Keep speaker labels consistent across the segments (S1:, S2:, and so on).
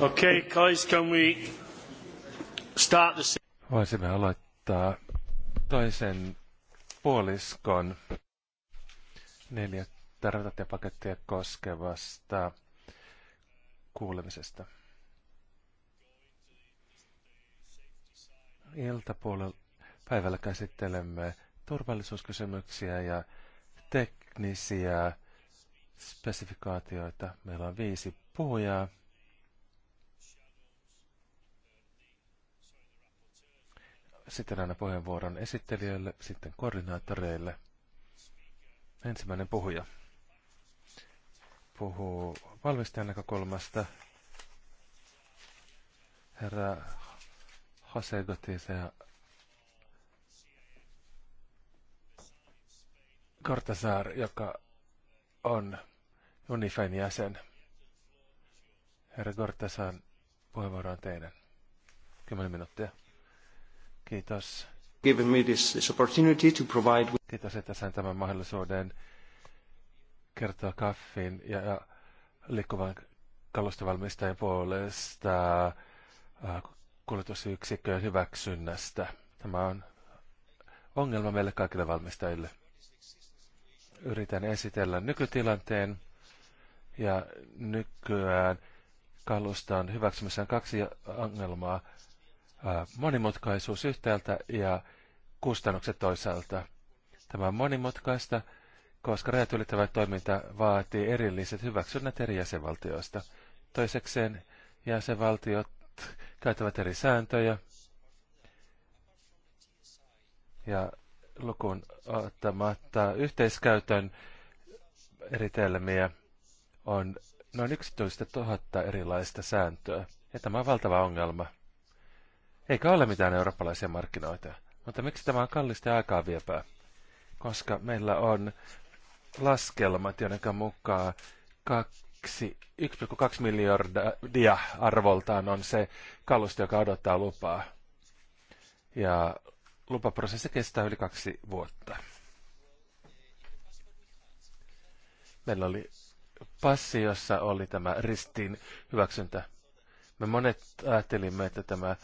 S1: Okay, guys, can we start the... Voisimme aloittaa toisen puoliskon neljättä rautatiepakettia koskevasta kuulemisesta. Iltapuolella päivällä käsittelemme turvallisuuskysymyksiä ja teknisiä spesifikaatioita. Meillä on viisi puhujaa. sitten aina puheenvuoron esittelijöille, sitten koordinaattoreille. Ensimmäinen puhuja puhuu valmistajan näkökulmasta. Herra Jose Gotise ja Cortazar, joka on Unifen jäsen. Herra Cortazar, puheenvuoro on teidän. Kymmenen minuuttia. Kiitos. Given me this, this opportunity to provide... Kiitos, että sain tämän mahdollisuuden kertoa kaffin ja liikkuvan kalustovalmistajan puolesta äh, kuljetusyksikköjen hyväksynnästä. Tämä on ongelma meille kaikille valmistajille. Yritän esitellä nykytilanteen ja nykyään kaluston hyväksymisessä on kaksi ongelmaa monimutkaisuus yhtäältä ja kustannukset toisaalta. Tämä on monimutkaista, koska rajat ylittävä toiminta vaatii erilliset hyväksynnät eri jäsenvaltioista. Toisekseen jäsenvaltiot käyttävät eri sääntöjä ja lukuun ottamatta yhteiskäytön eri on noin 11 000 erilaista sääntöä. Ja tämä on valtava ongelma. Eikä ole mitään eurooppalaisia markkinoita. Mutta miksi tämä on kallista ja aikaa viepää? Koska meillä on laskelmat, joiden mukaan 1,2 miljardia arvoltaan on se kalusto, joka odottaa lupaa. Ja lupaprosessi kestää yli kaksi vuotta. Meillä oli passi, jossa oli tämä ristin hyväksyntä. Me monet ajattelimme, että tämä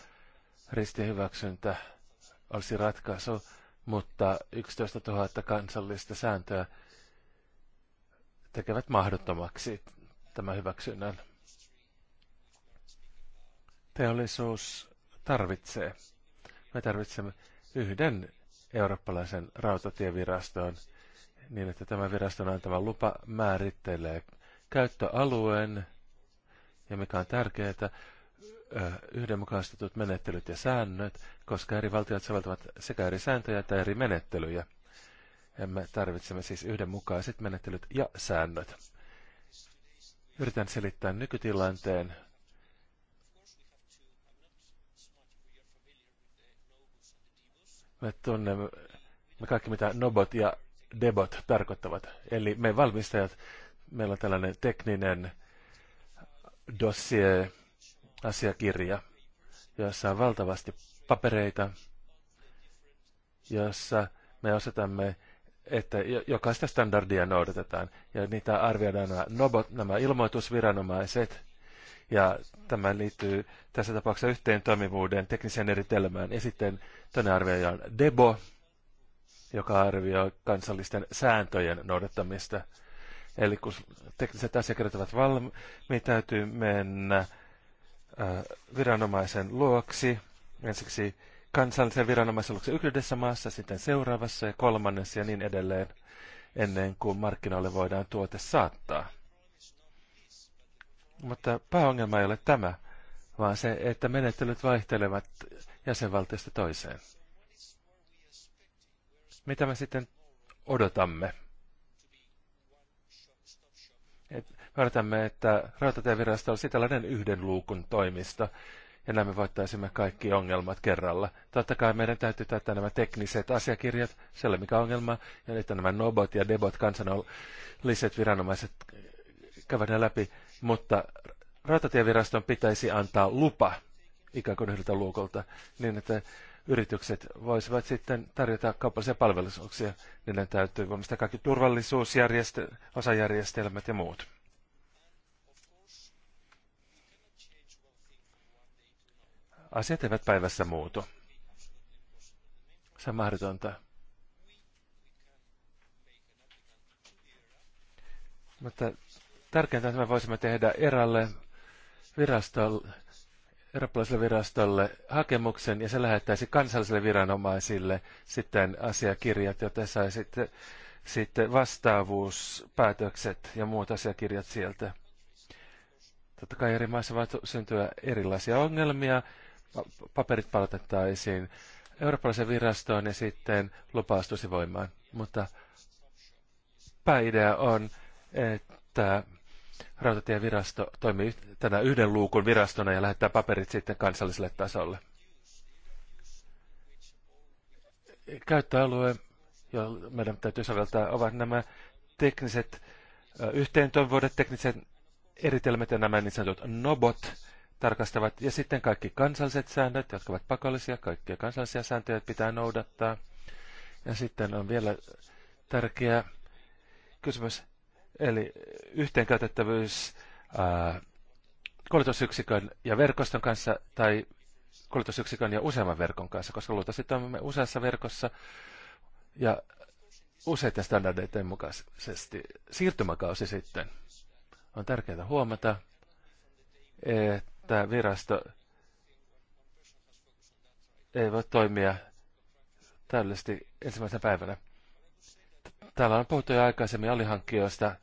S1: ristihyväksyntä olisi ratkaisu, mutta 11 000 kansallista sääntöä tekevät mahdottomaksi tämän hyväksynnän. Teollisuus tarvitsee. Me tarvitsemme yhden eurooppalaisen rautatieviraston niin, että tämä viraston antama lupa määrittelee käyttöalueen ja mikä on tärkeää, yhdenmukaistetut menettelyt ja säännöt, koska eri valtiot soveltavat sekä eri sääntöjä että eri menettelyjä. Ja me tarvitsemme siis yhdenmukaiset menettelyt ja säännöt. Yritän selittää nykytilanteen. Me tunnemme me kaikki, mitä nobot ja debot tarkoittavat. Eli me valmistajat, meillä on tällainen tekninen dossier, asiakirja, jossa on valtavasti papereita, jossa me osatamme, että jokaista standardia noudatetaan ja niitä arvioidaan nämä, nobot, nämä ilmoitusviranomaiset ja tämä liittyy tässä tapauksessa yhteen toimivuuden tekniseen eritelmään ja sitten toinen arvioija on DEBO, joka arvioi kansallisten sääntöjen noudattamista. Eli kun tekniset asiakirjat ovat valmiita, täytyy mennä viranomaisen luoksi, ensiksi kansallisen viranomaisen luoksi yhdessä maassa, sitten seuraavassa ja kolmannessa ja niin edelleen, ennen kuin markkinoille voidaan tuote saattaa. Mutta pääongelma ei ole tämä, vaan se, että menettelyt vaihtelevat jäsenvaltiosta toiseen. Mitä me sitten odotamme? Vältämme, että rautatievirasto olisi tällainen yhden luukun toimisto, ja näin me voittaisimme kaikki ongelmat kerralla. Totta kai meidän täytyy täyttää nämä tekniset asiakirjat, siellä mikä ongelma, ja nyt on nämä nobot ja debot kansanolliset viranomaiset käydään läpi, mutta rautatieviraston pitäisi antaa lupa ikään kuin yhdeltä luukolta, niin että yritykset voisivat sitten tarjota kaupallisia niin, Niiden täytyy voimistaa kaikki turvallisuusjärjestelmät ja muut. Asiat eivät päivässä muutu. Se on mahdotonta. Mutta tärkeintä, että me voisimme tehdä eralle virastolle, eurooppalaiselle virastolle hakemuksen ja se lähettäisi kansalliselle viranomaisille sitten asiakirjat, joten saisitte sitten vastaavuuspäätökset ja muut asiakirjat sieltä. Totta kai eri maissa voi syntyä erilaisia ongelmia, paperit palautettaisiin eurooppalaisen virastoon ja sitten lupa astuisi voimaan. Mutta pääidea on, että rautatievirasto toimii tänä yhden luukun virastona ja lähettää paperit sitten kansalliselle tasolle. Käyttöalue, jolla meidän täytyy soveltaa, ovat nämä tekniset yhteentoivuudet, tekniset eritelmät ja nämä niin sanotut nobot, tarkastavat. Ja sitten kaikki kansalliset säännöt, jotka ovat pakollisia, kaikkia kansallisia sääntöjä pitää noudattaa. Ja sitten on vielä tärkeä kysymys, eli yhteenkäytettävyys ää, koulutusyksikön ja verkoston kanssa tai koulutusyksikön ja useamman verkon kanssa, koska luultavasti toimimme useassa verkossa ja useiden standardeiden mukaisesti. Siirtymäkausi sitten on tärkeää huomata, että tämä virasto ei voi toimia täydellisesti ensimmäisenä päivänä. Täällä on puhuttu jo aikaisemmin alihankkijoista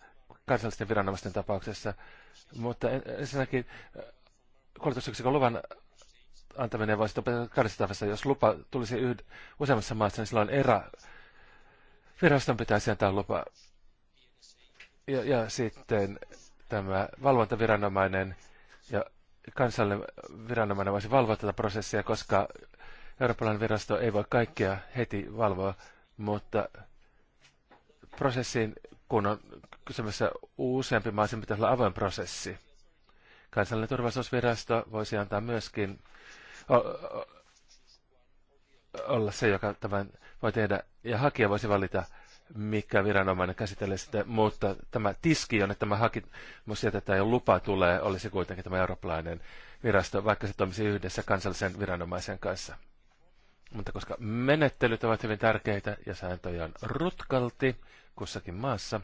S1: kansallisten viranomaisten tapauksessa, mutta ensinnäkin äh, koulutusyksikön luvan antaminen voisi tapahtua kahdessa Jos lupa tulisi yhd- useammassa maassa, niin silloin erä viraston pitäisi antaa lupa. Ja, ja sitten tämä valvontaviranomainen ja Kansalle viranomainen voisi valvoa tätä prosessia, koska eurooppalainen virasto ei voi kaikkea heti valvoa, mutta prosessiin, kun on kysymässä useampi maa, sen pitäisi olla avoin prosessi. Kansallinen turvallisuusvirasto voisi antaa myöskin olla se, joka tämän voi tehdä, ja hakija voisi valita mikä viranomainen käsitelee sitä, mutta tämä tiski, jonne tämä hakimus jätetään ja lupa tulee, olisi kuitenkin tämä eurooppalainen virasto, vaikka se toimisi yhdessä kansallisen viranomaisen kanssa. Mutta koska menettelyt ovat hyvin tärkeitä ja sääntöjä on rutkalti kussakin maassa,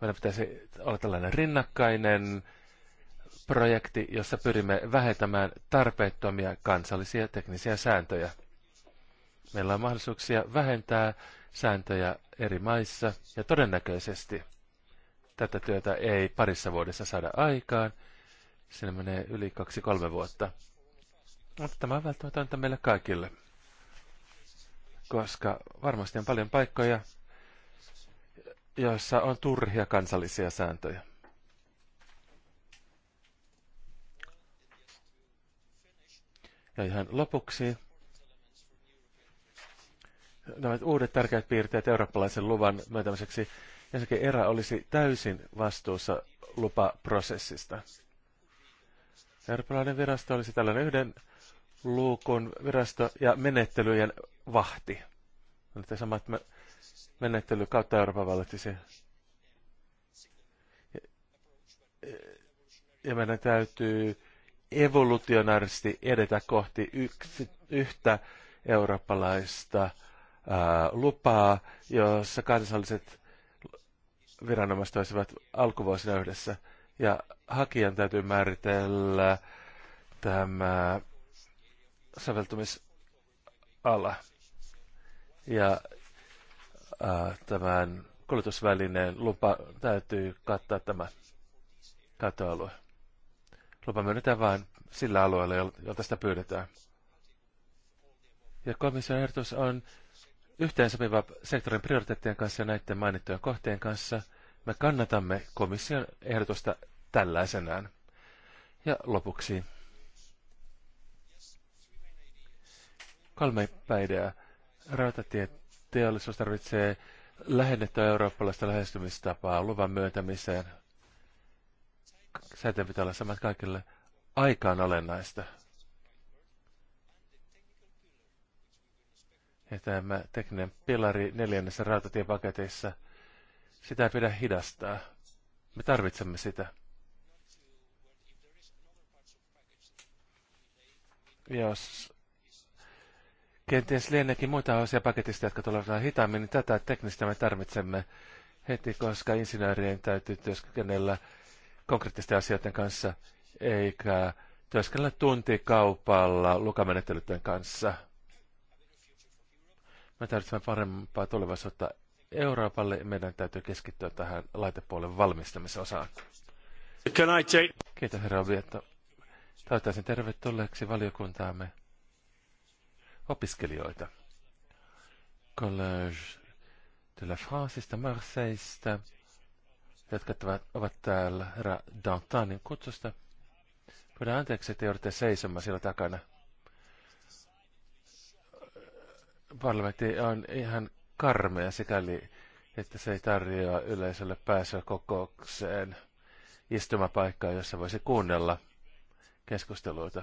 S1: meidän pitäisi olla tällainen rinnakkainen projekti, jossa pyrimme vähentämään tarpeettomia kansallisia teknisiä sääntöjä. Meillä on mahdollisuuksia vähentää sääntöjä eri maissa ja todennäköisesti tätä työtä ei parissa vuodessa saada aikaan. Siinä menee yli kaksi-kolme vuotta. Mutta tämä on välttämätöntä meille kaikille, koska varmasti on paljon paikkoja, joissa on turhia kansallisia sääntöjä. Ja ihan lopuksi nämä uudet tärkeät piirteet eurooppalaisen luvan myöntämiseksi, ensinnäkin erä olisi täysin vastuussa lupaprosessista. Eurooppalainen virasto olisi tällainen yhden luukun virasto ja menettelyjen vahti. Nyt samat menettely kautta Euroopan valitsisi. Ja, ja meidän täytyy evolutionaarisesti edetä kohti yksi, yhtä eurooppalaista lupaa, jossa kansalliset viranomaiset olisivat alkuvuosina yhdessä. Ja hakijan täytyy määritellä tämä soveltumisala. Ja ää, tämän kuljetusvälineen lupa täytyy kattaa tämä käyttöalue. Lupa myönnetään vain sillä alueella, jolta sitä pyydetään. Ja komission ehdotus on yhteensopiva sektorin prioriteettien kanssa ja näiden mainittujen kohteen kanssa. Me kannatamme komission ehdotusta tällaisenaan. Ja lopuksi kolme päivää. Rautatieteollisuus tarvitsee lähennettyä eurooppalaista lähestymistapaa luvan myöntämiseen. Säätön pitää olla samat kaikille on olennaista. Ja tämä tekninen pilari neljännessä rautatiepaketissa, sitä ei pidä hidastaa. Me tarvitsemme sitä. Jos kenties lieneekin muita osia paketista, jotka tulevat vähän hitaammin, niin tätä teknistä me tarvitsemme heti, koska insinöörien täytyy työskennellä konkreettisten asioiden kanssa, eikä työskennellä tuntikaupalla lukamenettelyiden kanssa. Me tarvitsemme parempaa tulevaisuutta Euroopalle. Meidän täytyy keskittyä tähän laitepuolen valmistamisosaan. Can I take... Kiitos herra Vietto. Toivottavasti tervetulleeksi valiokuntaamme opiskelijoita. Collège de la Franceista, Marseista, jotka ovat täällä herra Dantanin kutsusta. Pyydän anteeksi, että joudutte seisomaan siellä takana. parlamentti on ihan karmea sikäli, että se ei tarjoa yleisölle pääsyä kokoukseen istumapaikkaa, jossa voisi kuunnella keskusteluita.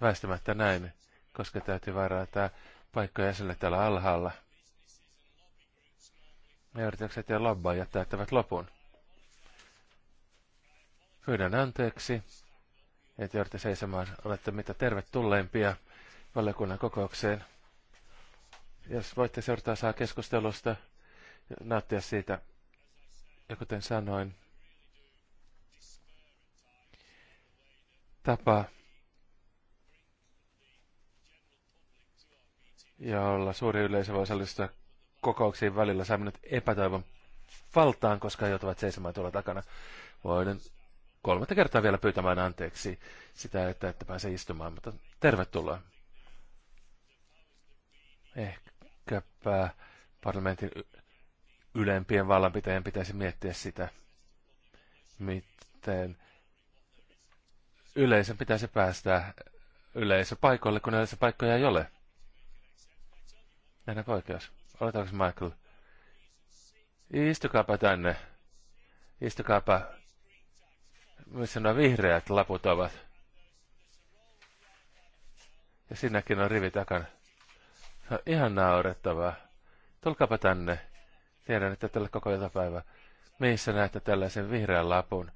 S1: Väistämättä näin, koska täytyy varata paikkoja jäsenille täällä alhaalla. ja yritykset ja lobbaajat täyttävät lopun. Pyydän anteeksi, että joudutte seisomaan, olette mitä tervetulleimpia valiokunnan kokoukseen. Jos voitte seurata saa keskustelusta ja nauttia siitä. Ja kuten sanoin, tapa, jolla suuri yleisö voi osallistua kokouksiin välillä, saa minut epätoivon valtaan, koska he joutuvat seisomaan tuolla takana. Voin kolmatta kertaa vielä pyytämään anteeksi sitä, että, että pääsee istumaan, mutta tervetuloa. Ehkäpä parlamentin ylempien vallanpitäjien pitäisi miettiä sitä, miten yleisön pitäisi päästä yleisöpaikoille, kun yleisöpaikkoja ei ole. Mennäänkö oikeus? Oletaanko Michael? Istukaapa tänne. Istukaapa. Missä nämä vihreät laput ovat? Ja sinäkin on rivi takana. Se no, ihan naurettavaa. Tulkaapa tänne. Tiedän, että tällä koko iltapäivä. meissä näette tällaisen vihreän lapun?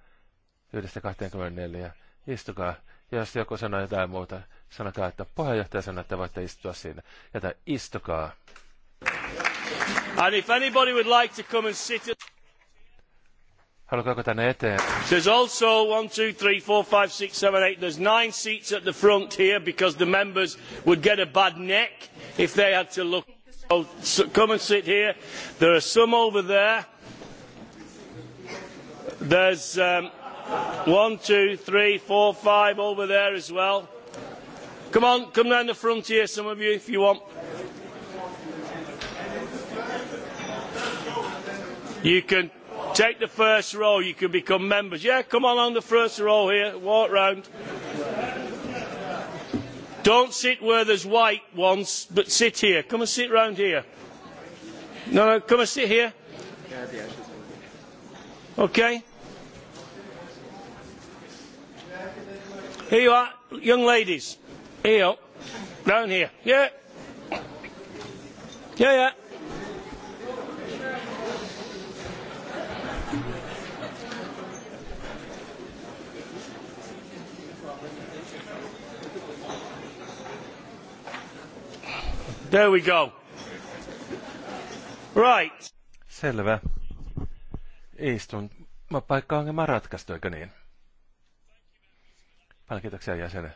S1: Yhdestä 24. Istukaa. Jos joku sanoo jotain muuta, sanokaa, että puheenjohtaja sanoo, että voitte istua siinä. Jätä istukaa.
S2: And if anybody would like to come and sit at...
S1: Haluatko tänne eteen? There's also one, two, three, four, five, six, seven, eight. There's nine seats at the front here because the members would get a bad neck if they had to look. Oh, come and sit here. There are some over there. There's um, one, two, three, four, five over there as well. Come on, come down the front here, some of you, if you want. You can take the first row, you can become members. Yeah, come on on the first row here, walk round. Don't sit where there's white ones, but sit here. Come and sit round here. No, no, come and sit here. Okay? Here you are, young ladies. Here you are. Down here. Yeah. Yeah, yeah. There we go. Right. Selvä. Istunmapaikka ongelma ratkaistu, eikö niin? Paljon kiitoksia jäsenen.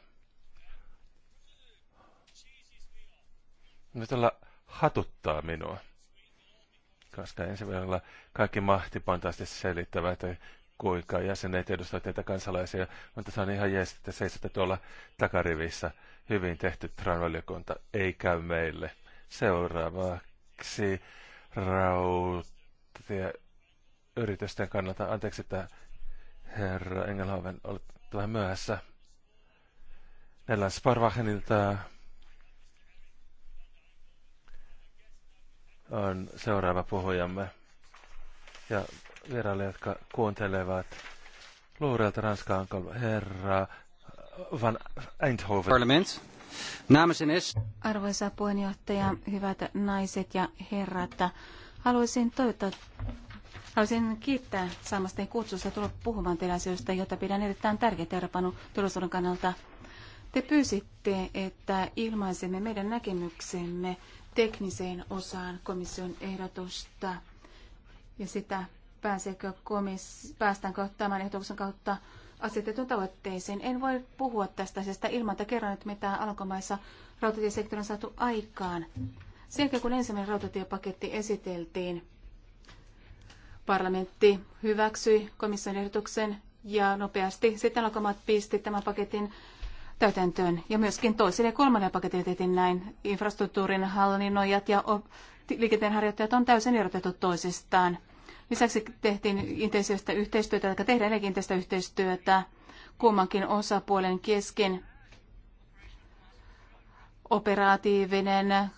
S1: Nyt olla hatuttaa minua. Koska voi olla kaikki mahtipantaisesti selittävä että kuinka jäsenet edustavat teitä kansalaisia, mutta se on ihan jees, että seisotte tuolla takarivissä. Hyvin tehty tran ei käy meille. Seuraavaksi rautia yritysten kannalta. Anteeksi, että herra Engelhoven, olet vähän myöhässä. Nellan Sparvahenilta on seuraava puhujamme. Ja vieraille, jotka kuuntelevat. Luureelta Ranskaan herra Van Eindhoven. es.
S3: Arvoisa puheenjohtaja, hyvät naiset ja herrat, haluaisin toivottaa Haluaisin kiittää saamasta kutsusta tulla puhumaan teille asioista, jota pidän erittäin tärkeitä Euroopan turvallisuuden kannalta. Te pyysitte, että ilmaisemme meidän näkemyksemme tekniseen osaan komission ehdotusta ja sitä, pääseekö komis, päästäänkö tämän ehdotuksen kautta asetetun tavoitteisiin. En voi puhua tästä asiasta ilman, että kerron nyt, mitä alkomaissa rautatiesektorin on saatu aikaan. Sen jälkeen, kun ensimmäinen rautatiepaketti esiteltiin, parlamentti hyväksyi komission ehdotuksen ja nopeasti sitten alkomaat pisti tämän paketin täytäntöön. Ja myöskin toisen ja kolmannen paketin tehtiin näin. Infrastruktuurin hallinnoijat ja liikenteenharjoittajat on täysin erotettu toisistaan. Lisäksi tehtiin intensiivistä yhteistyötä, eli tehdään intensiivistä yhteistyötä kummankin osapuolen kesken. Operatiivinen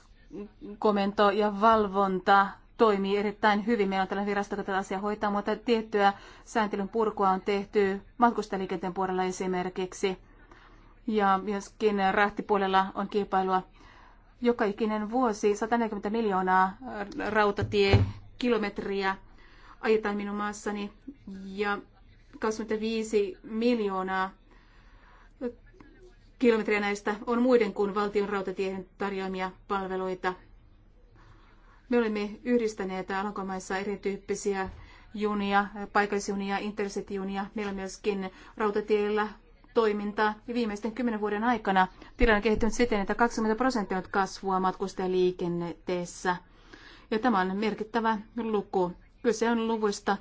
S3: komento ja valvonta toimii erittäin hyvin. Meillä on tällainen virasto, joka tätä asiaa hoitaa, mutta tiettyä sääntelyn purkua on tehty matkustajaliikenteen puolella esimerkiksi. Ja myöskin rahtipuolella on kilpailua joka ikinen vuosi 140 miljoonaa rautatiekilometriä ajetaan minun maassani ja 25 miljoonaa kilometriä näistä on muiden kuin valtion rautatiehen tarjoamia palveluita. Me olemme yhdistäneet Alankomaissa erityyppisiä junia, paikallisjunia, intercityjunia. Meillä on myöskin rautatiellä toimintaa. Ja viimeisten kymmenen vuoden aikana tilanne on kehittynyt siten, että 20 prosenttia on kasvua matkustajaliikenteessä. Ja tämä on merkittävä luku. Kyse on luvuista,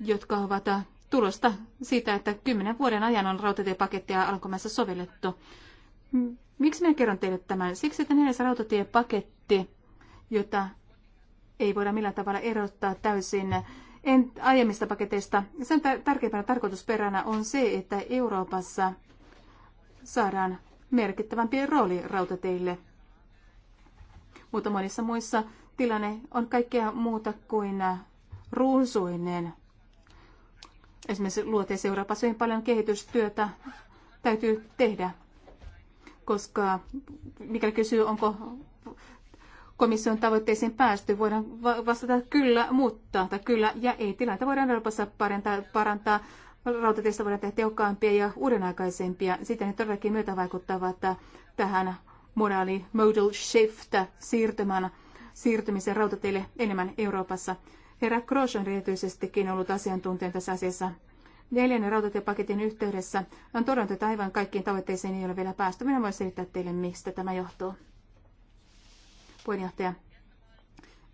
S3: jotka ovat äh, tulosta siitä, että kymmenen vuoden ajan on rautatiepakettia alkomaissa sovellettu. Miksi minä kerron teille tämän? Siksi, että neljäs rautatiepaketti, jota ei voida millään tavalla erottaa täysin en, aiemmista paketeista. Sen tärkeimpänä tarkoitusperänä on se, että Euroopassa saadaan merkittävämpi rooli rautateille. Mutta monissa muissa tilanne on kaikkea muuta kuin äh, runsuinen. Esimerkiksi luoteis Euroopassa hyvin paljon kehitystyötä täytyy tehdä, koska mikäli kysyy, onko komission tavoitteisiin päästy, voidaan vastata kyllä, mutta tai kyllä ja ei. Tilannetta voidaan Euroopassa parantaa, parantaa rautateista voidaan tehdä tehokkaampia ja uudenaikaisempia. sitten ne todellakin myötä vaikuttavat tähän modaali modal shift siirtymään, siirtymisen rautateille enemmän Euroopassa. Herra Grosch on erityisestikin ollut asiantuntija tässä asiassa. Neljännen rautatiepaketin yhteydessä on todennut, että aivan kaikkiin tavoitteisiin ei ole vielä päästy. Minä voin selittää teille, mistä tämä johtuu. Puheenjohtaja.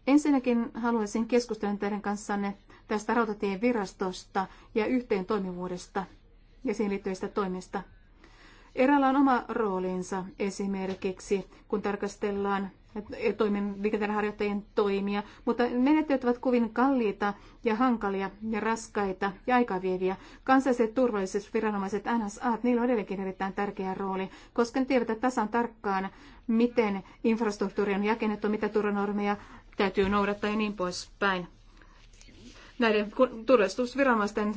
S3: Ensinnäkin haluaisin keskustella teidän kanssanne tästä rautatievirastosta ja yhteen toimivuudesta ja siihen liittyvistä toimista. Erällä on oma roolinsa esimerkiksi, kun tarkastellaan toimen, toimia, mutta menettelyt ovat kovin kalliita ja hankalia ja raskaita ja aikavieviä. Kansalliset turvallisuusviranomaiset NSA, niillä on edelleenkin erittäin tärkeä rooli, koska ne tiedetään tasan tarkkaan, miten infrastruktuuri on jakennettu, mitä turvanormeja täytyy noudattaa ja niin poispäin. Näiden turvallisuusviranomaisten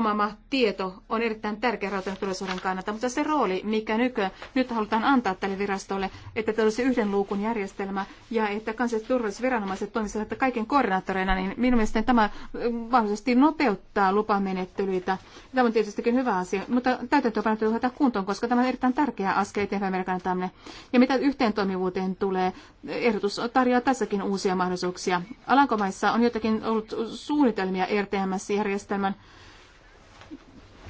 S3: maa, tieto on erittäin tärkeä rautaturvallisuuden kannalta, mutta se rooli, mikä nykö, nyt halutaan antaa tälle virastolle, että tämä olisi yhden luukun järjestelmä ja että kansalliset turvallisuusviranomaiset toimisivat kaiken koordinaattoreina, niin minun mielestäni tämä mm, mahdollisesti nopeuttaa lupamenettelyitä. Tämä on tietystikin hyvä asia, mutta täytäntöönpano täytyy hoitaa kuntoon, koska tämä on erittäin tärkeä askel eteenpäin meidän tämmöinen. Ja mitä yhteen toimivuuteen tulee, ehdotus tarjoaa tässäkin uusia mahdollisuuksia. Alankomaissa on jotakin ollut suunnitelmia RTMS-järjestelmän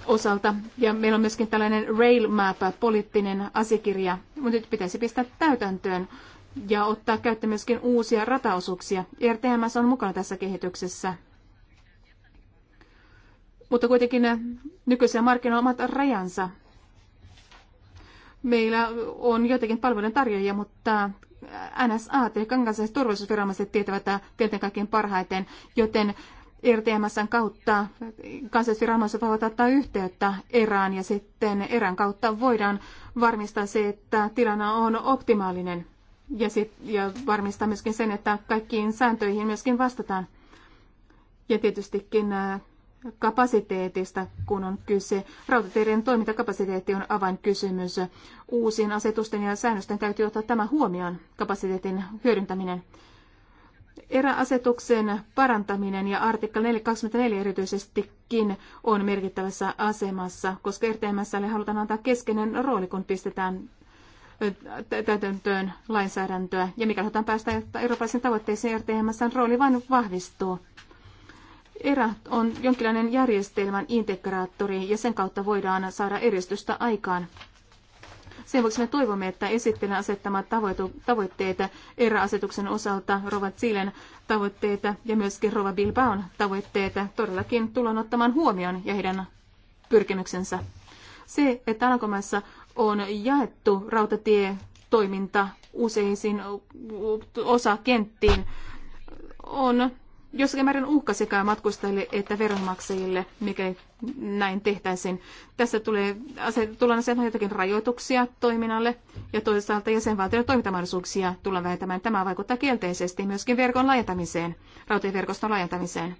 S3: osalta. Ja meillä on myöskin tällainen rail map, poliittinen asiakirja, mutta nyt pitäisi pistää täytäntöön ja ottaa käyttöön myöskin uusia rataosuuksia. E RTMS on mukana tässä kehityksessä. Mutta kuitenkin äh, nykyisiä markkinoilla omat rajansa. Meillä on joitakin palvelujen tarjoajia, mutta äh, NSA, eli kansalliset turvallisuusviranomaiset, tietävät äh, tieten kaikkein parhaiten, joten RTMSn kautta kansallisviranomaiset voivat ottaa yhteyttä erään ja sitten erän kautta voidaan varmistaa se, että tilanne on optimaalinen ja, sit, ja varmistaa myöskin sen, että kaikkiin sääntöihin myöskin vastataan. Ja tietystikin äh, kapasiteetista, kun on kyse. Rautateiden toimintakapasiteetti on avainkysymys. Uusien asetusten ja säännösten täytyy ottaa tämä huomioon, kapasiteetin hyödyntäminen. Eräasetuksen parantaminen ja artikla 424 erityisestikin on merkittävässä asemassa, koska RTMSlle halutaan antaa keskeinen rooli, kun pistetään täytäntöön lainsäädäntöä. Ja mikä halutaan päästä eurooppalaisen tavoitteisiin RTMSn rooli vain vahvistuu. ERA on jonkinlainen järjestelmän integraattori ja sen kautta voidaan saada eristystä aikaan. Sen vuoksi me toivomme, että esittelen asettamat tavoitteet eräasetuksen osalta, Rova Zilen tavoitteita ja myöskin Rova Bilbaon tavoitteita todellakin tullaan ottamaan huomioon ja heidän pyrkimyksensä. Se, että Alankomaissa on jaettu rautatietoiminta useisiin osakenttiin, on jossakin määrin uhka sekä matkustajille että veronmaksajille, mikäli näin tehtäisiin. Tässä tulee, tullaan asettamaan jotakin rajoituksia toiminnalle ja toisaalta jäsenvaltioiden toimintamahdollisuuksia tullaan vähentämään. Tämä vaikuttaa kielteisesti myöskin verkon laajentamiseen, rautatieverkoston laajentamiseen.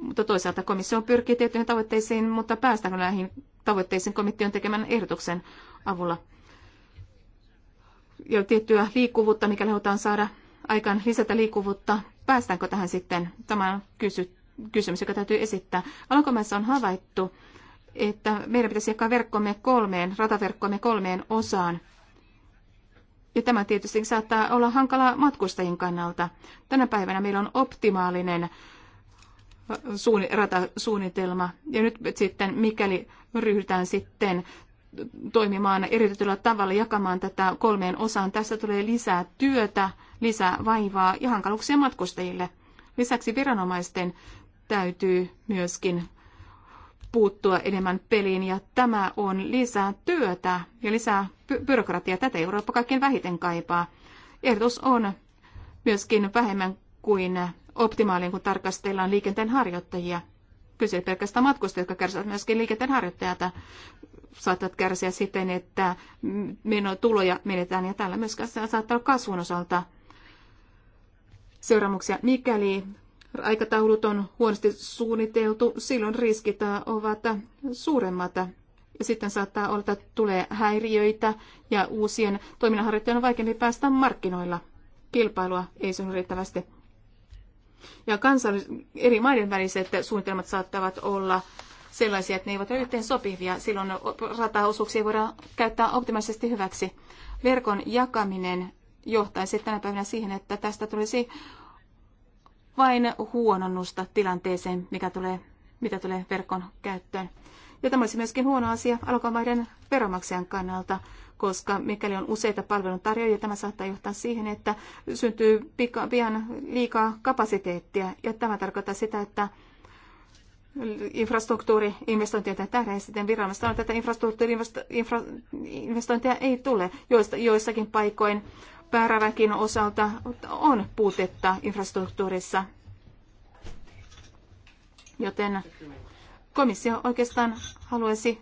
S3: Mutta toisaalta komissio pyrkii tiettyihin tavoitteisiin, mutta päästäänkö näihin tavoitteisiin komission tekemän ehdotuksen avulla? Ja tiettyä liikkuvuutta, mikä halutaan saada aikaan lisätä liikkuvuutta Päästäänkö tähän sitten? Tämä kysy- kysymys, joka täytyy esittää. Alkomaissa on havaittu, että meidän pitäisi jakaa verkkomme kolmeen, rataverkkomme kolmeen osaan. Ja tämä tietysti saattaa olla hankala matkustajien kannalta. Tänä päivänä meillä on optimaalinen äh, suuni, ratasuunnitelma. Ja nyt sitten, mikäli ryhdytään sitten toimimaan eriytetyllä tavalla, jakamaan tätä kolmeen osaan. Tässä tulee lisää työtä, lisää vaivaa ja hankaluuksia matkustajille. Lisäksi viranomaisten täytyy myöskin puuttua enemmän peliin ja tämä on lisää työtä ja lisää by- byrokratiaa. Tätä Eurooppa kaikkein vähiten kaipaa. Ehdotus on myöskin vähemmän kuin optimaalinen, kun tarkastellaan liikenteen harjoittajia. Kyse pelkästään matkustajia, jotka kärsivät myöskin liikenteen harjoittajalta saattavat kärsiä siten, että meno, tuloja menetään ja tällä myös saattaa olla kasvun osalta seuraamuksia. Mikäli aikataulut on huonosti suunniteltu, silloin riskit ovat suuremmat. Ja sitten saattaa olla, että tulee häiriöitä ja uusien toiminnanharjoittajien on vaikeampi päästä markkinoilla. Kilpailua ei synny riittävästi. Ja kansallis- eri maiden väliset suunnitelmat saattavat olla sellaisia, että ne eivät ole yhteen sopivia. Silloin rataosuuksia voidaan käyttää optimaalisesti hyväksi. Verkon jakaminen johtaisi tänä päivänä siihen, että tästä tulisi vain huononnusta tilanteeseen, mikä tulee, mitä tulee verkon käyttöön. Ja tämä olisi myöskin huono asia alkamaiden veronmaksajan kannalta, koska mikäli on useita palveluntarjoajia, tämä saattaa johtaa siihen, että syntyy pian liikaa kapasiteettia. Ja tämä tarkoittaa sitä, että infrastruktuuriinvestointeja tähden, ja sitten viranomaiset sanovat, että infrastruktuuriinvestointeja ei tule. Joista, joissakin paikoin pääräväkin osalta on puutetta infrastruktuurissa. Joten komissio oikeastaan haluaisi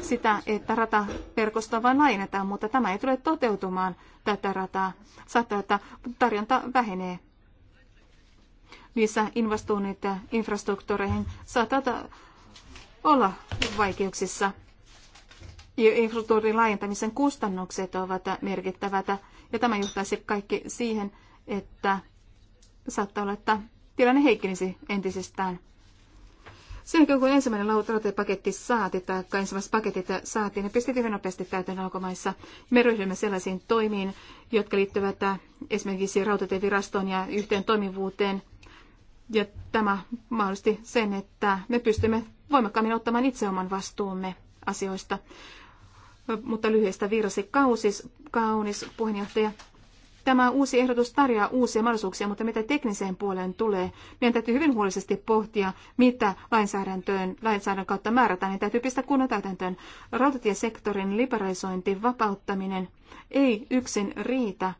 S3: sitä, että rataverkostoa vain laajennetaan, mutta tämä ei tule toteutumaan tätä rataa. Saattaa, että tarjonta vähenee niissä investoinnit infrastruktuureihin saattavat olla vaikeuksissa. Infrastruktuurin laajentamisen kustannukset ovat merkittävät ja tämä johtaisi kaikki siihen, että saattaa olla, että tilanne heikkenisi entisestään. Sen jälkeen, kun ensimmäinen rautatiepaketti saatiin tai ensimmäiset paketit saatiin, ne pistettiin hyvin nopeasti täytön alkomaissa. Me ryhdymme sellaisiin toimiin, jotka liittyvät esimerkiksi rautateviraston ja yhteen toimivuuteen – ja tämä mahdollisti sen, että me pystymme voimakkaammin ottamaan itse oman vastuumme asioista. Mutta lyhyestä virsi kausis, kaunis puheenjohtaja. Tämä uusi ehdotus tarjoaa uusia mahdollisuuksia, mutta mitä tekniseen puoleen tulee, meidän täytyy hyvin huolellisesti pohtia, mitä lainsäädäntöön, lainsäädännön kautta määrätään. Niin täytyy pistää kunnon täytäntöön. Rautatiesektorin liberalisointi, vapauttaminen ei yksin riitä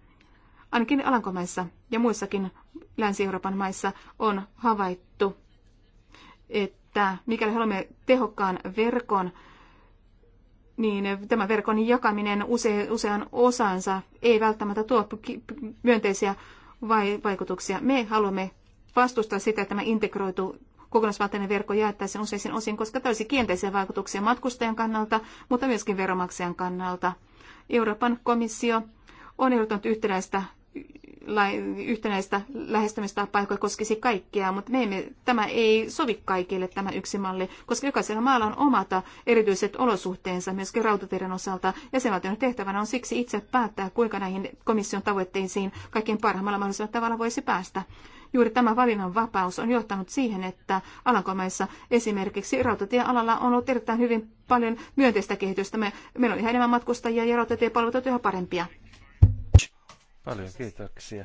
S3: Ainakin Alankomaissa ja muissakin Länsi-Euroopan maissa on havaittu, että mikäli haluamme tehokkaan verkon, niin tämä verkon jakaminen use, usean osansa ei välttämättä tuo myönteisiä vai, vaikutuksia. Me haluamme vastustaa sitä, että tämä integroitu kokonaisvaltainen verkko jaettaisiin useisiin osiin, koska täysin kielteisiä vaikutuksia matkustajan kannalta, mutta myöskin veromaksajan kannalta. Euroopan komissio on ehdottanut yhtenäistä yhtenäistä lähestymistapaa, joka koskisi kaikkia, mutta me emme, tämä ei sovi kaikille tämä yksi malli, koska jokaisella maalla on omata erityiset olosuhteensa myöskin rautateiden osalta. Jäsenvaltion tehtävänä on siksi itse päättää, kuinka näihin komission tavoitteisiin kaikkein parhaimmalla mahdollisella tavalla voisi päästä. Juuri tämä valinnanvapaus on johtanut siihen, että Alankomaissa esimerkiksi rautatiealalla on ollut erittäin hyvin paljon myönteistä kehitystä. Me, meillä on ihan enemmän matkustajia ja rautatiepalvelut ovat yhä parempia.
S1: Paljon kiitoksia.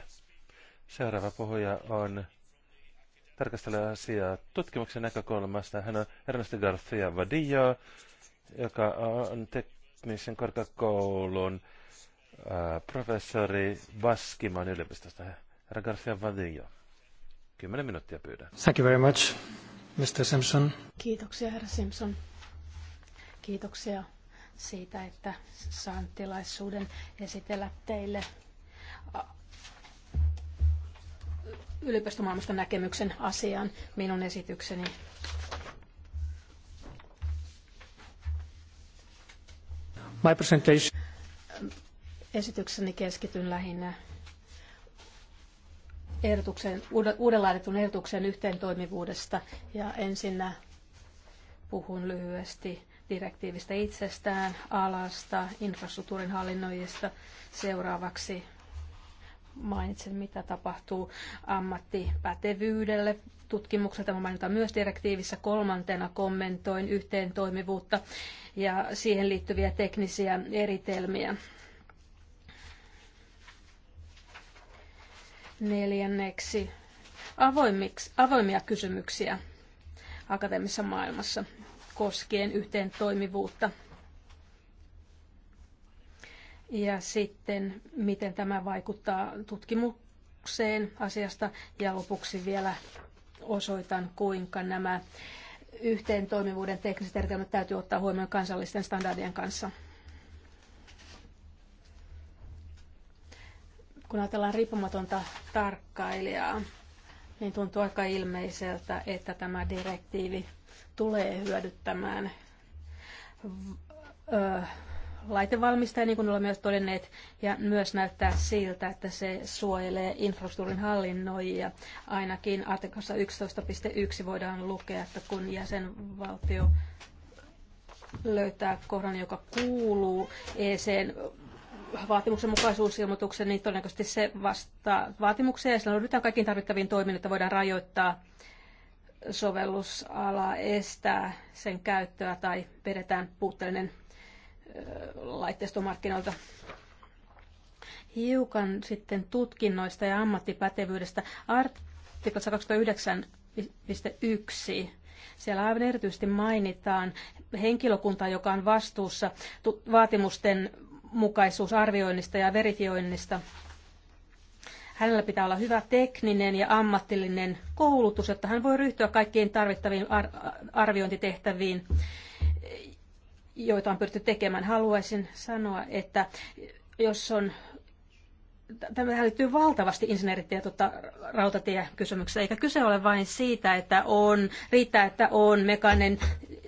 S1: Seuraava puhuja on tarkastella asiaa tutkimuksen näkökulmasta. Hän on Ernesto Garcia Vadillo, joka on teknisen korkeakoulun professori Baskiman yliopistosta. Herra Garcia Vadillo, kymmenen minuuttia pyydän. Thank you very much, Mr. Simpson.
S2: Kiitoksia, herra Simpson. Kiitoksia siitä, että saan tilaisuuden esitellä teille yliopistomaailmasta näkemyksen asiaan minun esitykseni.
S1: My presentation.
S2: Esitykseni keskityn lähinnä ehdotuksen, uudenlaaditun ehdotuksen yhteentoimivuudesta ja ensinnä puhun lyhyesti direktiivistä itsestään, alasta, infrastruktuurin hallinnoijista, seuraavaksi Mainitsen, mitä tapahtuu ammattipätevyydelle. Tutkimukselta mainitaan myös direktiivissä kolmantena kommentoin yhteen toimivuutta ja siihen liittyviä teknisiä eritelmiä. Neljänneksi avoimiksi, avoimia kysymyksiä akateemisessa maailmassa koskien yhteen toimivuutta – ja sitten miten tämä vaikuttaa tutkimukseen asiasta ja lopuksi vielä osoitan, kuinka nämä yhteen toimivuuden tekniset eritelmät täytyy ottaa huomioon kansallisten standardien kanssa. Kun ajatellaan riippumatonta tarkkailijaa, niin tuntuu aika ilmeiseltä, että tämä direktiivi tulee hyödyttämään laitevalmistaja, niin kuin olemme myös todenneet, ja myös näyttää siltä, että se suojelee infrastruktuurin hallinnoijia. Ainakin artikassa 11.1 voidaan lukea, että kun jäsenvaltio löytää kohdan, joka kuuluu ECn vaatimuksen mukaisuusilmoituksen, niin todennäköisesti se vastaa vaatimukseen ja silloin ryhdytään kaikkiin tarvittaviin toimiin, että voidaan rajoittaa sovellusalaa, estää sen käyttöä tai vedetään puutteellinen laitteistomarkkinoilta. Hiukan sitten tutkinnoista ja ammattipätevyydestä. Artikla 29:1 siellä aivan erityisesti mainitaan henkilökunta, joka on vastuussa vaatimusten mukaisuusarvioinnista ja verifioinnista. Hänellä pitää olla hyvä tekninen ja ammatillinen koulutus, jotta hän voi ryhtyä kaikkiin tarvittaviin ar- arviointitehtäviin joita on pyritty tekemään. Haluaisin sanoa, että jos on Tämä liittyy valtavasti insinööritietoutta rautatiekysymyksessä, eikä kyse ole vain siitä, että on, riittää, että on mekaninen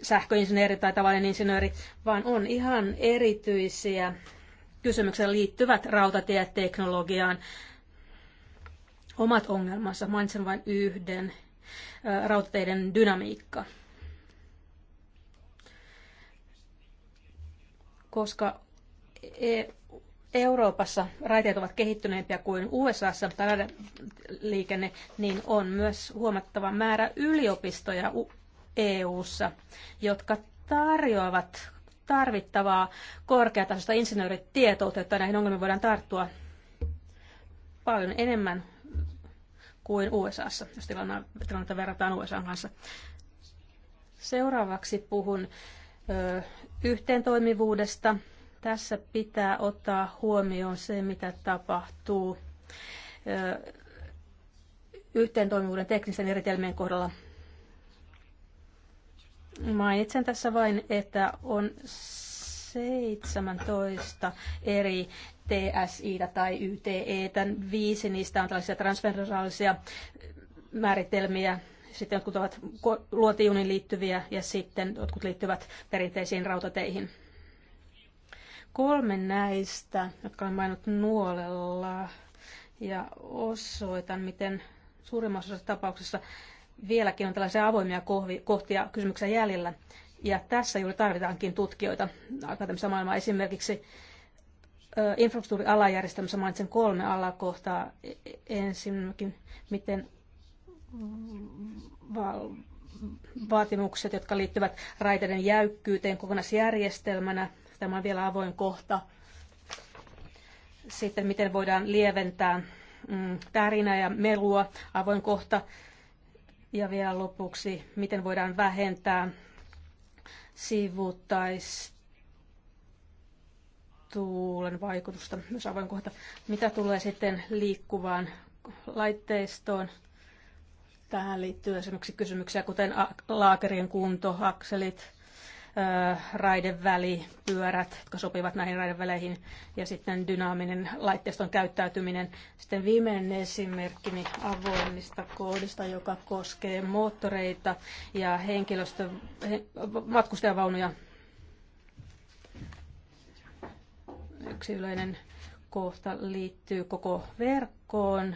S2: sähköinsinööri tai tavallinen insinööri, vaan on ihan erityisiä kysymyksiä liittyvät rautatieteknologiaan omat ongelmansa. Mainitsen vain yhden, rautateiden dynamiikka. koska e- Euroopassa raiteet ovat kehittyneempiä kuin USAssa tai liikenne, niin on myös huomattava määrä yliopistoja EU:ssa, jotka tarjoavat tarvittavaa korkeatasoista insinööritietoutta, jotta näihin ongelmiin voidaan tarttua paljon enemmän kuin USAssa, jos tilannetta verrataan USA kanssa. Seuraavaksi puhun yhteentoimivuudesta. Tässä pitää ottaa huomioon se, mitä tapahtuu yhteentoimivuuden teknisten eritelmien kohdalla. Mainitsen tässä vain, että on 17 eri TSI tai YTE. viisi niistä on tällaisia transferraalisia määritelmiä, sitten jotkut ovat luotijunin liittyviä ja sitten jotkut liittyvät perinteisiin rautateihin. Kolme näistä, jotka olen mainittu nuolella ja osoitan, miten suurimmassa osassa tapauksessa vieläkin on tällaisia avoimia kohtia kysymyksiä jäljellä. Ja tässä juuri tarvitaankin tutkijoita akateemisessa maailmaa. Esimerkiksi infrastruktuurialajärjestelmässä mainitsen kolme alakohtaa. E-, e-, ensinnäkin, miten val- vaatimukset, jotka liittyvät raiteiden jäykkyyteen kokonaisjärjestelmänä. Tämä on vielä avoin kohta. Sitten miten voidaan lieventää mm, tärinää ja melua, avoin kohta. Ja vielä lopuksi, miten voidaan vähentää sivuttaistuulen vaikutusta, myös avoin kohta. Mitä tulee sitten liikkuvaan laitteistoon, Tähän liittyy esimerkiksi kysymyksiä, kuten laakerien kunto, akselit, raideväli, pyörät, jotka sopivat näihin raideväleihin, ja sitten dynaaminen laitteiston käyttäytyminen. Sitten viimeinen esimerkkini avoimista koodista, joka koskee moottoreita ja henkilöstö, matkustajavaunuja. Yksi yleinen kohta liittyy koko verkkoon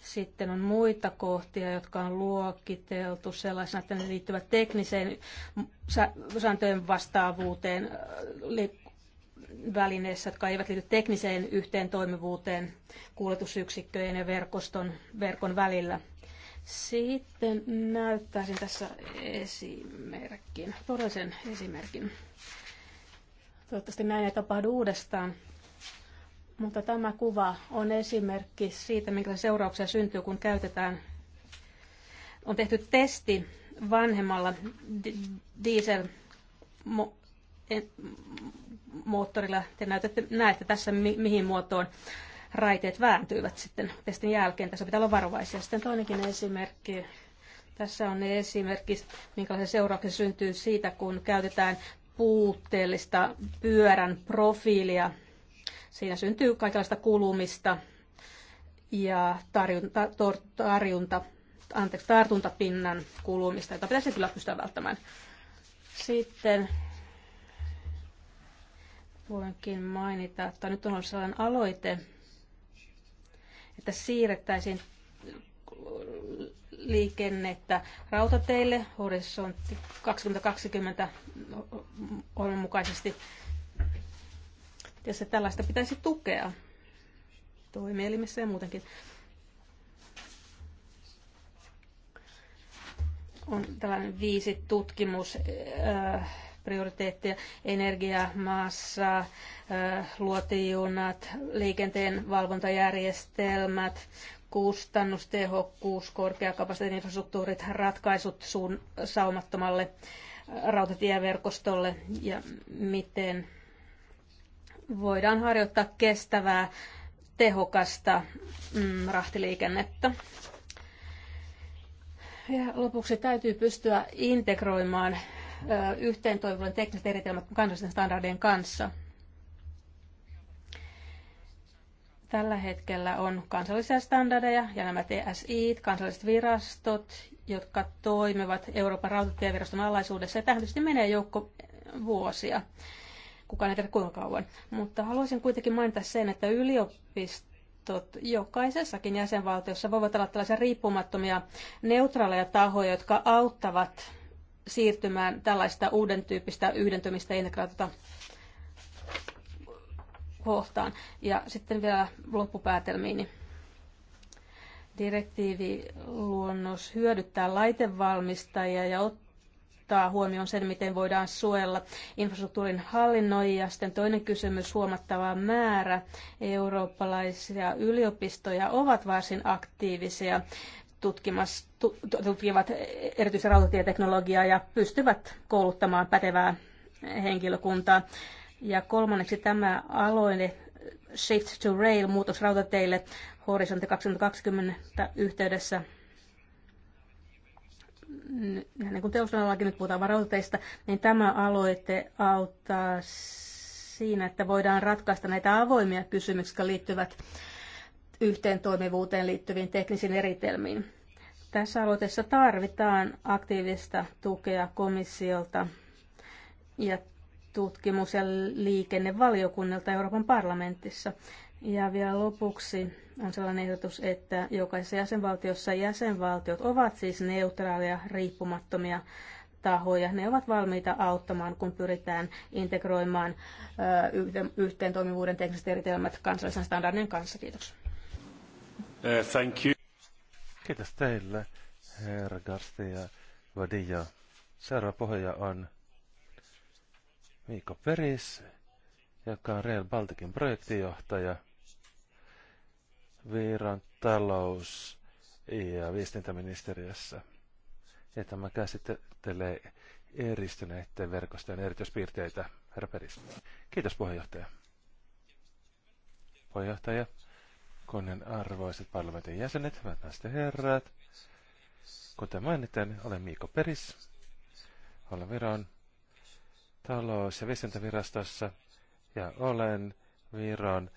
S2: sitten on muita kohtia, jotka on luokiteltu sellaisena, että ne liittyvät tekniseen sääntöjen vastaavuuteen välineissä, jotka eivät liity tekniseen yhteen toimivuuteen kuljetusyksikköjen ja verkoston, verkon välillä. Sitten näyttäisin tässä esimerkin, todellisen esimerkin. Toivottavasti näin ei tapahdu uudestaan. Mutta tämä kuva on esimerkki siitä, minkä seurauksia syntyy, kun käytetään, on tehty testi vanhemmalla diesel moottorilla. Te näytätte, näette tässä, mi- mihin muotoon raiteet vääntyivät sitten testin jälkeen. Tässä pitää olla varovaisia. Sitten toinenkin esimerkki. Tässä on esimerkki, minkä seurauksia syntyy siitä, kun käytetään puutteellista pyörän profiilia Siinä syntyy kaikenlaista kulumista ja tarjunta, tor, tarjunta, anteeksi, tartuntapinnan kulumista, jota pitäisi kyllä pystyä välttämään. Sitten voinkin mainita, että nyt on ollut sellainen aloite, että siirrettäisiin liikennettä rautateille horisontti 2020 mukaisesti se tällaista pitäisi tukea toimielimissä ja muutenkin. On tällainen viisi tutkimus prioriteettia, energia, maassa, luotijunat, liikenteen valvontajärjestelmät, kustannustehokkuus, korkeakapasiteetin infrastruktuurit, ratkaisut suun saumattomalle rautatieverkostolle ja miten voidaan harjoittaa kestävää, tehokasta mm, rahtiliikennettä. Ja lopuksi täytyy pystyä integroimaan yhteen toivon tekniset eritelmät kansallisten standardien kanssa. Tällä hetkellä on kansallisia standardeja ja nämä TSI, kansalliset virastot, jotka toimivat Euroopan rautatieviraston alaisuudessa. Ja tähän tietysti menee joukko vuosia kukaan ei tiedä kuinka kauan. Mutta haluaisin kuitenkin mainita sen, että yliopistot jokaisessakin jäsenvaltiossa voivat olla tällaisia riippumattomia neutraaleja tahoja, jotka auttavat siirtymään tällaista uuden tyyppistä yhdentymistä integraatiota kohtaan. Ja sitten vielä loppupäätelmiini. Direktiiviluonnos hyödyttää laitevalmistajia ja ottaa ottaa huomioon sen, miten voidaan suojella infrastruktuurin hallinnoijia. Sitten toinen kysymys, huomattava määrä eurooppalaisia yliopistoja ovat varsin aktiivisia tutkivat erityisesti rautatieteknologiaa ja pystyvät kouluttamaan pätevää henkilökuntaa. Ja kolmanneksi tämä aloite Shift to Rail, muutos rautateille horisontti 2020 yhteydessä niin kuin teollisuudellakin nyt puhutaan varoitteista, niin tämä aloite auttaa siinä, että voidaan ratkaista näitä avoimia kysymyksiä, jotka liittyvät yhteen toimivuuteen liittyviin teknisiin eritelmiin. Tässä aloitteessa tarvitaan aktiivista tukea komissiolta ja tutkimus- ja liikennevaliokunnalta Euroopan parlamentissa. Ja vielä lopuksi on sellainen ehdotus, että jokaisessa jäsenvaltiossa jäsenvaltiot ovat siis neutraaleja, riippumattomia tahoja. Ne ovat valmiita auttamaan, kun pyritään integroimaan yhteen toimivuuden tekniset eritelmät kansallisen standardin kanssa. Kiitos.
S1: Uh, thank you. Kiitos teille, herra Garstia Vadija. Seuraava pohja on Miiko Peris, joka on Real Baltikin projektijohtaja – Viiran talous- ja viestintäministeriössä. Ja tämä käsittelee eristyneiden verkostojen erityispiirteitä. Herra Peris. Kiitos puheenjohtaja. Puheenjohtaja, kunnen arvoiset parlamentin jäsenet, hyvät naiset ja herrat. Kuten mainitin, olen Miiko Peris. Olen Viron talous- ja viestintävirastossa ja olen Viron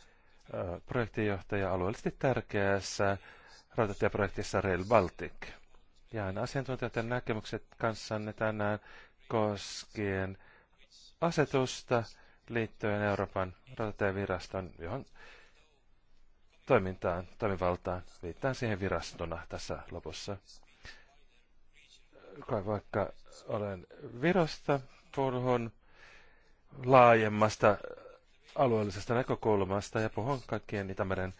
S1: projektinjohtaja alueellisesti tärkeässä rautatieprojektissa Rail Baltic. Jaan asiantuntijoiden näkemykset kanssanne tänään koskien asetusta liittyen Euroopan rautatieviraston, johon toimintaan, toimivaltaan, viittaan siihen virastona tässä lopussa. Vaikka olen Virosta, puhun laajemmasta alueellisesta näkökulmasta ja puhun kaikkien Itämeren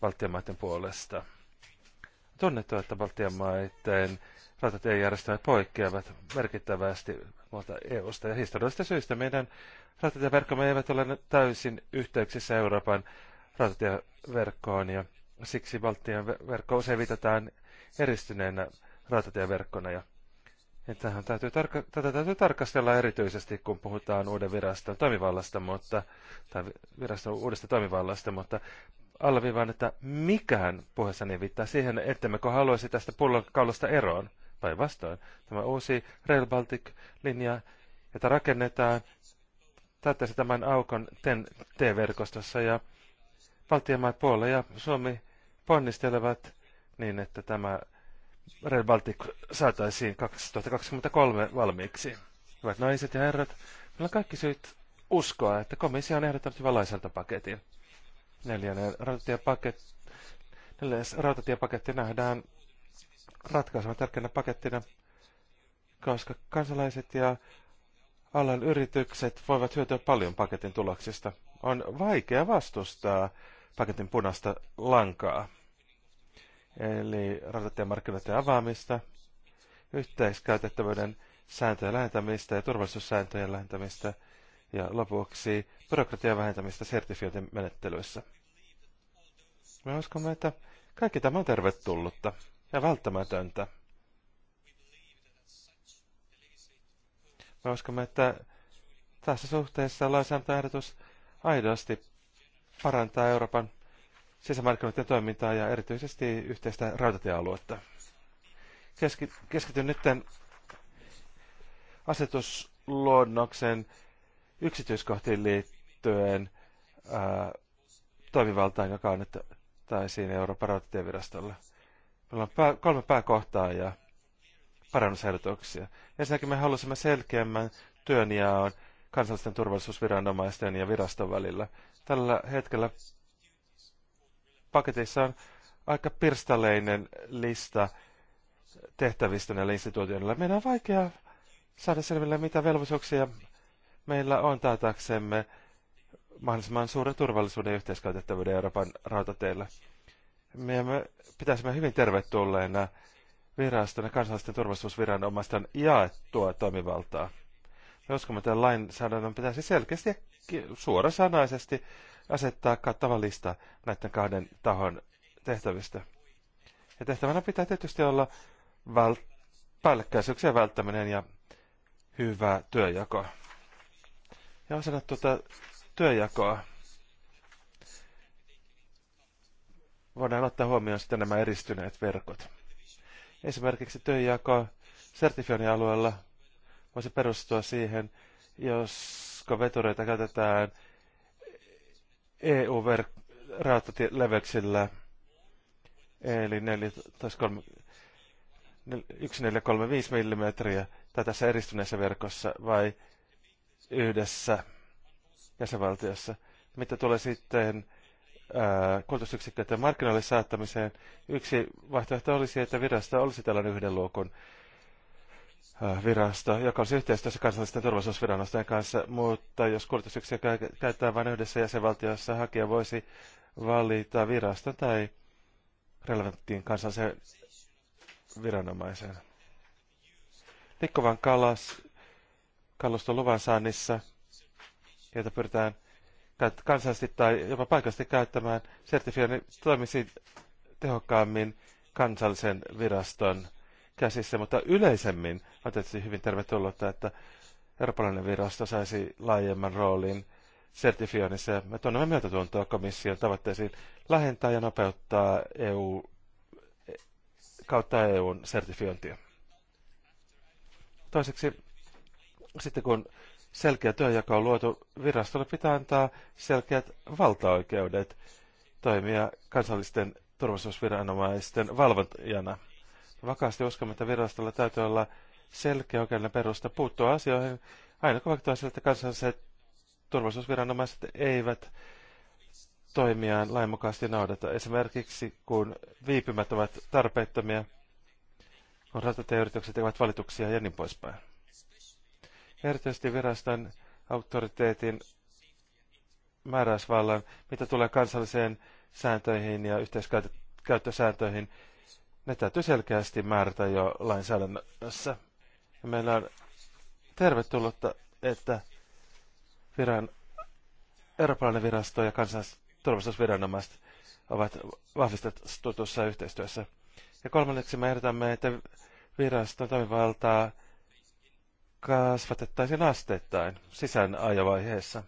S1: Baltian maiden puolesta. Tunnettu, että Baltian maiden rautatiejärjestelmät poikkeavat merkittävästi muualta EUsta ja historiallisista syistä meidän rautatieverkkomme eivät ole täysin yhteyksissä Euroopan rautatieverkkoon ja siksi Baltian verkko usein viitataan eristyneenä rautatieverkkona ja tähän täytyy tarka- tätä täytyy tarkastella erityisesti, kun puhutaan uuden viraston toimivallasta, mutta, tai viraston uudesta toimivallasta, mutta alleviivaan, että mikään puheessani viittaa siihen, ettemmekö haluaisi tästä pullonkaulasta eroon. vastoin? tämä uusi Rail Baltic-linja, jota rakennetaan, täyttäisi tämän aukon TEN-T-verkostossa ja Baltian maat Puola ja Suomi ponnistelevat niin, että tämä Red Baltic saataisiin 2023 valmiiksi. Hyvät naiset ja herrat, meillä on kaikki syyt uskoa, että komissio on ehdottanut valaiselta paketin. Neljännen rautatiepaket, rautatiepaketti nähdään ratkaisevan tärkeänä pakettina, koska kansalaiset ja alan yritykset voivat hyötyä paljon paketin tuloksista. On vaikea vastustaa paketin punaista lankaa eli rautatiemarkkinoiden avaamista, yhteiskäytettävyyden sääntöjen lähentämistä ja turvallisuussääntöjen lähentämistä ja lopuksi byrokratian vähentämistä sertifioiden menettelyissä. Me uskomme, että kaikki tämä on tervetullutta ja välttämätöntä. Me uskomme, että tässä suhteessa lainsäädäntöehdotus aidosti parantaa Euroopan sisämarkkinoiden toimintaa ja erityisesti yhteistä rautatiealuetta. Keski, keskityn nyt asetusluonnoksen yksityiskohtiin liittyen ää, toimivaltaan, joka annettaisiin Euroopan rautatievirastolle. Meillä on pää, kolme pääkohtaa ja parannusehdotuksia. Ensinnäkin me halusimme selkeämmän työnjaon kansallisten turvallisuusviranomaisten ja viraston välillä. Tällä hetkellä paketissa on aika pirstaleinen lista tehtävistä näillä instituutioilla. Meidän on vaikea saada selville, mitä velvollisuuksia meillä on taataksemme mahdollisimman suuren turvallisuuden ja yhteiskäytettävyyden Euroopan rautateillä. Me, me pitäisimme hyvin tervetulleena ja kansallisten turvallisuusviranomaisten jaettua toimivaltaa. Me uskomme, että lainsäädännön pitäisi selkeästi ja suorasanaisesti asettaa kattava lista näiden kahden tahon tehtävistä. Ja tehtävänä pitää tietysti olla vält- päällekkäisyyksien välttäminen ja hyvä työjako. Ja osana tuota työjakoa voidaan ottaa huomioon sitten nämä eristyneet verkot. Esimerkiksi työjako sertifioinnin alueella voisi perustua siihen, josko vetureita käytetään EU-rautatieleveksillä, eli 1435 mm, tai tässä eristyneessä verkossa, vai yhdessä jäsenvaltiossa. Mitä tulee sitten kulutusyksikköiden markkinoille saattamiseen, yksi vaihtoehto olisi, että virasto olisi tällainen yhden luokun Äh, virasto, joka olisi yhteistyössä kansallisten turvallisuusviranostojen kanssa, mutta jos kuljetusyksiä käyttää vain yhdessä jäsenvaltiossa, hakija voisi valita viraston tai relevanttiin kansalliseen viranomaiseen. Nikkovan kalas, kaluston luvan saannissa, jota pyritään kansallisesti tai jopa paikallisesti käyttämään, sertifioinnin toimisi tehokkaammin kansallisen viraston käsissä, mutta yleisemmin on hyvin tervetullutta, että Eurooppalainen virasto saisi laajemman roolin sertifioinnissa ja me tunnemme myötätuntoa komission tavoitteisiin lähentää ja nopeuttaa EU, kautta EUn sertifiointia. Toiseksi, sitten kun selkeä työjako on luotu, virastolle pitää antaa selkeät valtaoikeudet toimia kansallisten turvallisuusviranomaisten valvontajana – vakaasti uskomme, että virastolla täytyy olla selkeä oikeudellinen perusta puuttua asioihin, aina kun vaikuttaa siltä, että kansalliset turvallisuusviranomaiset eivät toimiaan lainmukaisesti noudata. Esimerkiksi kun viipymät ovat tarpeettomia, kun rautatieyritykset tekevät valituksia ja niin poispäin. Erityisesti viraston auktoriteetin määräysvallan, mitä tulee kansalliseen sääntöihin ja yhteiskäyttösääntöihin, ne täytyy selkeästi määrätä jo lainsäädännössä. Ja meillä on tervetullutta, että viran, eurooppalainen virasto ja kansallisturvallisuusviranomaiset ovat vahvistetussa yhteistyössä. Ja kolmanneksi me ehdotamme, että viraston toimivaltaa kasvatettaisiin asteittain sisäänajovaiheessa.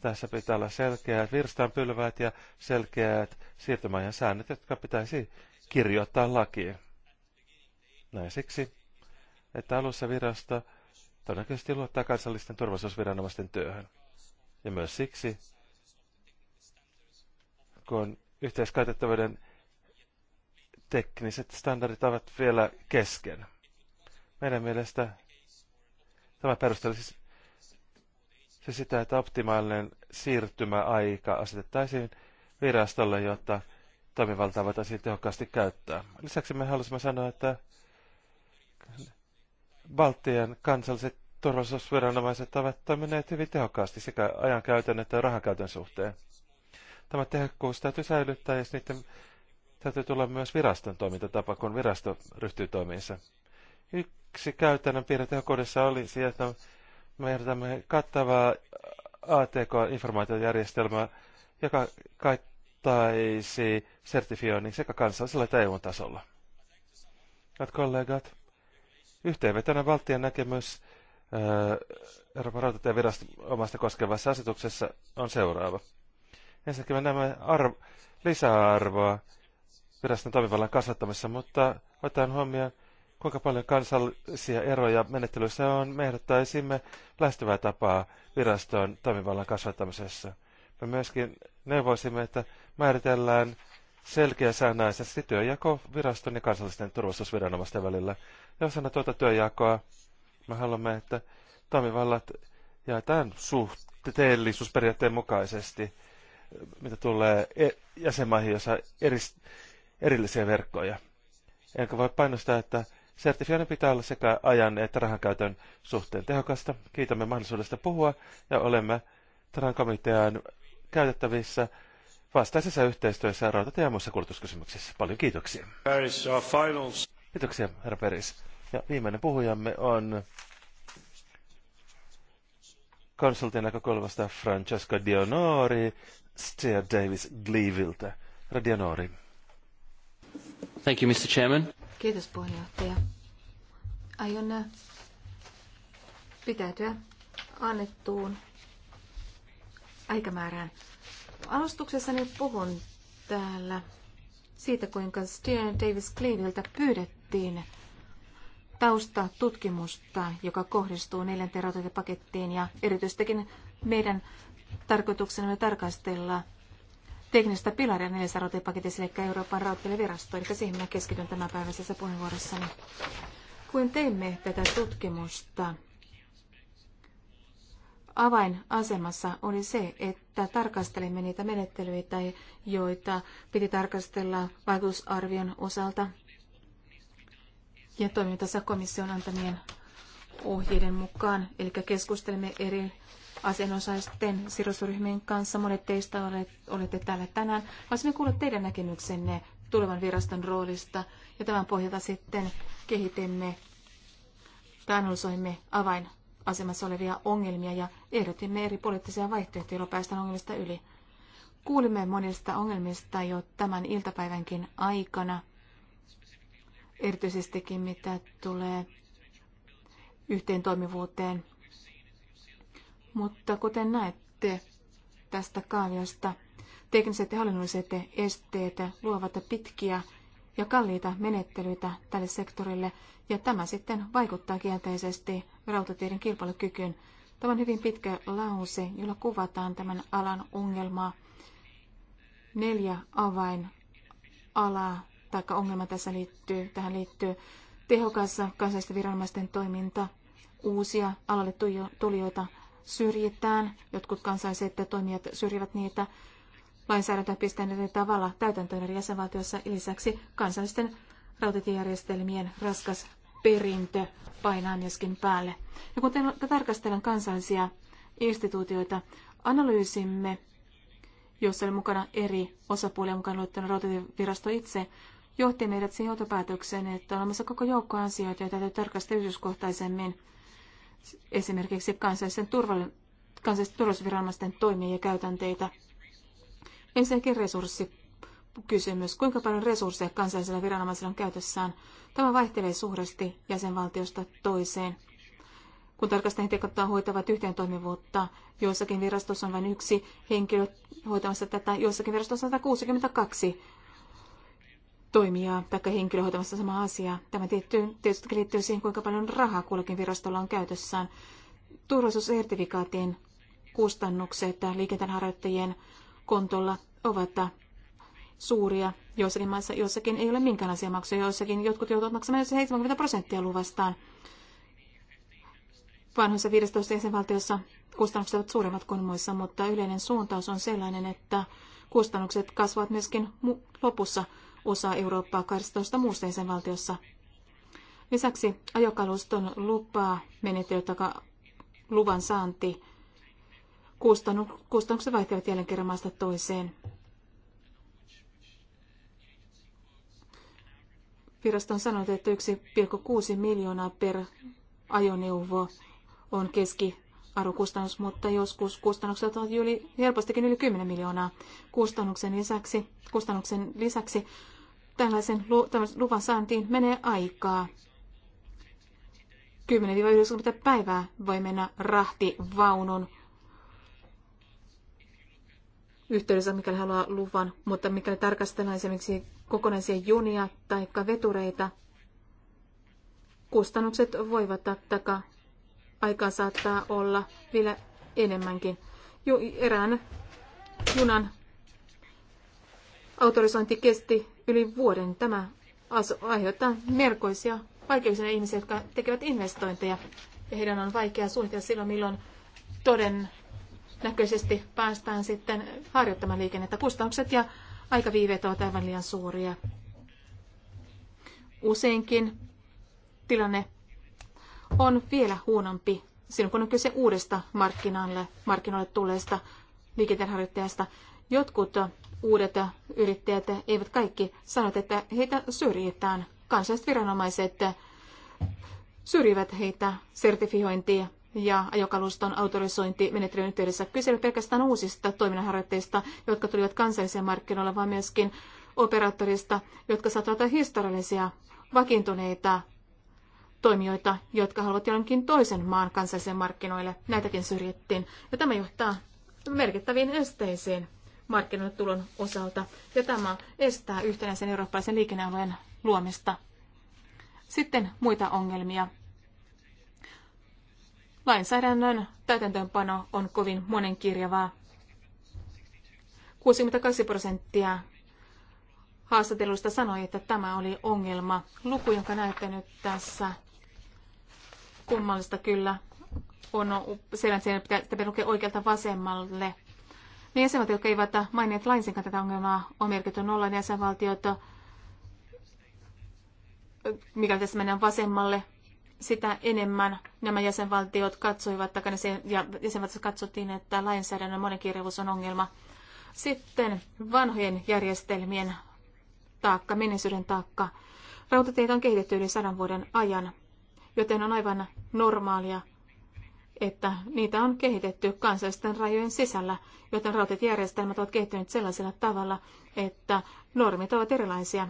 S1: Tässä pitää olla selkeät virstaanpylväät ja selkeät siirtymäajan säännöt, jotka pitäisi kirjoittaa lakiin. Näin siksi, että alussa virasto todennäköisesti luottaa kansallisten turvallisuusviranomaisten työhön. Ja myös siksi, kun yhteiskäytettävyyden tekniset standardit ovat vielä kesken. Meidän mielestä tämä perustelisi siis se sitä, että optimaalinen siirtymäaika asetettaisiin virastolle, jotta toimivaltaa voitaisiin tehokkaasti käyttää. Lisäksi me halusimme sanoa, että Baltian kansalliset turvallisuusviranomaiset ovat toimineet hyvin tehokkaasti sekä ajankäytön että rahankäytön suhteen. Tämä tehokkuus täytyy säilyttää ja sitten täytyy tulla myös viraston toimintatapa, kun virasto ryhtyy toimiinsa. Yksi käytännön piirre tehokkuudessa oli että me ehdotamme kattavaa ATK-informaatiojärjestelmää, joka kaikki kattaisi sertifioinnin sekä kansallisella että EU-tasolla. Hyvät kollegat, yhteenvetona valtion näkemys Euroopan virasto omasta koskevassa asetuksessa on seuraava. Ensinnäkin me näemme arvo, lisäarvoa viraston toimivallan kasvattamisessa, mutta otetaan huomioon, kuinka paljon kansallisia eroja menettelyissä on. Me ehdottaisimme lähestyvää tapaa viraston toimivallan kasvattamisessa. Me myöskin neuvoisimme, että määritellään selkeä säännäisesti työjako viraston ja kansallisten turvallisuusviranomaisten välillä. Ja osana tuota työjakoa me haluamme, että toimivallat jaetaan suhteellisuusperiaatteen mukaisesti, mitä tulee e- jäsenmaihin, jossa eri, erillisiä verkkoja. Enkä voi painostaa, että sertifioinnin pitää olla sekä ajan että rahankäytön suhteen tehokasta. Kiitämme mahdollisuudesta puhua ja olemme Taran komitean käytettävissä vastaisessa yhteistyössä ja rautatie- ja muissa kulutuskysymyksissä. Paljon kiitoksia.
S3: Paris, our finals.
S1: Kiitoksia, herra Peris. Ja viimeinen puhujamme on konsultin näkökulmasta Francesco Dionori, Steer Davis Gleeviltä. Herra Dionori. Thank you, Mr. Chairman.
S3: Kiitos puheenjohtaja. Aion äh, pitäytyä annettuun aikamäärään. nyt puhun täällä siitä, kuinka Steven Davis Cleaviltä pyydettiin tausta tutkimusta, joka kohdistuu neljänteen rautatiepakettiin ja erityisestikin meidän tarkoituksena tarkastella teknistä pilaria neljässä rautatiepaketissa, eli Euroopan rautatievirasto, eli siihen minä keskityn tämänpäiväisessä puheenvuorossani. Kun teimme tätä tutkimusta, avainasemassa oli se, että tarkastelimme niitä menettelyitä, joita piti tarkastella vaikutusarvion osalta. Ja toimimme komission antamien ohjeiden mukaan, eli keskustelimme eri asianosaisten sidosryhmien kanssa. Monet teistä olette täällä tänään. Voisimme kuulla teidän näkemyksenne tulevan viraston roolista ja tämän pohjalta sitten kehitimme tai analysoimme avain asemassa olevia ongelmia ja ehdotimme eri poliittisia vaihtoehtoja, joilla päästään ongelmista yli. Kuulimme monista ongelmista jo tämän iltapäivänkin aikana, erityisestikin mitä tulee yhteen toimivuuteen. Mutta kuten näette tästä kaaviosta, tekniset ja hallinnolliset esteet luovat pitkiä ja kalliita menettelyitä tälle sektorille, ja tämä sitten vaikuttaa kielteisesti rautateiden kilpailukykyyn. Tämä on hyvin pitkä lause, jolla kuvataan tämän alan ongelmaa. Neljä avain alaa tai ongelma tässä liittyy, tähän liittyy tehokas kansallisten viranomaisten toiminta, uusia alalle tulijoita syrjitään, jotkut kansalliset toimijat syrjivät niitä, lainsäädäntöä pistetään eri tavalla täytäntöön eri jäsenvaltioissa, lisäksi kansallisten rautatiejärjestelmien raskas perintö painaa myöskin päälle. Ja kun tarkastellaan kansallisia instituutioita, analyysimme, jossa oli mukana eri osapuolia mukaan luettuna rautatievirasto itse, johti meidät siihen johtopäätökseen, että on olemassa koko joukko asioita, joita täytyy tarkastella yksityiskohtaisemmin. Esimerkiksi kansallisten, turval- kansallisten turvallisuusviranomaisten toimia ja käytänteitä. Ensinnäkin resurssi kysymys, kuinka paljon resursseja kansallisilla viranomaisilla on käytössään. Tämä vaihtelee suuresti jäsenvaltiosta toiseen. Kun tarkastajan tekottaa hoitavat yhteen toimivuutta, joissakin virastossa on vain yksi henkilö hoitamassa tätä, joissakin virastossa on 162 toimijaa tai henkilö hoitamassa samaa asiaa. Tämä tietysti liittyy siihen, kuinka paljon rahaa kullakin virastolla on käytössään. Turvallisuussertifikaatin kustannukset liikenteenharjoittajien kontolla ovat suuria. Joissakin maissa joissakin ei ole minkäänlaisia maksuja, joissakin jotkut joutuvat maksamaan 70 prosenttia luvastaan. Vanhoissa 15 jäsenvaltiossa kustannukset ovat suuremmat kuin muissa, mutta yleinen suuntaus on sellainen, että kustannukset kasvavat myöskin lopussa osa Eurooppaa 12 muusta jäsenvaltiossa. Lisäksi ajokaluston lupaa menettely luvan saanti. Kustannukset vaihtelevat jälleen kerran maasta toiseen. Virasto on sanonut, että 1,6 miljoonaa per ajoneuvo on keskiarvokustannus, mutta joskus kustannukset ovat yli, helpostikin yli 10 miljoonaa kustannuksen lisäksi. Kustannuksen lisäksi tällaisen luvan saantiin menee aikaa. 10-90 päivää voi mennä rahtivaunun yhteydessä, mikäli haluaa luvan, mutta mikäli tarkastellaan esimerkiksi kokonaisia junia tai vetureita, kustannukset voivat takaa aikaa saattaa olla vielä enemmänkin. Ju, erään junan autorisointi kesti yli vuoden. Tämä aiheuttaa merkoisia vaikeuksia ihmisiä, jotka tekevät investointeja. Ja heidän on vaikea suunnitella silloin, milloin todennäköisesti päästään sitten harjoittamaan liikennettä. Kustannukset ja aikaviiveet ovat aivan liian suuria. Useinkin tilanne on vielä huonompi silloin, kun on kyse uudesta markkinoille, markkinoille tulleesta liikenteenharjoittajasta. Jotkut uudet yrittäjät, eivät kaikki, sanoa, että heitä syrjitään. Kansalliset viranomaiset syrjivät heitä sertifiointia ja ajokaluston autorisointimenettelyn yhteydessä kyse oli pelkästään uusista toiminnanharjoitteista, jotka tulivat kansalliseen markkinoille, vaan myöskin operaattorista, jotka saattavat olla historiallisia, vakiintuneita toimijoita, jotka haluavat jonkin toisen maan kansalliseen markkinoille. Näitäkin syrjittiin. Ja tämä johtaa merkittäviin esteisiin markkinoille tulon osalta. Ja tämä estää yhtenäisen eurooppalaisen liikennealueen luomista. Sitten muita ongelmia Lainsäädännön täytäntöönpano on kovin monenkirjavaa. 62 prosenttia haastatteluista sanoi, että tämä oli ongelma. Luku, jonka näette nyt tässä, kummallista kyllä, on sen, että pitää, pitää, pitää lukea oikealta vasemmalle. Ne jäsenvaltiot, jotka eivät maineet laisinkaan tätä ongelmaa, on merkitty nollan jäsenvaltiota, mikä tässä mennään vasemmalle, sitä enemmän nämä jäsenvaltiot katsoivat, tai ja jäsenvaltiot katsottiin, että lainsäädännön monikirjavuus on ongelma. Sitten vanhojen järjestelmien taakka, menneisyyden taakka. Rautateitä on kehitetty yli sadan vuoden ajan, joten on aivan normaalia, että niitä on kehitetty kansallisten rajojen sisällä, joten rautatiejärjestelmät ovat kehittyneet sellaisella tavalla, että normit ovat erilaisia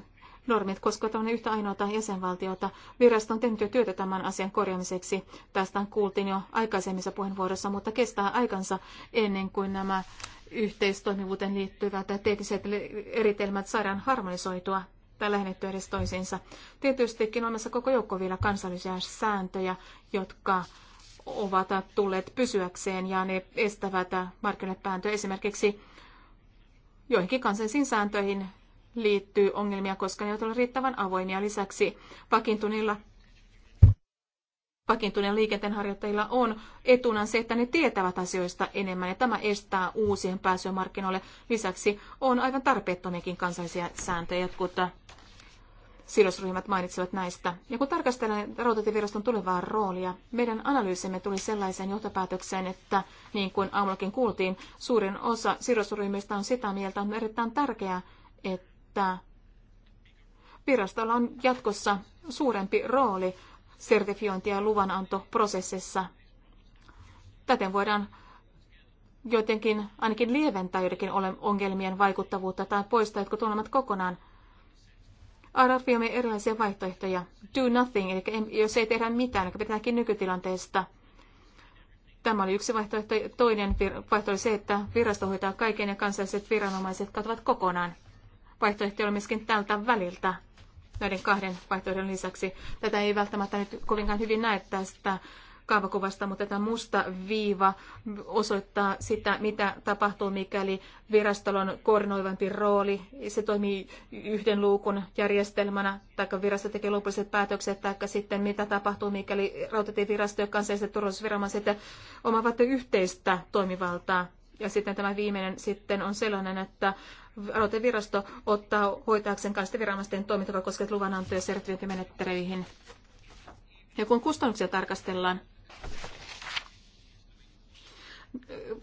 S3: Normit koskevat tämmöinen yhtä ainoata jäsenvaltiota. Virasto on tehnyt jo työtä tämän asian korjaamiseksi. Tästä kuultiin jo aikaisemmissa puheenvuorossa, mutta kestää aikansa ennen kuin nämä yhteistoimivuuteen liittyvät tekniset eritelmät saadaan harmonisoitua tai lähennetty edes toisiinsa. Tietystikin on tässä koko joukko vielä kansallisia sääntöjä, jotka ovat tulleet pysyäkseen ja ne estävät markkinoille pääntöä. Esimerkiksi joihinkin kansallisiin sääntöihin liittyy ongelmia, koska ne eivät ole riittävän avoimia. Lisäksi vakiintuneilla vakiintuneilla liikenteenharjoittajilla on etuna se, että ne tietävät asioista enemmän ja tämä estää uusien pääsyä markkinoille. Lisäksi on aivan tarpeettomiakin kansallisia sääntöjä, jotka sidosryhmät mainitsivat näistä. Ja kun tarkastellaan rautatieviraston tulevaa roolia, meidän analyysimme tuli sellaiseen johtopäätökseen, että niin kuin aamullakin kuultiin, suurin osa sidosryhmistä on sitä mieltä, on erittäin tärkeää, että että virastolla on jatkossa suurempi rooli sertifiointi- ja luvanantoprosessissa. Täten voidaan jotenkin ainakin lieventää joidenkin ongelmien vaikuttavuutta tai poistaa jotkut ongelmat kokonaan. Arvioimme erilaisia vaihtoehtoja. Do nothing, eli jos ei tehdä mitään, niin pitääkin nykytilanteesta. Tämä oli yksi vaihtoehto. Toinen vaihtoehto oli se, että virasto hoitaa kaiken ja kansalliset viranomaiset katsovat kokonaan vaihtoehtoja on myöskin tältä väliltä näiden kahden vaihtoehdon lisäksi. Tätä ei välttämättä nyt kovinkaan hyvin näe tästä kaavakuvasta, mutta tämä musta viiva osoittaa sitä, mitä tapahtuu, mikäli virastolla on koordinoivampi rooli. Se toimii yhden luukun järjestelmänä, tai virasto tekee lopulliset päätökset, tai sitten mitä tapahtuu, mikäli rautatievirasto ja kansalliset turvallisuusviranomaiset omaavat yhteistä toimivaltaa. Ja sitten tämä viimeinen sitten on sellainen, että aloitevirasto ottaa hoitaakseen kanssa viranomaisten toimintaa koskevat luvananto- ja sertifiointimenettelyihin. Ja kun kustannuksia tarkastellaan,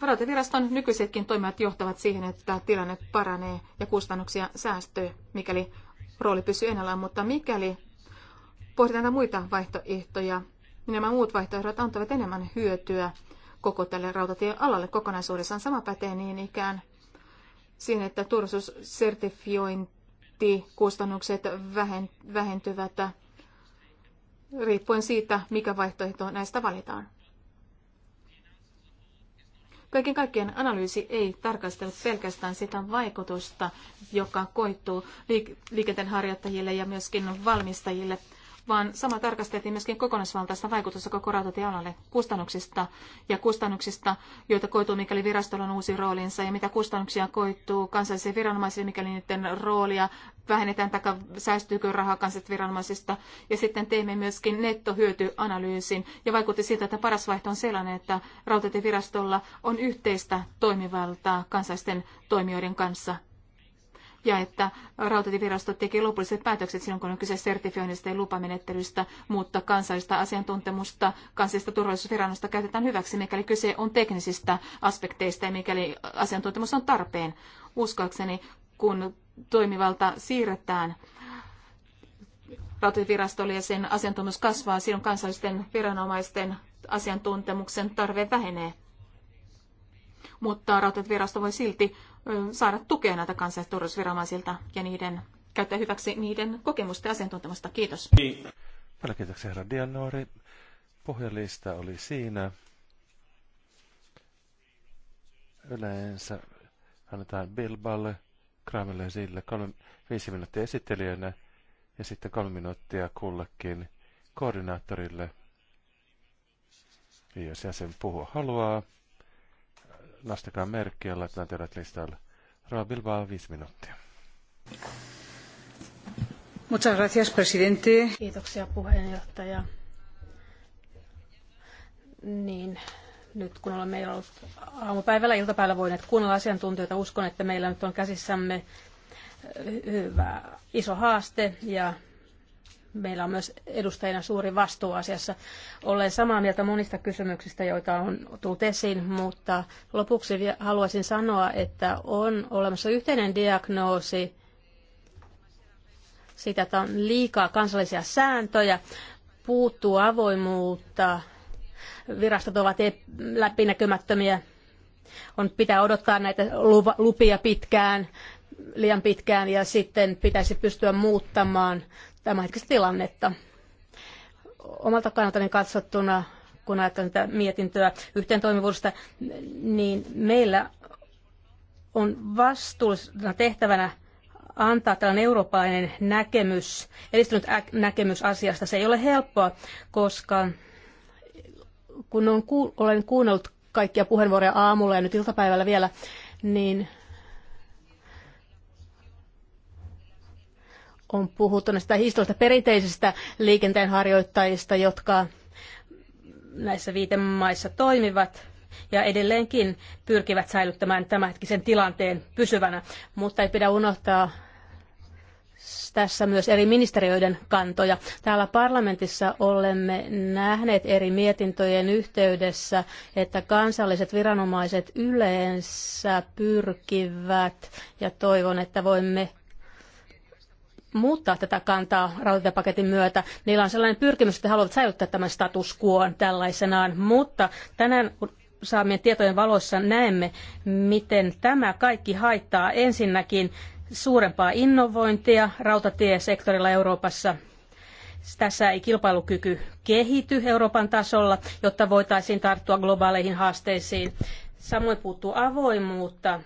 S3: Varauteviraston nykyisetkin toimijat johtavat siihen, että tilanne paranee ja kustannuksia säästyy, mikäli rooli pysyy ennallaan, mutta mikäli pohditaan muita vaihtoehtoja, niin nämä muut vaihtoehdot antavat enemmän hyötyä koko tälle rautatiealalle kokonaisuudessaan. Sama pätee niin ikään siihen, että turvallisuussertifiointikustannukset vähentyvät riippuen siitä, mikä vaihtoehto näistä valitaan. Kaiken kaikkien analyysi ei tarkastele pelkästään sitä vaikutusta, joka koittuu liikenteenharjoittajille ja myöskin valmistajille – vaan sama tarkasteltiin myöskin kokonaisvaltaista vaikutusta koko rautatiealalle kustannuksista ja kustannuksista, joita koituu, mikäli virastolla on uusi roolinsa ja mitä kustannuksia koituu kansallisille viranomaisille, mikäli niiden roolia vähennetään tai säästyykö rahaa kansallisista viranomaisista. Ja sitten teimme myöskin nettohyötyanalyysin ja vaikutti siltä, että paras vaihto on sellainen, että rautatievirastolla on yhteistä toimivaltaa kansallisten toimijoiden kanssa ja että rautatievirasto tekee lopulliset päätökset silloin, kun on kyse sertifioinnista ja lupamenettelystä, mutta kansallista asiantuntemusta kansallista turvallisuusviranosta käytetään hyväksi, mikäli kyse on teknisistä aspekteista ja mikäli asiantuntemus on tarpeen. Uskoakseni, kun toimivalta siirretään rautatievirastolle ja sen asiantuntemus kasvaa, silloin kansallisten viranomaisten asiantuntemuksen tarve vähenee. Mutta rautatievirasto voi silti saada tukea näitä kansallisturvallisuusviranomaisilta ja niiden käyttää hyväksi niiden kokemusta ja asiantuntemusta. Kiitos.
S1: Paljon kiitoksia herra Dianori. Pohjalista oli siinä. Yleensä annetaan Bilballe, Kramille ja Sille kolme, viisi minuuttia esittelijänä ja sitten kolme minuuttia kullekin koordinaattorille. Jos jäsen puhua haluaa, Lastakaa merkki ja laitetaan teidät listalle. Raabil vaan viisi minuuttia.
S2: Muchas gracias, presidente. Kiitoksia puheenjohtaja. Niin, nyt kun olemme meillä ollut aamupäivällä iltapäivällä voineet kuunnella asiantuntijoita, uskon, että meillä nyt on käsissämme hyvä iso haaste ja meillä on myös edustajina suuri vastuu asiassa. Olen samaa mieltä monista kysymyksistä, joita on tullut esiin, mutta lopuksi haluaisin sanoa, että on olemassa yhteinen diagnoosi siitä, että on liikaa kansallisia sääntöjä, puuttuu avoimuutta, virastot ovat läpinäkymättömiä, on pitää odottaa näitä lupia pitkään, liian pitkään ja sitten pitäisi pystyä muuttamaan tämänhetkistä tilannetta. Omalta kannaltani katsottuna, kun ajattelen tätä mietintöä yhteen toimivuudesta, niin meillä on vastuullisena tehtävänä antaa tällainen eurooppalainen näkemys, edistynyt näkemys asiasta. Se ei ole helppoa, koska kun olen kuunnellut kaikkia puheenvuoroja aamulla ja nyt iltapäivällä vielä, niin on puhuttu näistä historiallisista perinteisistä liikenteenharjoittajista, jotka näissä viitemaissa toimivat ja edelleenkin pyrkivät säilyttämään tämänhetkisen tilanteen pysyvänä, mutta ei pidä unohtaa tässä myös eri ministeriöiden kantoja. Täällä parlamentissa olemme nähneet eri mietintöjen yhteydessä, että kansalliset viranomaiset yleensä pyrkivät, ja toivon, että voimme muuttaa tätä kantaa rautatiepaketin myötä. Niillä on sellainen pyrkimys, että he haluavat säilyttää tämän status quo tällaisenaan, mutta tänään saamien tietojen valossa näemme, miten tämä kaikki haittaa ensinnäkin suurempaa innovointia rautatiesektorilla Euroopassa. Tässä ei kilpailukyky kehity Euroopan tasolla, jotta voitaisiin tarttua globaaleihin haasteisiin. Samoin puuttuu avoimuutta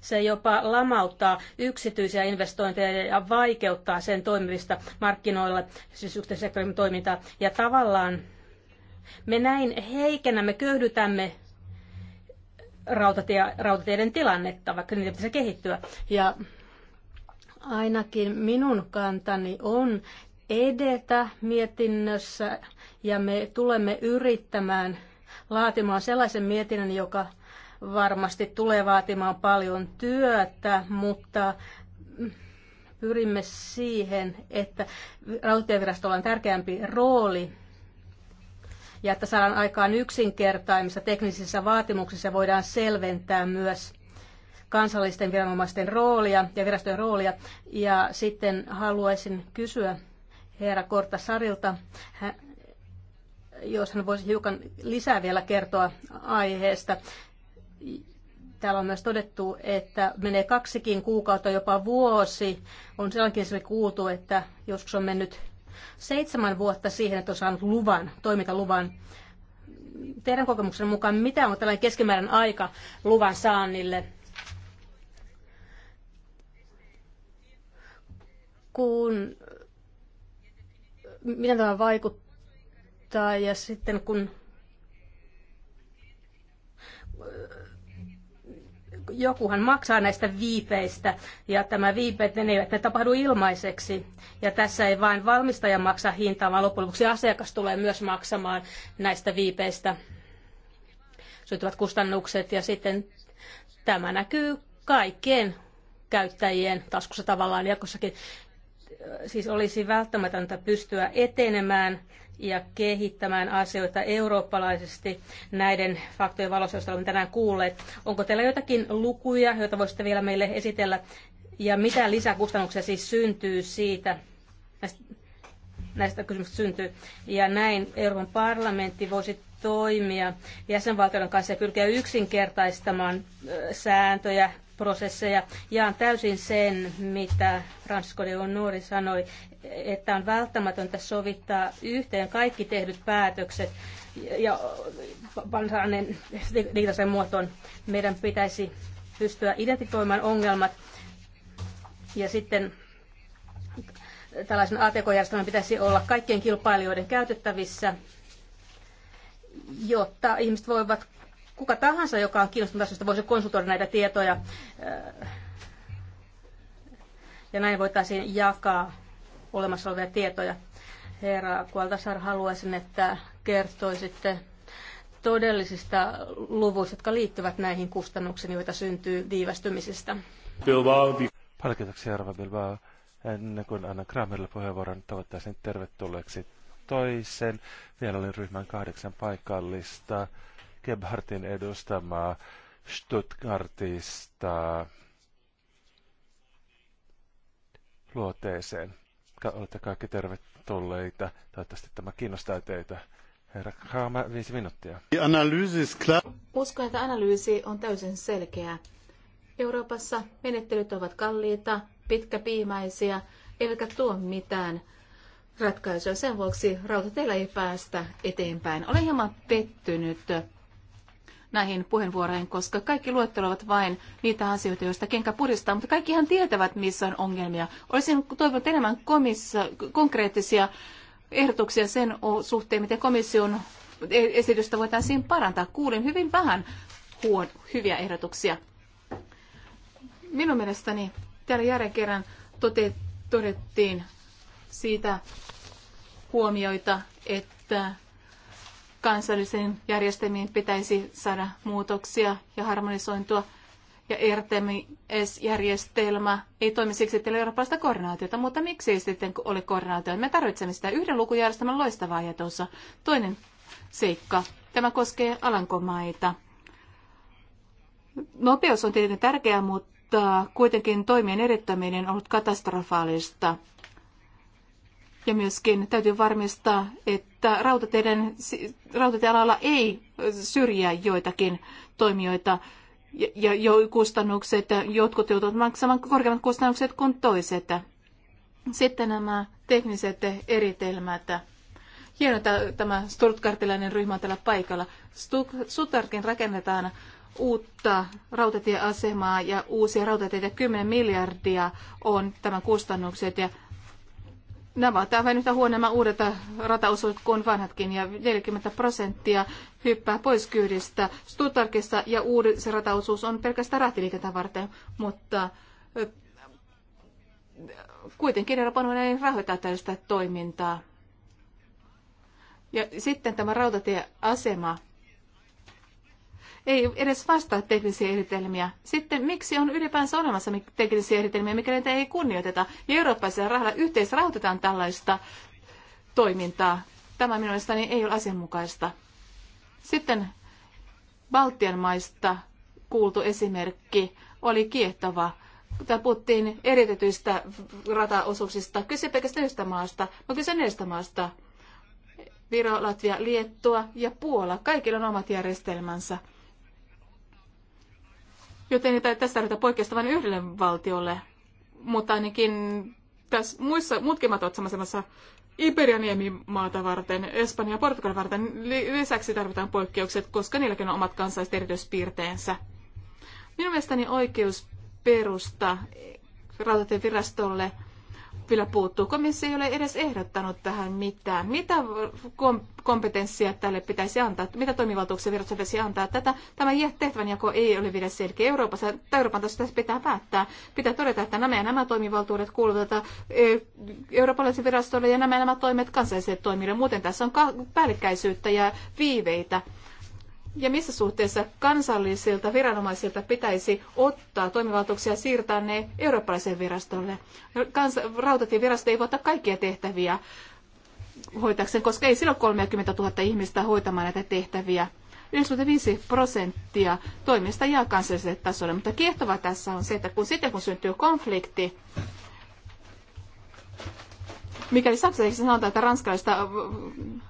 S2: se jopa lamauttaa yksityisiä investointeja ja vaikeuttaa sen toimivista markkinoilla, siis sektorin toimintaa. Ja tavallaan me näin heikennämme, köyhdytämme rautatie, rautateiden tilannetta, vaikka niitä pitäisi kehittyä. Ja ainakin minun kantani on edetä mietinnössä ja me tulemme yrittämään laatimaan sellaisen mietinnön, joka varmasti tulee vaatimaan paljon työtä, mutta pyrimme siihen, että rautatievirastolla on tärkeämpi rooli ja että saadaan aikaan yksinkertaimissa teknisissä vaatimuksissa voidaan selventää myös kansallisten viranomaisten roolia ja virastojen roolia. Ja sitten haluaisin kysyä herra Korta Sarilta, jos hän voisi hiukan lisää vielä kertoa aiheesta. Täällä on myös todettu, että menee kaksikin kuukautta, jopa vuosi. On silloinkin se kuultu, että joskus on mennyt seitsemän vuotta siihen, että on saanut luvan, toimintaluvan. Teidän kokemuksen mukaan, mitä on tällainen keskimääräinen aika luvan saannille? Kun, miten tämä vaikuttaa ja sitten kun jokuhan maksaa näistä viipeistä, ja tämä viipeet, ne eivät ne tapahdu ilmaiseksi. Ja tässä ei vain valmistaja maksa hintaa, vaan loppujen lopuksi asiakas tulee myös maksamaan näistä viipeistä syntyvät kustannukset, ja sitten tämä näkyy kaikkien käyttäjien taskussa tavallaan jatkossakin. Siis olisi välttämätöntä pystyä etenemään ja kehittämään asioita eurooppalaisesti näiden faktojen valossa, joista olemme tänään kuulleet. Onko teillä jotakin lukuja, joita voisitte vielä meille esitellä? Ja mitä lisäkustannuksia siis syntyy siitä, näistä, näistä kysymyksistä syntyy? Ja näin Euroopan parlamentti voisi toimia jäsenvaltioiden kanssa ja pyrkiä yksinkertaistamaan sääntöjä, prosesseja. Jaan täysin sen, mitä Francisco de Nuori sanoi, että on välttämätöntä sovittaa yhteen kaikki tehdyt päätökset ja vanhainen digitaalisen muotoon. Meidän pitäisi pystyä identifioimaan ongelmat ja sitten tällaisen ATK-järjestelmän pitäisi olla kaikkien kilpailijoiden käytettävissä, jotta ihmiset voivat kuka tahansa, joka on kiinnostunut asioista, voisi konsultoida näitä tietoja. Ja näin voitaisiin jakaa olemassa olevia tietoja. Herra Kualtasar, haluaisin, että kertoisitte todellisista luvuista, jotka liittyvät näihin kustannuksiin, joita syntyy viivästymisistä.
S1: Paljon kiitoksia, Arva Bilbao. Ennen kuin annan Kramerille puheenvuoron, toivottaisin tervetulleeksi toisen. Vielä oli ryhmän kahdeksan paikallista. Gebhardin edustamaa Stuttgartista luoteeseen. Olette kaikki tervetulleita. Toivottavasti tämä kiinnostaa teitä. Herra Kaama, viisi minuuttia.
S3: Uskon, että analyysi on täysin selkeä. Euroopassa menettelyt ovat kalliita, pitkäpiimäisiä, eivätkä tuo mitään ratkaisuja. Sen vuoksi rautateillä ei päästä eteenpäin. Olen hieman pettynyt näihin puheenvuoroihin, koska kaikki luettelevat vain niitä asioita, joista kenkä puristaa, mutta kaikkihan tietävät, missä on ongelmia. Olisin toivonut enemmän komissa, konkreettisia ehdotuksia sen suhteen, miten komission e- esitystä voitaisiin parantaa. Kuulin hyvin vähän huon, hyviä ehdotuksia. Minun mielestäni täällä järjen kerran tote, todettiin siitä huomioita, että kansallisiin järjestelmiin pitäisi saada muutoksia ja harmonisointua. Ja ERTMS-järjestelmä ei toimi siksi, että ei ole eurooppalaista koordinaatiota, mutta miksi ei sitten ole koordinaatiota? Me tarvitsemme sitä yhden lukujärjestelmän loistava ajatus. Toinen seikka. Tämä koskee Alankomaita. Nopeus on tietenkin tärkeää, mutta kuitenkin toimien erittäminen on ollut katastrofaalista. Ja myöskin täytyy varmistaa, että rautateiden, rautatiealalla ei syrjää joitakin toimijoita ja, ja jo kustannukset, jotkut joutuvat maksamaan korkeammat kustannukset kuin toiset. Sitten nämä tekniset eritelmät. Hieno tämä Stuttgartilainen ryhmä on täällä paikalla. Stuttgartin rakennetaan uutta rautatieasemaa ja uusia rautateitä 10 miljardia on tämän kustannukset ja Nämä ovat aivan yhtä huono nämä uudet rataosuudet kuin vanhatkin ja 40 prosenttia hyppää pois kyydistä Stuttgartissa ja uusi se rataosuus on pelkästään rahtiliikettä varten, mutta kuitenkin Euroopan ei rahoittaa tällaista toimintaa. Ja sitten tämä rautatieasema ei edes vastaa teknisiä eritelmiä. Sitten miksi on ylipäänsä olemassa teknisiä eritelmiä, mikäli niitä ei kunnioiteta? Ja eurooppalaisella rahalla yhteisrahoitetaan tällaista toimintaa. Tämä minun mielestäni ei ole asianmukaista. Sitten Baltian maista kuultu esimerkki oli kiehtova. Tämä puhuttiin eritetyistä rataosuuksista. Kyse pelkästään yhdestä maasta, vaan kyse neljästä maasta. Viro, Latvia, Liettua ja Puola. Kaikilla on omat järjestelmänsä joten ei tässä tarvita poikkeusta vain yhdelle valtiolle. Mutta ainakin tässä muissa, muutkin maat ovat samassa, samassa maata varten, Espanja ja Portugalin varten. Lisäksi tarvitaan poikkeukset, koska niilläkin on omat kansalliset erityispiirteensä. Minun mielestäni oikeus perusta rautatievirastolle virastolle vielä puuttuu. Komissio ei ole edes ehdottanut tähän mitään. Mitä kompetenssia tälle pitäisi antaa? Mitä toimivaltuuksia virastolle pitäisi antaa? Tätä, tämä tehtävänjako ei ole vielä selkeä. Euroopassa, tai Euroopan tässä pitää päättää. Pitää todeta, että nämä ja nämä toimivaltuudet kuuluvat Euroopan virastolle ja nämä ja nämä toimet kansalliselle toimille. Muuten tässä on päällekkäisyyttä ja viiveitä ja missä suhteessa kansallisilta viranomaisilta pitäisi ottaa toimivaltuuksia ja siirtää ne eurooppalaiselle virastolle. Kans, rautatievirasto ei voi ottaa kaikkia tehtäviä hoitakseen, koska ei sillä ole 30 000 ihmistä hoitamaan näitä tehtäviä. 95 prosenttia toimista jää kansalliselle tasolle, mutta kiehtovaa tässä on se, että kun sitten kun syntyy konflikti, Mikäli saksalaisiksi sanotaan, että ranskalaista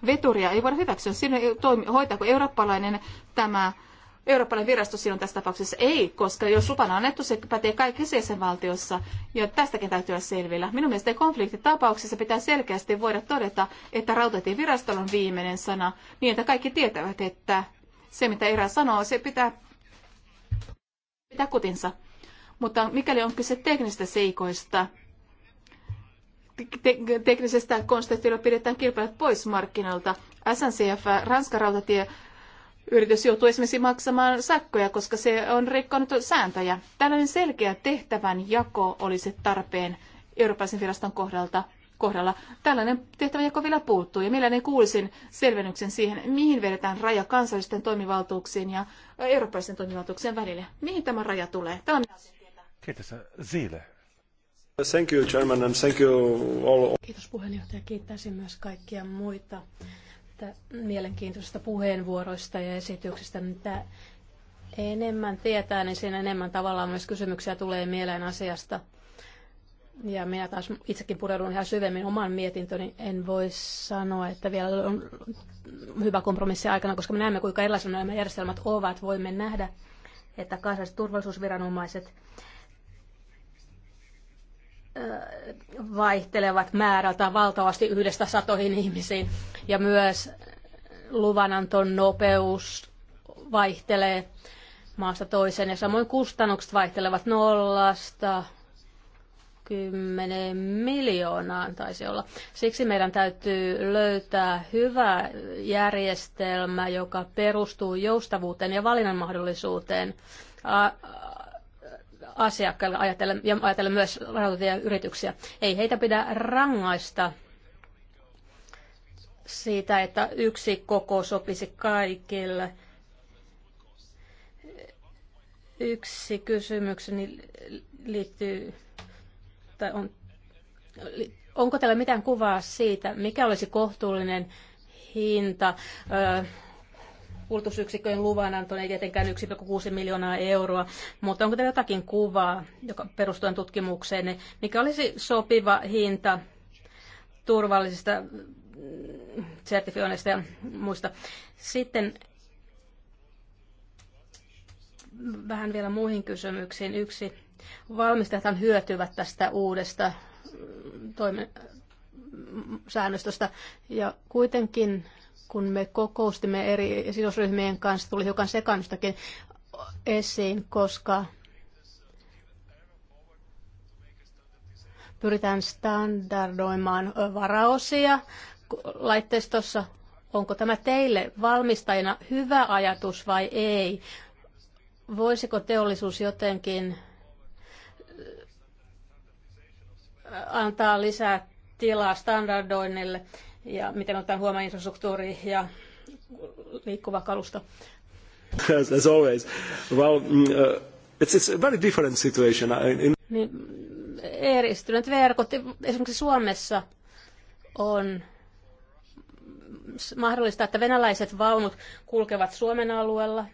S3: veturia ei voida hyväksyä, silloin toimi, hoitaako eurooppalainen tämä Eurooppalainen virasto silloin tässä tapauksessa ei, koska jos lupana on annettu, se pätee kaikissa jäsenvaltiossa, ja tästäkin täytyy olla selvillä. Minun mielestäni konfliktitapauksissa pitää selkeästi voida todeta, että rautatievirastolla on viimeinen sana, niin että kaikki tietävät, että se mitä erä sanoo, se pitää, pitää kutinsa. Mutta mikäli on kyse teknisistä seikoista, teknisestä teknisestä jolla pidetään kilpailijat pois markkinoilta. SNCF, Ranskan rautatie, Yritys joutuu esimerkiksi maksamaan sakkoja, koska se on rikkonut sääntöjä. Tällainen selkeä tehtävän jako olisi tarpeen Euroopan viraston kohdalta, kohdalla. Tällainen tehtävän jako vielä puuttuu ja mielelläni kuulisin selvennyksen siihen, mihin vedetään raja kansallisten toimivaltuuksien ja eurooppalaisten toimivaltuuksien välille. Mihin tämä raja tulee? Tämä on
S1: Kiitos. Ziile. Thank you, Chairman, and thank you all.
S3: Kiitos
S2: puheenjohtaja. Kiittäisin myös kaikkia muita mielenkiintoisista puheenvuoroista ja esityksistä. Mitä enemmän tietää, niin siinä enemmän tavallaan myös kysymyksiä tulee mieleen asiasta. Ja minä taas itsekin pureudun ihan syvemmin oman mietintöni. En voi sanoa, että vielä on hyvä kompromissi aikana, koska me näemme, kuinka erilaisia nämä järjestelmät ovat. Voimme nähdä, että kansalliset turvallisuusviranomaiset vaihtelevat määrältään valtavasti yhdestä satoihin ihmisiin. Ja myös luvananton nopeus vaihtelee maasta toiseen ja samoin kustannukset vaihtelevat nollasta 10 miljoonaan taisi olla. Siksi meidän täytyy löytää hyvä järjestelmä, joka perustuu joustavuuteen ja valinnanmahdollisuuteen asiakkaille ajatellen, ja ajatellen myös rautatieyrityksiä. Ei heitä pidä rangaista siitä, että yksi koko sopisi kaikille. Yksi kysymykseni liittyy, tai on, onko teillä mitään kuvaa siitä, mikä olisi kohtuullinen hinta kulutusyksikköjen luvananto ei tietenkään 1,6 miljoonaa euroa, mutta onko teillä jotakin kuvaa, joka perustuen tutkimukseen, mikä olisi sopiva hinta turvallisista mm, sertifioinnista ja muista. Sitten vähän vielä muihin kysymyksiin. Yksi, valmistajathan hyötyvät tästä uudesta mm, toimen mm, säännöstöstä ja kuitenkin kun me kokoustimme eri sidosryhmien kanssa, tuli hiukan sekannustakin esiin, koska pyritään standardoimaan varaosia laitteistossa. Onko tämä teille valmistajina hyvä ajatus vai ei? Voisiko teollisuus jotenkin antaa lisää tilaa standardoinnille ja miten ottaa huomioon infrastruktuuri ja liikkuva kalusto.
S1: As, as always. Well, mm, uh, it's, it's a very different situation. Uh, in,
S2: Niin, eristyneet verkot, esimerkiksi Suomessa on mahdollista, että venäläiset vaunut kulkevat Suomen alueella,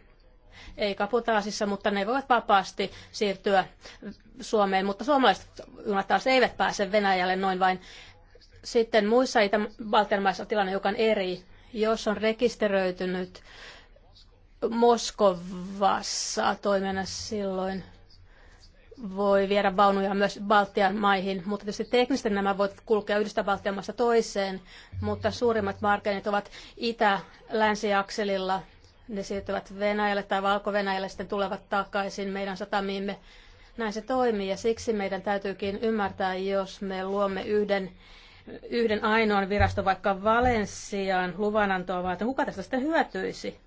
S2: ei kaputaasissa, mutta ne voivat vapaasti siirtyä Suomeen, mutta suomalaiset junat taas eivät pääse Venäjälle noin vain. Sitten muissa Itä-Baltian maissa on tilanne joka on eri. Jos on rekisteröitynyt Moskovassa toimena silloin voi viedä vaunuja myös Baltian maihin, mutta tietysti teknisesti nämä voivat kulkea yhdestä Baltian maasta toiseen, mutta suurimmat markkinat ovat itä akselilla Ne siirtyvät Venäjälle tai Valko-Venäjälle, sitten tulevat takaisin meidän satamiimme. Näin se toimii ja siksi meidän täytyykin ymmärtää, jos me luomme yhden yhden ainoan viraston, vaikka Valenssian luvanantoa vaan, että kuka tästä sitten hyötyisi?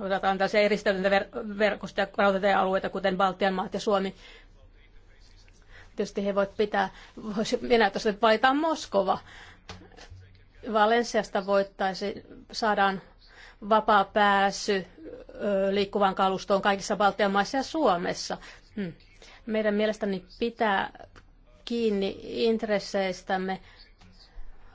S2: Otetaan tällaisia eristäytyntä ver- verkostoja, rautatiealueita, kuten Baltian maat ja Suomi. Tietysti he voivat pitää, voisi minä tuossa, että Moskova. Valensiasta voittaisi, saadaan vapaa pääsy liikkuvaan kalustoon kaikissa Baltian maissa ja Suomessa. Hmm. Meidän mielestäni pitää kiinni intresseistämme,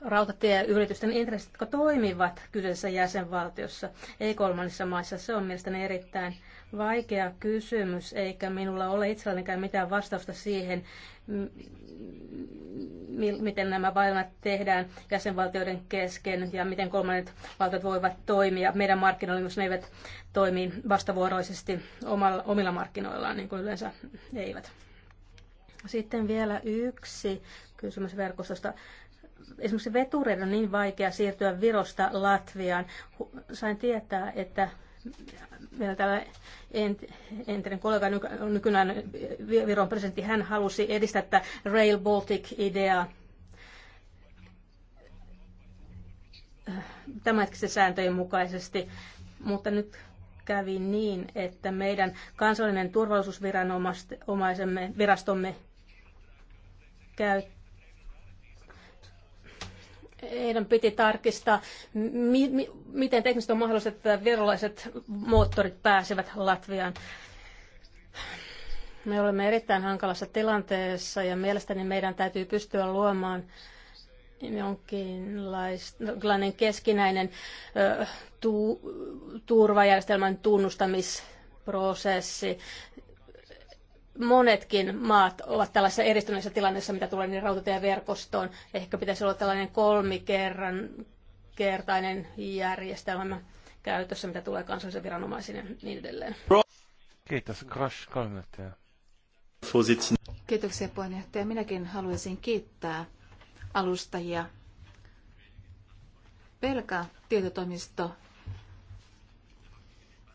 S2: rautatieyritysten intressit, jotka toimivat kyseisessä jäsenvaltiossa, ei kolmannissa maissa. Se on mielestäni erittäin vaikea kysymys, eikä minulla ole itsellänikään mitään vastausta siihen, miten nämä valinnat tehdään jäsenvaltioiden kesken ja miten kolmannet valtiot voivat toimia meidän markkinoilla, ne eivät toimi vastavuoroisesti omilla markkinoillaan, niin kuin yleensä eivät. Sitten vielä yksi kysymys verkostosta. Esimerkiksi vetureiden on niin vaikea siirtyä Virosta Latviaan. Sain tietää, että meillä täällä entinen kollega, nykyään Viron presidentti, hän halusi edistää tätä Rail Baltic-ideaa tämänhetkisen sääntöjen mukaisesti, mutta nyt kävi niin, että meidän kansallinen turvallisuusviranomaisemme virastomme käy. heidän piti tarkistaa, mi, mi, miten teknisesti on mahdollista, että virolaiset moottorit pääsevät Latviaan. Me olemme erittäin hankalassa tilanteessa ja mielestäni meidän täytyy pystyä luomaan jonkinlainen keskinäinen ö, tu, turvajärjestelmän tunnustamisprosessi monetkin maat ovat tällaisessa eristyneessä tilanteessa, mitä tulee niin rautatieverkostoon. Ehkä pitäisi olla tällainen kolmikerran kertainen järjestelmä
S3: käytössä, mitä tulee kansallisen viranomaisiin ja niin edelleen.
S1: Kiitos. Crash kolme minuuttia.
S3: Kiitoksia puheenjohtaja. Minäkin haluaisin kiittää alustajia. Pelka tietotoimisto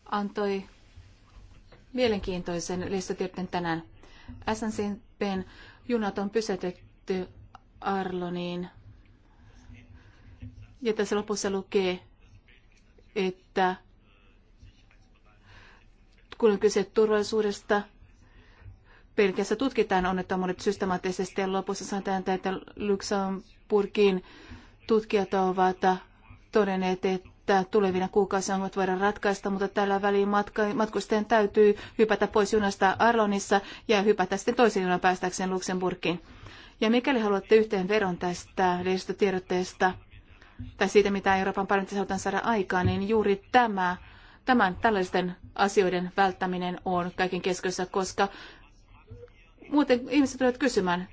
S3: antoi mielenkiintoisen listatietten tänään. SNCPn junat on pysäytetty Arloniin. Ja tässä lopussa lukee, että kun on kyse turvallisuudesta, Belgiassa tutkitaan onnettomuudet systemaattisesti ja lopussa sanotaan, että Luxemburgin tutkijat ovat todenneet, että että tulevina kuukausina ongelmat voidaan ratkaista, mutta tällä välin matka- matkustajan täytyy hypätä pois junasta Arlonissa ja hypätä sitten toisen junan päästäkseen Luxemburgiin. Ja mikäli haluatte yhteen veron tästä lehdistötiedotteesta tai siitä, mitä Euroopan parlamentissa halutaan saada aikaan, niin juuri tämä, tämän tällaisten asioiden välttäminen on kaiken keskiössä, koska muuten ihmiset tulevat kysymään,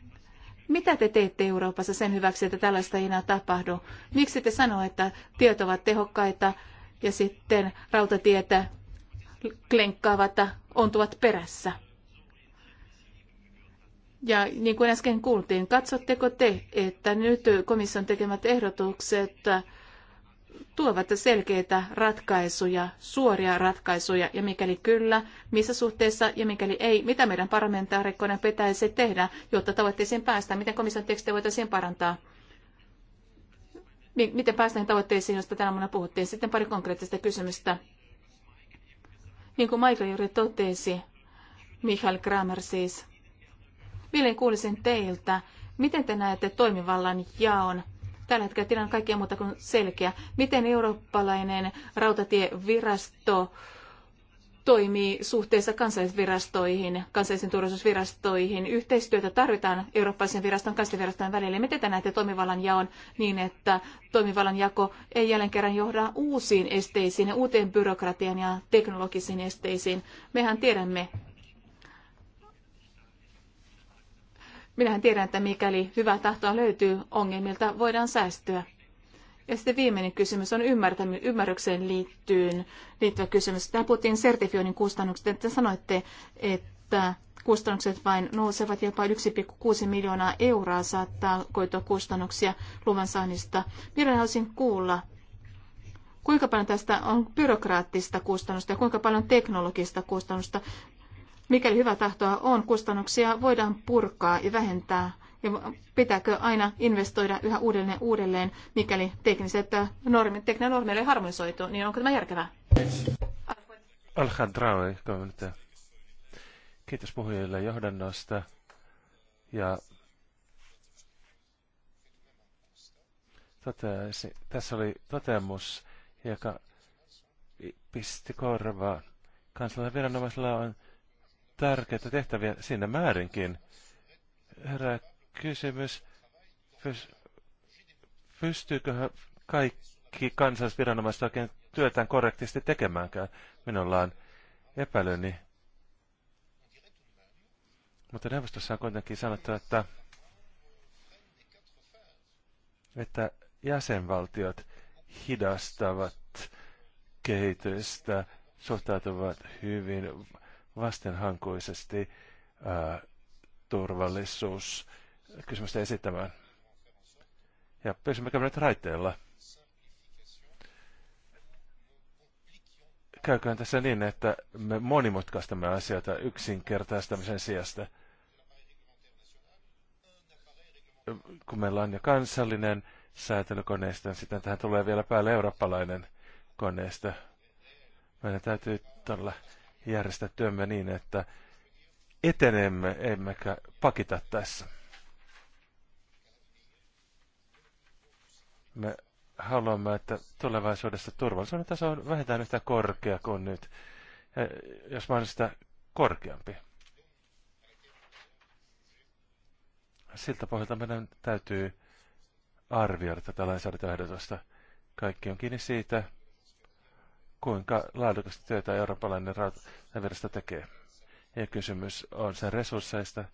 S3: mitä te teette Euroopassa sen hyväksi, että tällaista ei enää tapahdu? Miksi te sanoo, että tiet ovat tehokkaita ja sitten rautatietä klenkkaavat ontuvat perässä? Ja niin kuin äsken kuultiin, katsotteko te, että nyt komission tekemät ehdotukset tuovat selkeitä ratkaisuja, suoria ratkaisuja, ja mikäli kyllä, missä suhteessa, ja mikäli ei, mitä meidän parlamentaarikkoina pitäisi tehdä, jotta tavoitteisiin päästään, miten komission tekstejä voitaisiin parantaa miten päästään tavoitteisiin, joista tänä aamuna puhuttiin. Sitten pari konkreettista kysymystä. Niin kuin Michael juuri totesi, Michael Kramer siis, mielen kuulisin teiltä, miten te näette toimivallan jaon Tällä hetkellä tilanne on kaikkea muuta kuin selkeä. Miten eurooppalainen rautatievirasto toimii suhteessa kansallisvirastoihin, kansallisen turvallisuusvirastoihin. Yhteistyötä tarvitaan eurooppalaisen viraston kansallisviraston välillä. Miten te näette toimivallan jaon niin, että toimivallan jako ei jälleen kerran johda uusiin esteisiin ja uuteen byrokratian ja teknologisiin esteisiin? Mehän tiedämme, Minähän tiedän, että mikäli hyvää tahtoa löytyy, ongelmilta voidaan säästyä. Ja sitten viimeinen kysymys on ymmärrykseen liittyen, liittyvä kysymys. Tämä puhuttiin sertifioinnin kustannuksista. Te sanoitte, että kustannukset vain nousevat jopa 1,6 miljoonaa euroa saattaa koitua kustannuksia luvan saannista. Minä haluaisin kuulla, kuinka paljon tästä on byrokraattista kustannusta ja kuinka paljon teknologista kustannusta. Mikäli hyvä tahtoa on, kustannuksia voidaan purkaa ja vähentää. Ja pitääkö aina investoida yhä uudelleen uudelleen, mikäli tekniset äh, normit, tekninen normi ei harmonisoitu, niin onko tämä järkevää?
S1: Alhadraui, Kiitos puhujille johdannosta. Ja toteasi, tässä oli toteamus, joka pisti korvaan. Kansalainen viranomaisella on tärkeitä tehtäviä siinä määrinkin. Herää kysymys, pystyykö kaikki kansallisviranomaiset oikein työtään korrektisti tekemäänkään? Minulla on epäilyni. Mutta neuvostossa on kuitenkin sanottu, että, että jäsenvaltiot hidastavat kehitystä, suhtautuvat hyvin vastenhankoisesti ää, kysymystä esittämään. Ja pysymmekö nyt raiteilla? Käyköhän tässä niin, että me monimutkaistamme asioita yksinkertaistamisen sijasta. Kun meillä on jo kansallinen säätelykoneisto, niin sitten tähän tulee vielä päälle eurooppalainen koneisto. Meidän täytyy todella järjestää työmme niin, että etenemme emmekä pakita tässä. Me haluamme, että tulevaisuudessa turvallisuuden taso on vähintään yhtä korkea kuin nyt, ja jos mahdollista korkeampi. Siltä pohjalta meidän täytyy arvioida tätä lainsäädäntöehdotusta. Kaikki on kiinni siitä, kuinka laadukasta työtä eurooppalainen rautavirasto tekee. Ja kysymys on sen resursseista,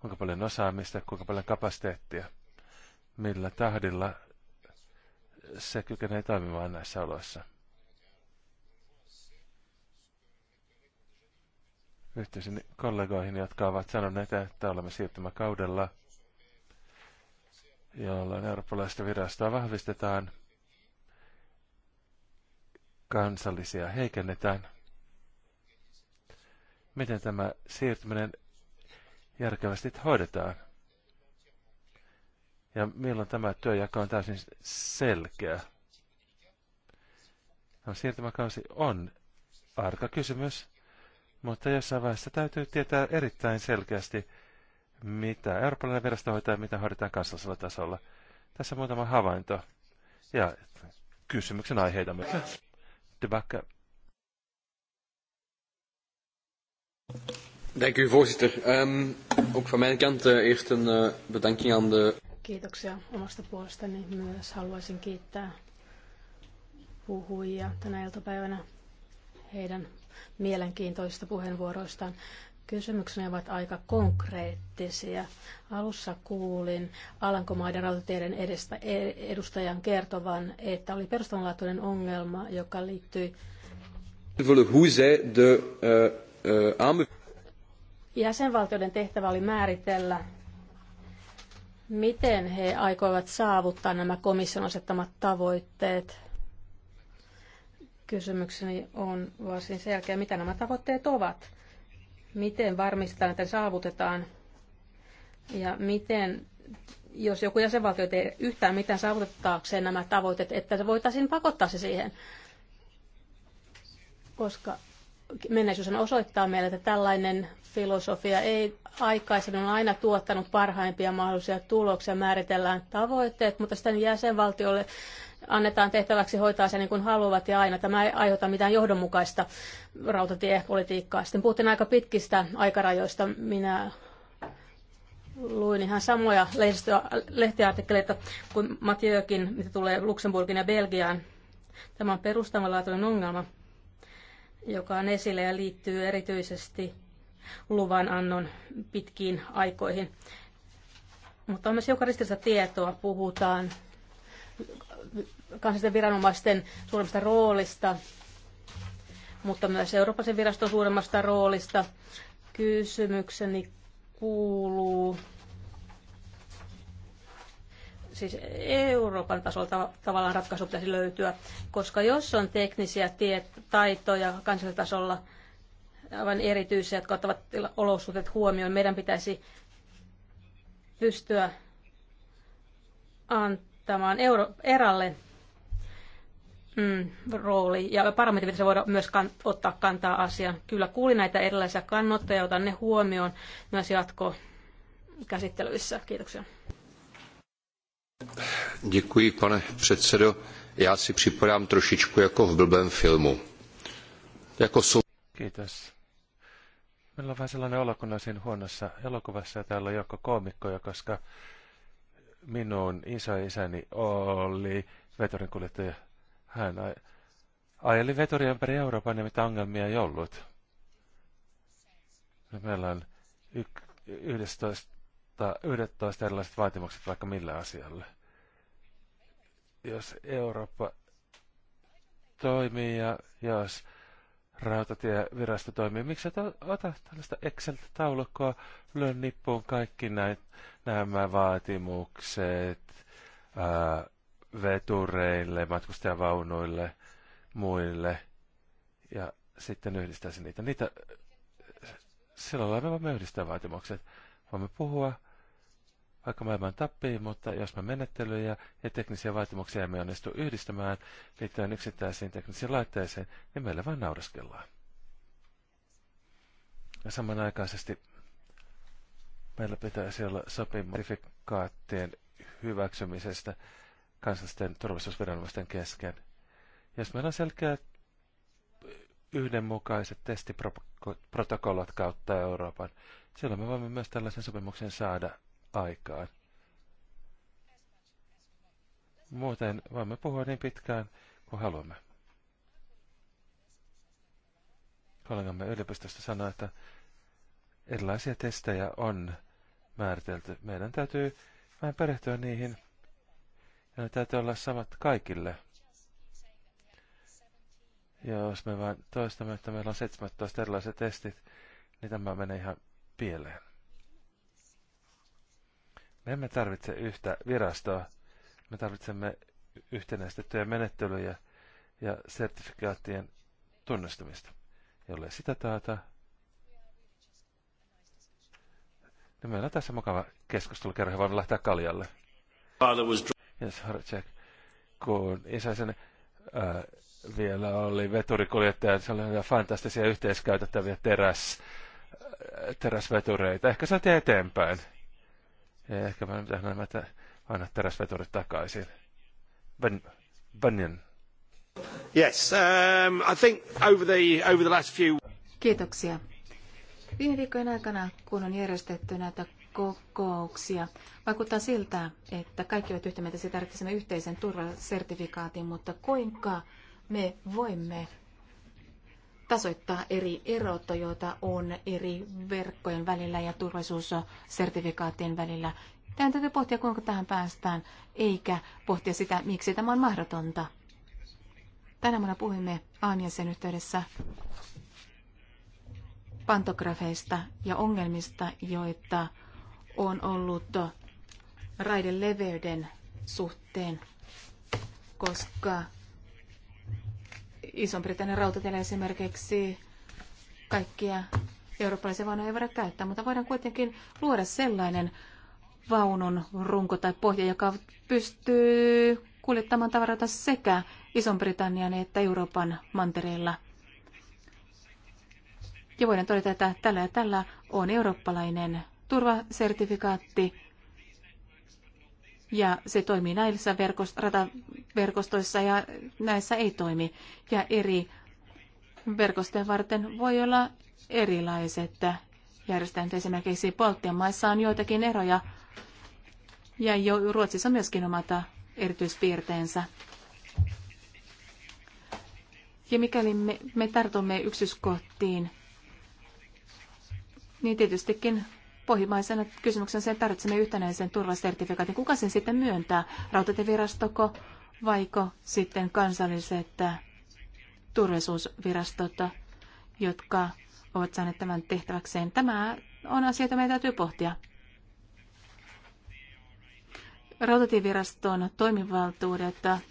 S1: kuinka paljon osaamista, kuinka paljon kapasiteettia, millä tahdilla se kykenee toimimaan näissä oloissa. Yhteisin kollegoihin, jotka ovat sanoneet, että olemme siirtymäkaudella, jolloin eurooppalaista virastoa vahvistetaan – kansallisia heikennetään. Miten tämä siirtyminen järkevästi hoidetaan? Ja milloin tämä työjako on täysin selkeä? No, siirtymäkausi on arka kysymys, mutta jossain vaiheessa täytyy tietää erittäin selkeästi, mitä Euroopan virasto hoitaa ja mitä hoidetaan kansallisella tasolla. Tässä muutama havainto ja kysymyksen aiheita myös. Dank u voorzitter.
S2: Um, ook van mijn kant uh, eerst een uh, bedanking aan de... Kiitoksia omasta puolestani. Myös haluaisin kiittää puhujia tänä iltapäivänä heidän mielenkiintoisista puheenvuoroistaan. Kysymykseni ovat aika konkreettisia. Alussa kuulin Alankomaiden rautateiden edestä, e- edustajan kertovan, että oli perustavanlaatuinen ongelma, joka liittyi Jäsenvaltioiden tehtävä oli määritellä, miten he aikoivat saavuttaa nämä komission asettamat tavoitteet. Kysymykseni on varsin selkeä, mitä nämä tavoitteet ovat miten varmistetaan, että saavutetaan ja miten, jos joku jäsenvaltio ei yhtään mitään saavutettaakseen nämä tavoitteet, että se voitaisiin pakottaa se siihen, koska menneisyys osoittaa meille, että tällainen filosofia ei aikaisemmin on aina tuottanut parhaimpia mahdollisia tuloksia. Määritellään tavoitteet, mutta sitten jäsenvaltiolle annetaan tehtäväksi hoitaa se niin kuin haluavat ja aina. Tämä ei aiheuta mitään johdonmukaista rautatiepolitiikkaa. Sitten puhuttiin aika pitkistä aikarajoista. Minä luin ihan samoja lehtiartikkeleita kuin Mathieukin, mitä tulee Luxemburgin ja Belgiaan. Tämä on perustavanlaatuinen ongelma, joka on esillä ja liittyy erityisesti luvanannon pitkiin aikoihin. Mutta on myös joka tietoa. Puhutaan kansallisten viranomaisten suuremmasta roolista, mutta myös Euroopan viraston suuremmasta roolista. Kysymykseni kuuluu, siis Euroopan tasolla tavallaan ratkaisu pitäisi löytyä, koska jos on teknisiä tiet, taitoja kansallisella tasolla aivan erityisiä, jotka ottavat olosuhteet huomioon, meidän pitäisi pystyä antamaan euro, eralle mm, rooli ja parlamentti pitäisi voida myös kan- ottaa kantaa asiaan. Kyllä kuulin näitä erilaisia kannattajia, otan ne huomioon myös jatko käsittelyissä. Kiitoksia.
S1: Děkuji, pane předsedo. Já si připadám trošičku jako v blbém filmu. Jako sou... Kiitos. Meillä on vähän sellainen olo, kun olisin huonossa elokuvassa ja täällä on joko koomikkoja, koska minun isoisäni oli veturinkuljettaja hän ajeli veturia ympäri Euroopan ja mitä ongelmia ei ollut. Ja meillä on y- 11, 11 erilaiset vaatimukset vaikka millä asialle. Jos Eurooppa toimii ja jos rautatievirasto toimii. Miksi et ota tällaista Excel-taulukkoa, lyö nippuun kaikki näin, nämä vaatimukset, ää, vetureille, matkustajavaunuille, muille ja sitten yhdistäisi niitä. niitä sillä lailla me voimme yhdistää vaatimukset. Voimme puhua vaikka maailman tappiin, mutta jos me menettelyjä ja teknisiä vaatimuksia emme onnistu yhdistämään liittyen yksittäisiin teknisiin laitteisiin, niin meille vain nauriskellaan. Ja samanaikaisesti meillä pitäisi olla sopimusifikaattien hyväksymisestä kansallisten turvallisuusviranomaisten kesken. Jos meillä on selkeät yhdenmukaiset testiprotokollat kautta Euroopan, silloin me voimme myös tällaisen sopimuksen saada aikaan. Muuten voimme puhua niin pitkään kuin haluamme. Kollegamme yliopistosta sanoi, että erilaisia testejä on määritelty. Meidän täytyy vähän perehtyä niihin ja täytyy olla samat kaikille. Ja jos me vain toistamme, että meillä on 17 erilaiset testit, niin tämä menee ihan pieleen. Me emme tarvitse yhtä virastoa. Me tarvitsemme yhtenäistettyjä menettelyjä ja sertifikaattien tunnustamista. Jolle sitä taata, niin meillä on tässä mukava keskustelukerho, Kerran voimme lähteä kaljalle. Jos Hartsek, kun isäisen ää, äh, vielä oli veturikuljettaja, se oli fantastisia yhteiskäytettäviä teräs, äh, teräsvetureita. Ehkä saatiin eteenpäin. Ja ehkä mä pitää nämä vanhat teräsveturit takaisin. Ben, Benjen.
S3: Yes, um, I think
S1: over the, over the last few...
S3: Kiitoksia. Viime viikkojen aikana, kun on järjestetty näitä kokouksia. Vaikuttaa siltä, että kaikki ovat yhtä mieltä, että tarvitsemme yhteisen turvasertifikaatin, mutta kuinka me voimme tasoittaa eri erot, joita on eri verkkojen välillä ja turvallisuussertifikaattien välillä. Tämä täytyy pohtia, kuinka tähän päästään, eikä pohtia sitä, miksi tämä on mahdotonta. Tänä vuonna puhuimme Aaniasen yhteydessä pantografeista ja ongelmista, joita on ollut raiden leveyden suhteen, koska Ison-Britannian rautatiellä esimerkiksi kaikkia eurooppalaisia vaunuja ei voida käyttää, mutta voidaan kuitenkin luoda sellainen vaunun runko tai pohja, joka pystyy kuljettamaan tavaroita sekä Ison-Britannian että Euroopan mantereilla. Ja voidaan todeta, että tällä ja tällä on eurooppalainen turvasertifikaatti ja se toimii näissä verkost- rataverkostoissa ja näissä ei toimi. Ja eri verkostojen varten voi olla erilaiset järjestäjät. Esimerkiksi Baltian maissa on joitakin eroja ja jo Ruotsissa myöskin omat erityispiirteensä. Ja mikäli me, me tartumme yksityiskohtiin, niin tietystikin Pohjimmaisena kysymyksen sen tarvitsemme yhtenäisen turvasertifikaatin. Kuka sen sitten myöntää? Rautatievirastoko vaiko sitten kansalliset äh, turvallisuusvirastot, jotka ovat saaneet tämän tehtäväkseen? Tämä on asia, jota meidän täytyy pohtia. Rautatieviraston toimivaltuudet äh,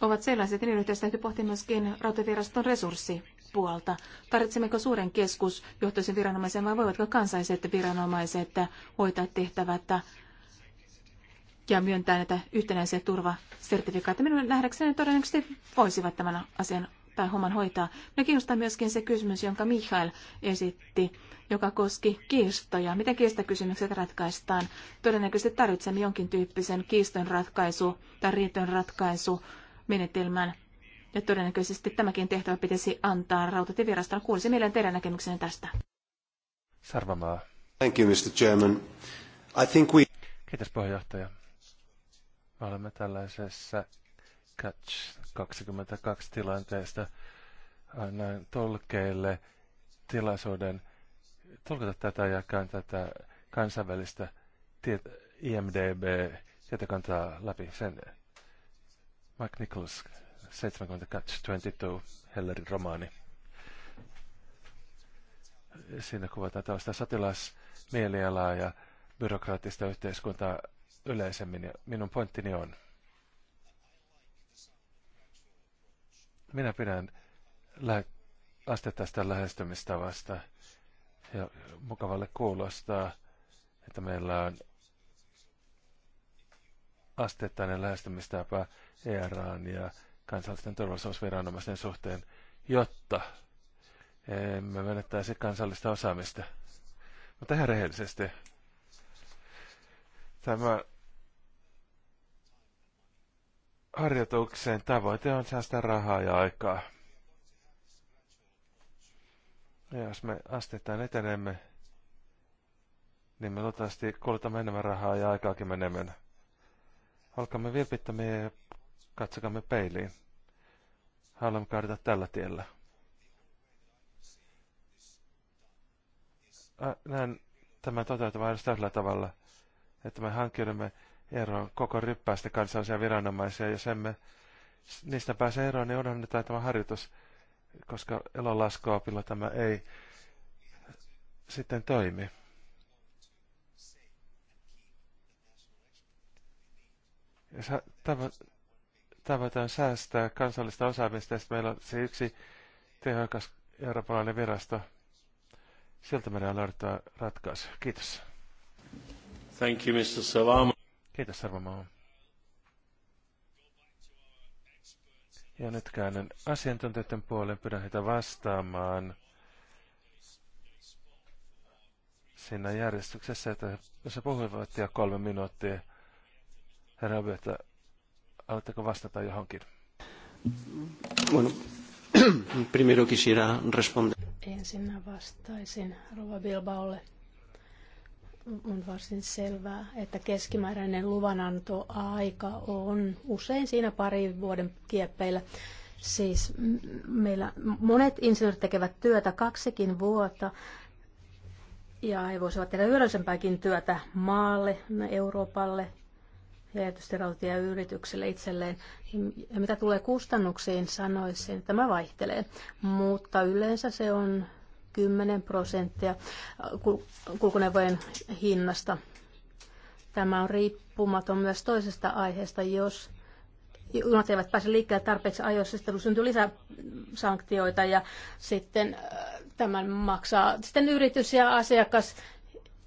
S3: ovat sellaiset, että niiden yhteydessä täytyy pohtia myöskin rautatieviraston resurssi puolta? Tarvitsemmeko suuren keskusjohtoisen viranomaisen vai voivatko kansalliset viranomaiset hoitaa tehtävät ja myöntää näitä yhtenäisiä turvasertifikaatteja? Minun nähdäkseni todennäköisesti voisivat tämän asian tai homman hoitaa. Ja kiinnostaa myöskin se kysymys, jonka Mihail esitti, joka koski kiistoja. Miten kiistakysymykset ratkaistaan? Todennäköisesti tarvitsemme jonkin tyyppisen kiiston ratkaisu tai riitön ratkaisu menetelmän ja todennäköisesti tämäkin tehtävä pitäisi antaa rautatievirastolle. Kuulisin mieleen teidän näkemyksenne tästä.
S1: Sarvamaa. Thank you, Mr. Chairman. I think we... Kiitos puheenjohtaja. Me olemme tällaisessa Catch 22 tilanteesta annan tolkeille tilaisuuden tulkata tätä ja kääntää tätä kansainvälistä tiet- IMDB tietokantaa läpi sen Mike Nichols 70 Catch 22, Hellerin romaani. Siinä kuvataan tällaista sotilasmielialaa ja byrokraattista yhteiskuntaa yleisemmin. Ja minun pointtini on, minä pidän lä- tästä lähestymistavasta ja mukavalle kuulostaa, että meillä on asteittainen lähestymistapa ERAan ja kansallisten turvallisuusviranomaisten suhteen, jotta emme menettäisi kansallista osaamista. Mutta ihan rehellisesti tämä harjoituksen tavoite on säästää rahaa ja aikaa. Ja jos me astetaan etenemme, niin me luultavasti kulutamme enemmän rahaa ja aikaakin menemään. Olkaamme vilpittömiä ja Katsokamme peiliin. Haluamme kaadata tällä tiellä. Näen tämän toteutuvan edes tällä tavalla, että me hankkiudumme eroon koko ryppäästä kansallisia viranomaisia. Jos emme niistä pääse eroon, niin odotetaan tämä harjoitus, koska elonlaskuopilla tämä ei sitten toimi. Ja tavoite on säästää kansallista osaamista, ja meillä on se yksi tehokas eurooppalainen virasto. Siltä meidän on löydettävä ratkaisu. Kiitos. Thank you, Mr. Salama. Kiitos, Sarvamaa. Ja nyt käännän asiantuntijoiden puoleen. Pyydän heitä vastaamaan siinä järjestyksessä, että jos he puhuivat ja kolme minuuttia. Herra Haluatteko vastata johonkin? Bueno, primero quisiera responder.
S2: Ensinnä vastaisin Rova Bilbaolle. On varsin selvää, että keskimääräinen luvanantoaika on usein siinä parin vuoden kieppeillä. Siis meillä monet insinöörit tekevät työtä kaksikin vuotta ja he voisivat tehdä hyödyllisempääkin työtä maalle, Euroopalle ja tietysti rautatieyritykselle itselleen. Ja mitä tulee kustannuksiin, sanoisin, että tämä vaihtelee, mutta yleensä se on 10 prosenttia kulkuneuvojen hinnasta. Tämä on riippumaton myös toisesta aiheesta, jos junat eivät pääse liikkeelle tarpeeksi ajoissa, sitten syntyy lisää sanktioita ja sitten äh, tämän maksaa sitten yritys ja asiakas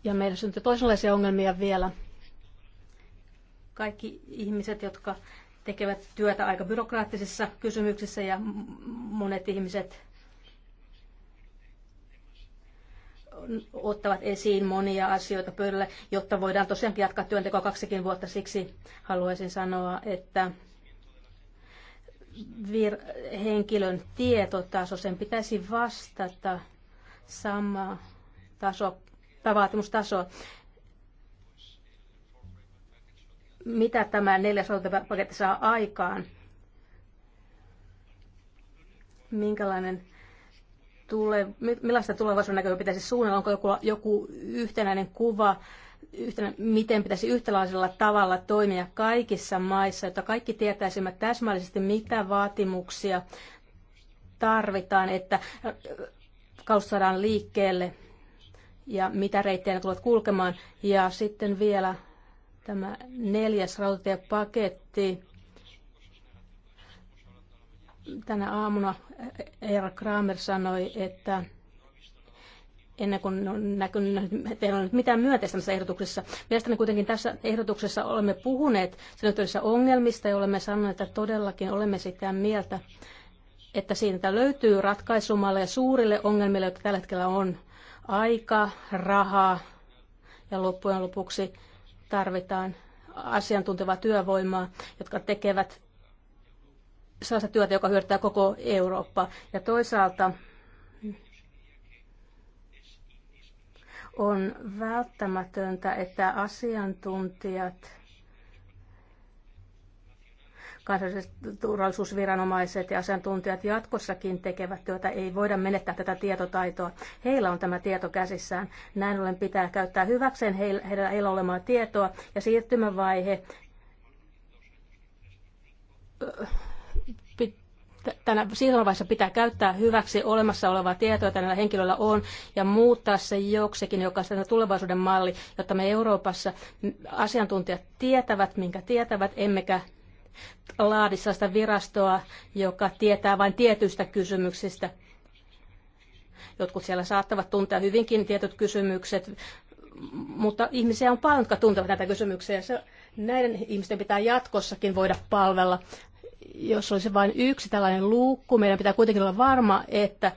S2: ja meillä syntyy toisenlaisia ongelmia vielä kaikki ihmiset, jotka tekevät työtä aika byrokraattisissa kysymyksissä ja monet ihmiset ottavat esiin monia asioita pöydälle, jotta voidaan tosiaankin jatkaa työntekoa kaksikin vuotta. Siksi haluaisin sanoa, että vir- henkilön tietotaso, sen pitäisi vastata samaa taso, vaatimustasoa mitä tämä neljäs paketti saa aikaan, minkälainen tule, millaista tulevaisuuden näkökulmaa pitäisi suunnella, onko joku, joku yhtenäinen kuva, yhtenä, miten pitäisi yhtälaisella tavalla toimia kaikissa maissa, jotta kaikki tietäisimme täsmällisesti, mitä vaatimuksia tarvitaan, että kalusto saadaan liikkeelle ja mitä reittejä ne tulevat kulkemaan. Ja sitten vielä Tämä neljäs rautatiepaketti. Tänä aamuna Eera Kramer sanoi, että ennen kuin on näkynyt, teillä on mitään myönteistä tässä ehdotuksessa. Mielestäni kuitenkin tässä ehdotuksessa olemme puhuneet sen ongelmista ja olemme sanoneet, että todellakin olemme sitä mieltä, että siitä löytyy ratkaisumalle suurille ongelmille, joita tällä hetkellä on aika, rahaa ja loppujen lopuksi Tarvitaan asiantuntevaa työvoimaa, jotka tekevät sellaista työtä, joka hyödyttää koko Eurooppaa. Ja toisaalta on välttämätöntä, että asiantuntijat kansalliset turvallisuusviranomaiset ja asiantuntijat jatkossakin tekevät työtä. Ei voida menettää tätä tietotaitoa. Heillä on tämä tieto käsissään. Näin ollen pitää käyttää hyväkseen heillä, heillä olemaa tietoa ja siirtymävaihe tänä siirtymävaiheessa pitää käyttää hyväksi olemassa olevaa tietoa, jota näillä henkilöillä on, ja muuttaa se joksikin, joka on tulevaisuuden malli, jotta me Euroopassa asiantuntijat tietävät, minkä tietävät, emmekä laadissa sitä virastoa, joka tietää vain tietyistä kysymyksistä. Jotkut siellä saattavat tuntea hyvinkin tietyt kysymykset, mutta ihmisiä on paljon, jotka tuntevat näitä kysymyksiä. se, näiden ihmisten pitää jatkossakin voida palvella. Jos olisi vain yksi tällainen luukku, meidän pitää kuitenkin olla varma, että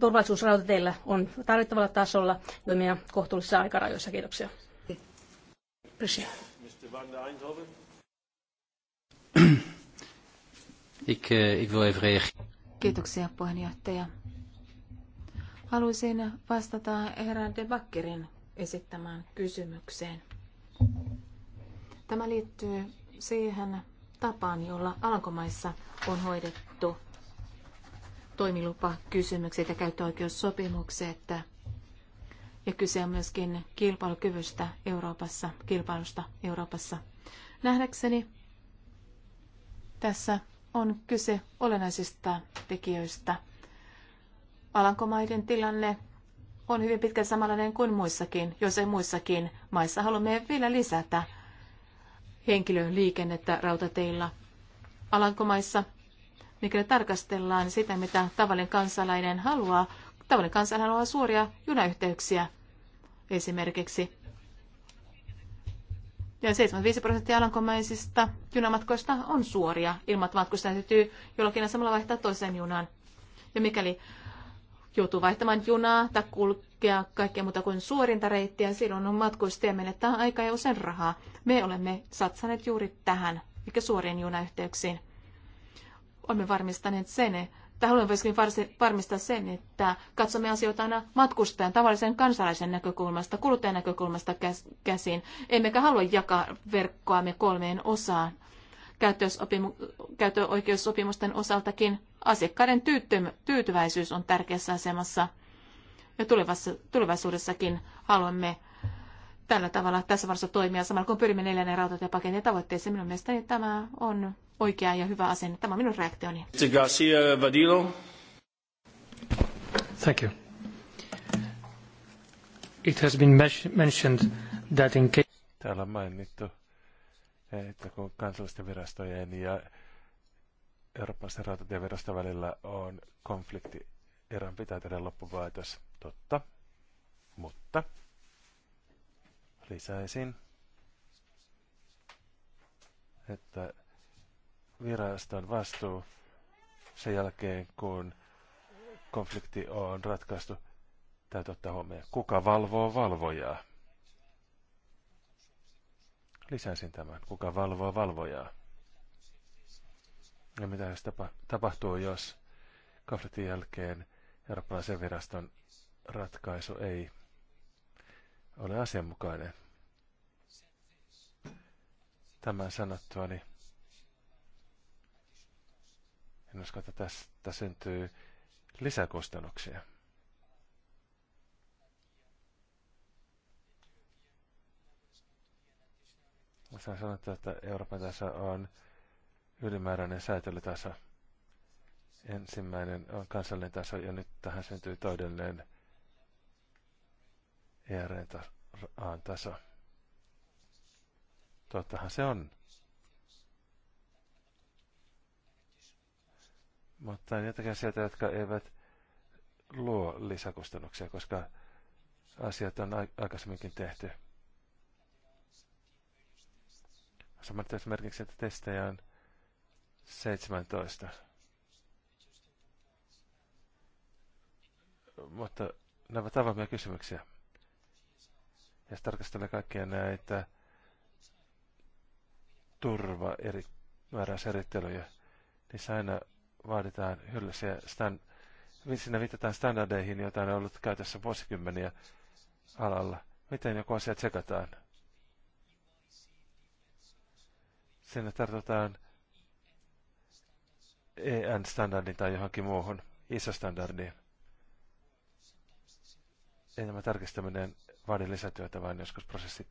S2: turvallisuusrautateillä on tarvittavalla tasolla toimia kohtuullisissa aikarajoissa. Kiitoksia. Mr.
S1: Van der Eindhoven.
S2: Ik, eh, ik wil even reageren.
S3: Kiitoksia puheenjohtaja. Haluaisin vastata herra De Bakkerin esittämään kysymykseen. Tämä liittyy siihen tapaan, jolla Alankomaissa on hoidettu toimilupakysymykset ja käyttöoikeussopimukset. Ja kyse on myöskin kilpailukyvystä Euroopassa, kilpailusta Euroopassa. Nähdäkseni tässä on kyse olennaisista tekijöistä. Alankomaiden tilanne on hyvin pitkä samanlainen kuin muissakin, jos ei muissakin maissa. Haluamme vielä lisätä henkilöliikennettä rautateilla. Alankomaissa, mikäli tarkastellaan sitä, mitä tavallinen kansalainen haluaa, tavallinen kansalainen haluaa suoria junayhteyksiä esimerkiksi. Ja 75 prosenttia alankomaisista junamatkoista on suoria. Ilmatmatkustaja täytyy jollakin samalla vaihtaa toiseen junaan. Ja mikäli joutuu vaihtamaan junaa tai kulkea kaikkea muuta kuin suorinta reittiä, silloin on matkustaja menettää aikaa ja usein rahaa. Me olemme satsaneet juuri tähän, mikä suorien junayhteyksiin. Olemme varmistaneet sen, tai haluan myöskin varmistaa sen, että katsomme asioita aina matkustajan, tavallisen kansalaisen näkökulmasta, kuluttajan näkökulmasta käsin. Emmekä halua jakaa verkkoamme kolmeen osaan. Käyttöoikeussopimusten osaltakin asiakkaiden tyytyväisyys on tärkeässä asemassa. Ja tulevaisuudessakin haluamme tällä tavalla tässä varassa toimia samalla kun pyrimme neljännen rautatiepaketin tavoitteeseen. Minun mielestäni tämä on oikea ja hyvä asenne. Tämä on minun reaktioni.
S1: Thank you. It has been mentioned that in case... Täällä on mainittu, että kun kansallisten virastojen ja Euroopan rautatieviraston välillä on konflikti, erään pitää tehdä loppupäätös. Totta, mutta Lisäisin, että viraston vastuu sen jälkeen, kun konflikti on ratkaistu, täytyy ottaa huomioon, kuka valvoo valvojaa. Lisäisin tämän, kuka valvoo valvojaa. Ja mitä jos tapa, tapahtuu, jos konfliktin jälkeen eurooppalaisen viraston ratkaisu ei ole asianmukainen. Tämän sanottuani en usko, että tästä syntyy lisäkustannuksia. Saan sanottu, että Euroopan tässä on ylimääräinen säätelytaso. Ensimmäinen on kansallinen taso ja nyt tähän syntyy todellinen aan tasa. Tottahan se on. Mutta on jotakin jotka eivät luo lisäkustannuksia, koska asiat on aikaisemminkin tehty. Samoin esimerkiksi, että testejä on 17. Mutta nämä ovat avoimia kysymyksiä se tarkastelee kaikkia näitä turva eri määräyserittelyjä, niissä aina vaaditaan hyllisiä stand, siinä viitataan standardeihin, joita on ollut käytössä vuosikymmeniä alalla. Miten joku asia tsekataan? Siinä tartutaan EN-standardin tai johonkin muuhun, ISO-standardiin. Enemmän tarkistaminen vaadi lisätyötä, vaan joskus prosessit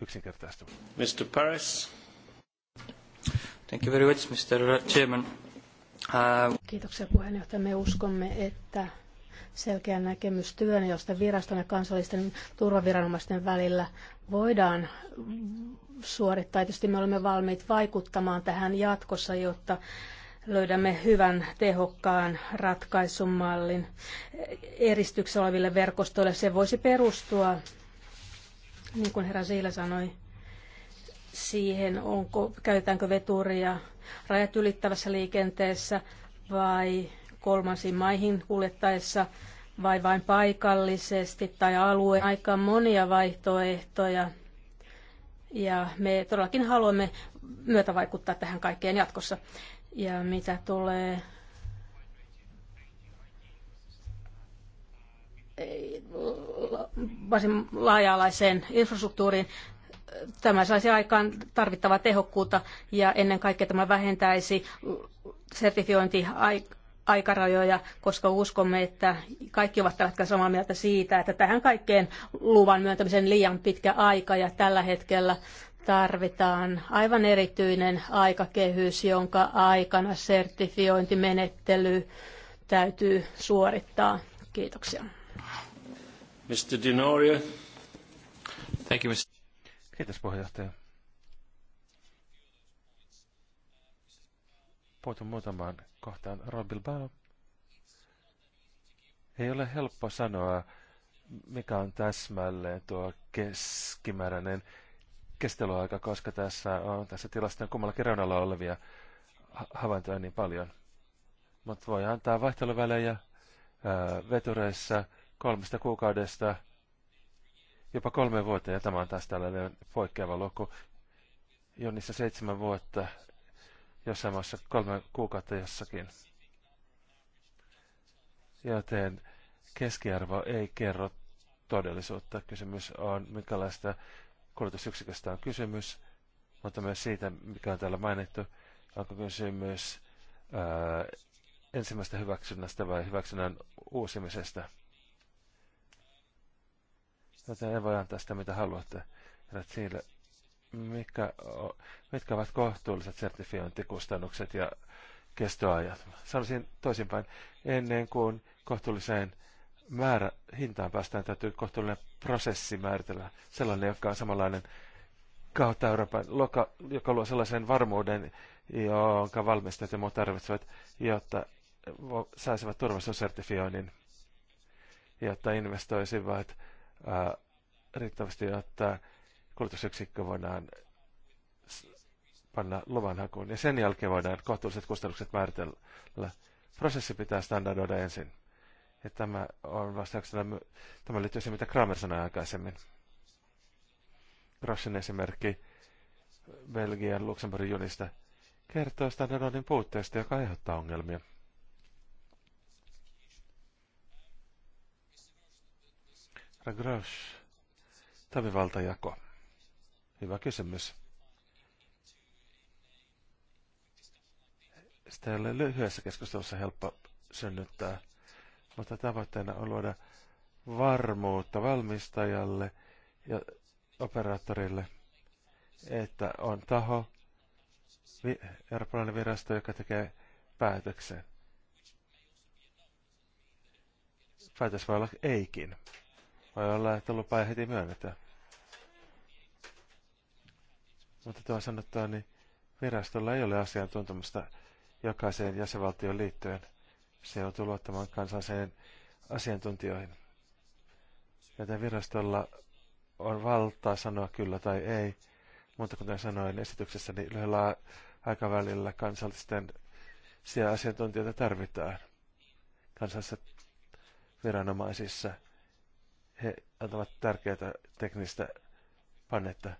S1: yksinkertaistuvat. Mr. Paris. Thank you very much, Mr. Chairman. Uh... Kiitoksia
S2: puheenjohtaja. Me uskomme, että selkeä näkemys työn, josta viraston ja kansallisten turvaviranomaisten välillä voidaan suorittaa. Tietysti me olemme valmiit vaikuttamaan tähän jatkossa, jotta löydämme hyvän, tehokkaan ratkaisumallin eristyksessä oleville verkostoille. Se voisi perustua, niin kuin herra Siila sanoi, siihen, onko, käytetäänkö veturia rajat ylittävässä liikenteessä vai kolmansiin maihin kuljettaessa vai vain paikallisesti tai alueen. Aika monia vaihtoehtoja ja me todellakin haluamme myötävaikuttaa tähän kaikkeen jatkossa. Ja mitä tulee varsin laaja-alaiseen infrastruktuuriin, tämä saisi aikaan tarvittavaa tehokkuutta ja ennen kaikkea tämä vähentäisi sertifiointiaikarajoja, koska uskomme, että kaikki ovat tällä hetkellä samaa mieltä siitä, että tähän kaikkeen luvan myöntämisen liian pitkä aika ja tällä hetkellä tarvitaan aivan erityinen aikakehys, jonka aikana sertifiointimenettely täytyy suorittaa. Kiitoksia.
S1: Mr. Dinoria. Thank you, Mr. Kiitos puheenjohtaja. Puutun muutamaan kohtaan. Rob Ei ole helppo sanoa, mikä on täsmälleen tuo keskimääräinen keskusteluaika, koska tässä on tässä tilaston kummallakin reunalla olevia havaintoja niin paljon. Mutta voi antaa vaihteluvälejä ää, vetureissa kolmesta kuukaudesta jopa kolme vuotta, ja tämä on taas tällainen poikkeava luku. Jonnissa seitsemän vuotta, jossain maassa kolme kuukautta jossakin. Joten keskiarvo ei kerro todellisuutta. Kysymys on, minkälaista kulutusyksiköstä on kysymys, mutta myös siitä, mikä on täällä mainittu, onko kysymys ää, ensimmäistä hyväksynnästä vai hyväksynnän uusimisesta. Joten en voi antaa sitä, mitä haluatte. siinä mikä, mitkä ovat kohtuulliset sertifiointikustannukset ja kestoajat. Sanoisin toisinpäin, ennen kuin kohtuulliseen määrä hintaan päästään, täytyy kohtuullinen prosessi määritellä. Sellainen, joka on samanlainen kautta Euroopan, joka luo sellaisen varmuuden, jonka valmistajat ja muut tarvitsevat, jotta saisivat turvallisuussertifioinnin, jotta investoisivat ää, riittävästi, jotta kulutusyksikkö voidaan panna luvanhakuun. Ja sen jälkeen voidaan kohtuulliset kustannukset määritellä. Prosessi pitää standardoida ensin. Ja tämä on vastauksena, tämä liittyy siihen, mitä Kramer sanoi aikaisemmin. Grossin esimerkki Belgian Luxemburgin junista kertoo standardoinnin puutteesta, joka aiheuttaa ongelmia. Ragros, toimivaltajako. Hyvä kysymys. Sitä ei ole lyhyessä keskustelussa helppo synnyttää mutta tavoitteena on luoda varmuutta valmistajalle ja operaattorille, että on taho, Euroopan virasto, joka tekee päätöksen. Päätös voi olla eikin. Voi olla, että lupa ei heti myönnetä. Mutta tuo sanottua, niin virastolla ei ole asiantuntemusta jokaiseen jäsenvaltioon liittyen. Se joutuu luottamaan kansalliseen asiantuntijoihin. Joten virastolla on valtaa sanoa kyllä tai ei, mutta kuten sanoin esityksessä, niin lyhyellä aikavälillä kansallisten siellä asiantuntijoita tarvitaan kansallisissa viranomaisissa. He antavat tärkeää teknistä panetta.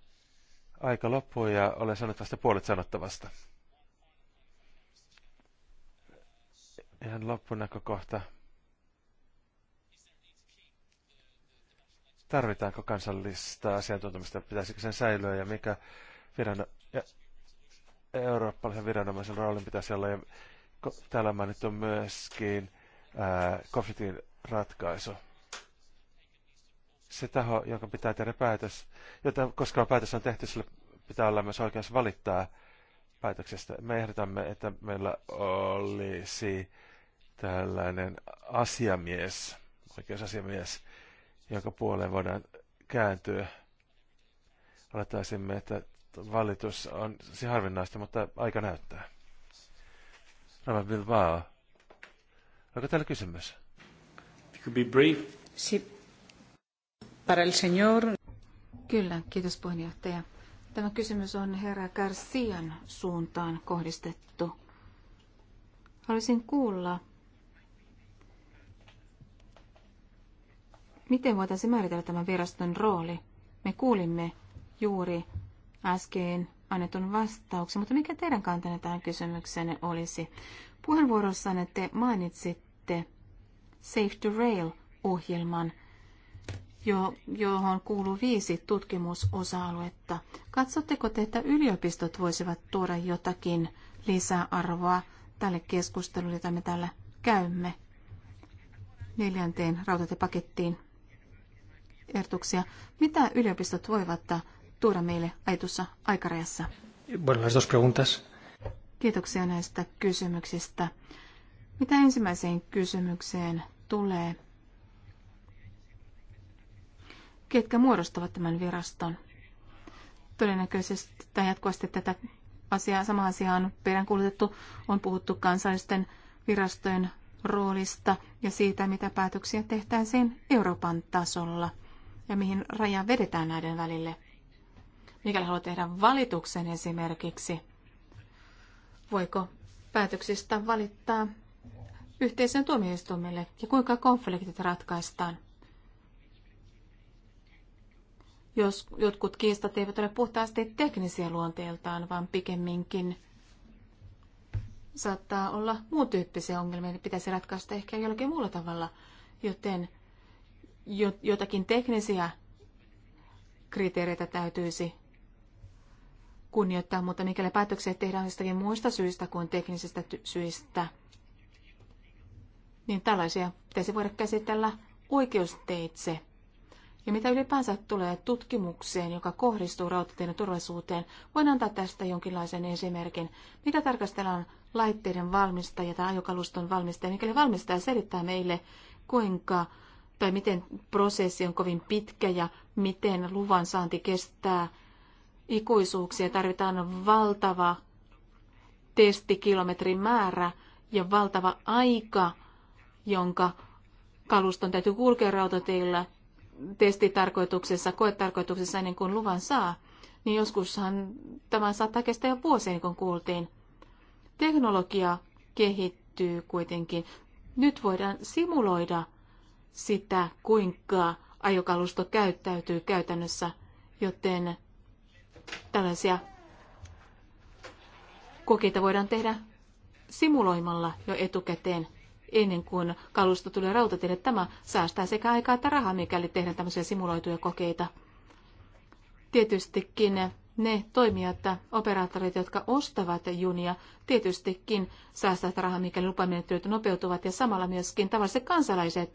S1: Aika loppuu ja olen sanonut puolet sanottavasta. Ihan loppunäkökohta. Tarvitaanko kansallista asiantuntemusta, pitäisikö sen säilyä ja mikä viran, ja eurooppalaisen viranomaisen roolin pitäisi olla. Ja täällä on mainittu myöskin ää, konfliktin ratkaisu. Se taho, jonka pitää tehdä päätös, jota koska päätös on tehty, sillä pitää olla myös oikeus valittaa päätöksestä. Me ehdotamme, että meillä olisi tällainen asiamies, oikeusasiamies, jonka puoleen voidaan kääntyä. Olettaisimme, että valitus on si siis harvinaista, mutta aika näyttää. Rava Bilbao, onko täällä kysymys? Could be brief. Si.
S3: Para el señor. Kyllä, kiitos puheenjohtaja. Tämä kysymys on herra Garcian suuntaan kohdistettu. Haluaisin kuulla, Miten voitaisiin määritellä tämän viraston rooli? Me kuulimme juuri äskeen annetun vastauksen, mutta mikä teidän kantanne tähän kysymykseen olisi? Puheenvuorossanne te mainitsitte Safe to Rail-ohjelman, jo, johon kuuluu viisi tutkimusosa-aluetta. Katsotteko te, että yliopistot voisivat tuoda jotakin lisäarvoa tälle keskustelulle, jota me täällä käymme neljänteen rautatepakettiin ehdotuksia. Mitä yliopistot voivat tuoda meille aitussa aikarajassa?
S1: Buenas dos preguntas.
S3: Kiitoksia näistä kysymyksistä. Mitä ensimmäiseen kysymykseen tulee? Ketkä muodostavat tämän viraston? Todennäköisesti tai jatkuvasti tätä asiaa, sama asia on peräänkuulutettu. On puhuttu kansallisten virastojen roolista ja siitä, mitä päätöksiä tehtäisiin Euroopan tasolla – ja mihin raja vedetään näiden välille. Mikäli haluaa tehdä valituksen esimerkiksi, voiko päätöksistä valittaa yhteisen tuomioistuimelle ja kuinka konfliktit ratkaistaan. Jos jotkut kiistat eivät ole puhtaasti teknisiä luonteeltaan, vaan pikemminkin saattaa olla muun tyyppisiä ongelmia, niin pitäisi ratkaista ehkä jollakin muulla tavalla, joten jotakin teknisiä kriteereitä täytyisi kunnioittaa, mutta mikäli päätöksiä tehdään jostakin muista syistä kuin teknisistä syistä, niin tällaisia pitäisi voida käsitellä oikeusteitse. Ja mitä ylipäänsä tulee tutkimukseen, joka kohdistuu rautateiden turvallisuuteen, voin antaa tästä jonkinlaisen esimerkin. Mitä tarkastellaan laitteiden valmistaja tai ajokaluston valmistaja, mikäli valmistaja selittää meille, kuinka tai miten prosessi on kovin pitkä ja miten luvan saanti kestää ikuisuuksia. Tarvitaan valtava testikilometrin määrä ja valtava aika, jonka kaluston täytyy kulkea rautateillä testitarkoituksessa, koetarkoituksessa ennen kuin luvan saa. Niin joskushan tämä saattaa kestää jo vuosien, niin kun kuultiin. Teknologia kehittyy kuitenkin. Nyt voidaan simuloida sitä, kuinka ajokalusto käyttäytyy käytännössä, joten tällaisia kokeita voidaan tehdä simuloimalla jo etukäteen ennen kuin kalusto tulee rautateille. Tämä säästää sekä aikaa että rahaa, mikäli tehdään tämmöisiä simuloituja kokeita. Tietystikin ne toimijat, operaattorit, jotka ostavat junia, tietystikin säästävät rahaa, mikäli lupamenettelyt nopeutuvat, ja samalla myöskin tavalliset kansalaiset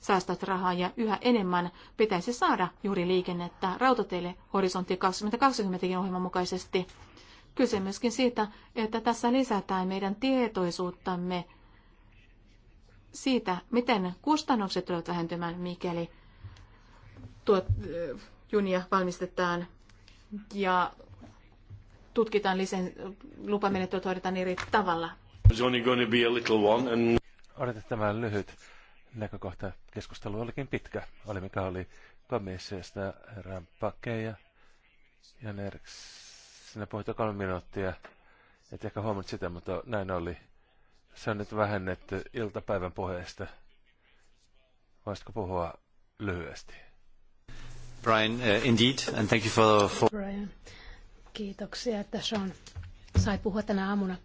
S3: säästävät rahaa, ja yhä enemmän pitäisi saada juuri liikennettä rautateille horisontti 2020 ohjelman mukaisesti. Kyse myöskin siitä, että tässä lisätään meidän tietoisuuttamme siitä, miten kustannukset tulevat vähentymään, mikäli tuot, eh, junia valmistetaan ja tutkitaan lisen, lupamenettelyt hoidetaan eri tavalla.
S1: Odotetaan tämä lyhyt näkökohta. Keskustelu olikin pitkä. Oli mikä oli komissiosta herran pakeja. Ja Nerks, sinä puhuit kolme minuuttia. Et ehkä huomannut sitä, mutta näin oli. Se on nyt vähennetty iltapäivän puheesta. Voisitko puhua lyhyesti? Brian, uh, indeed, and thank you for, for... Brian,
S2: kiitoksia, että Sean sai puhua tänä aamuna.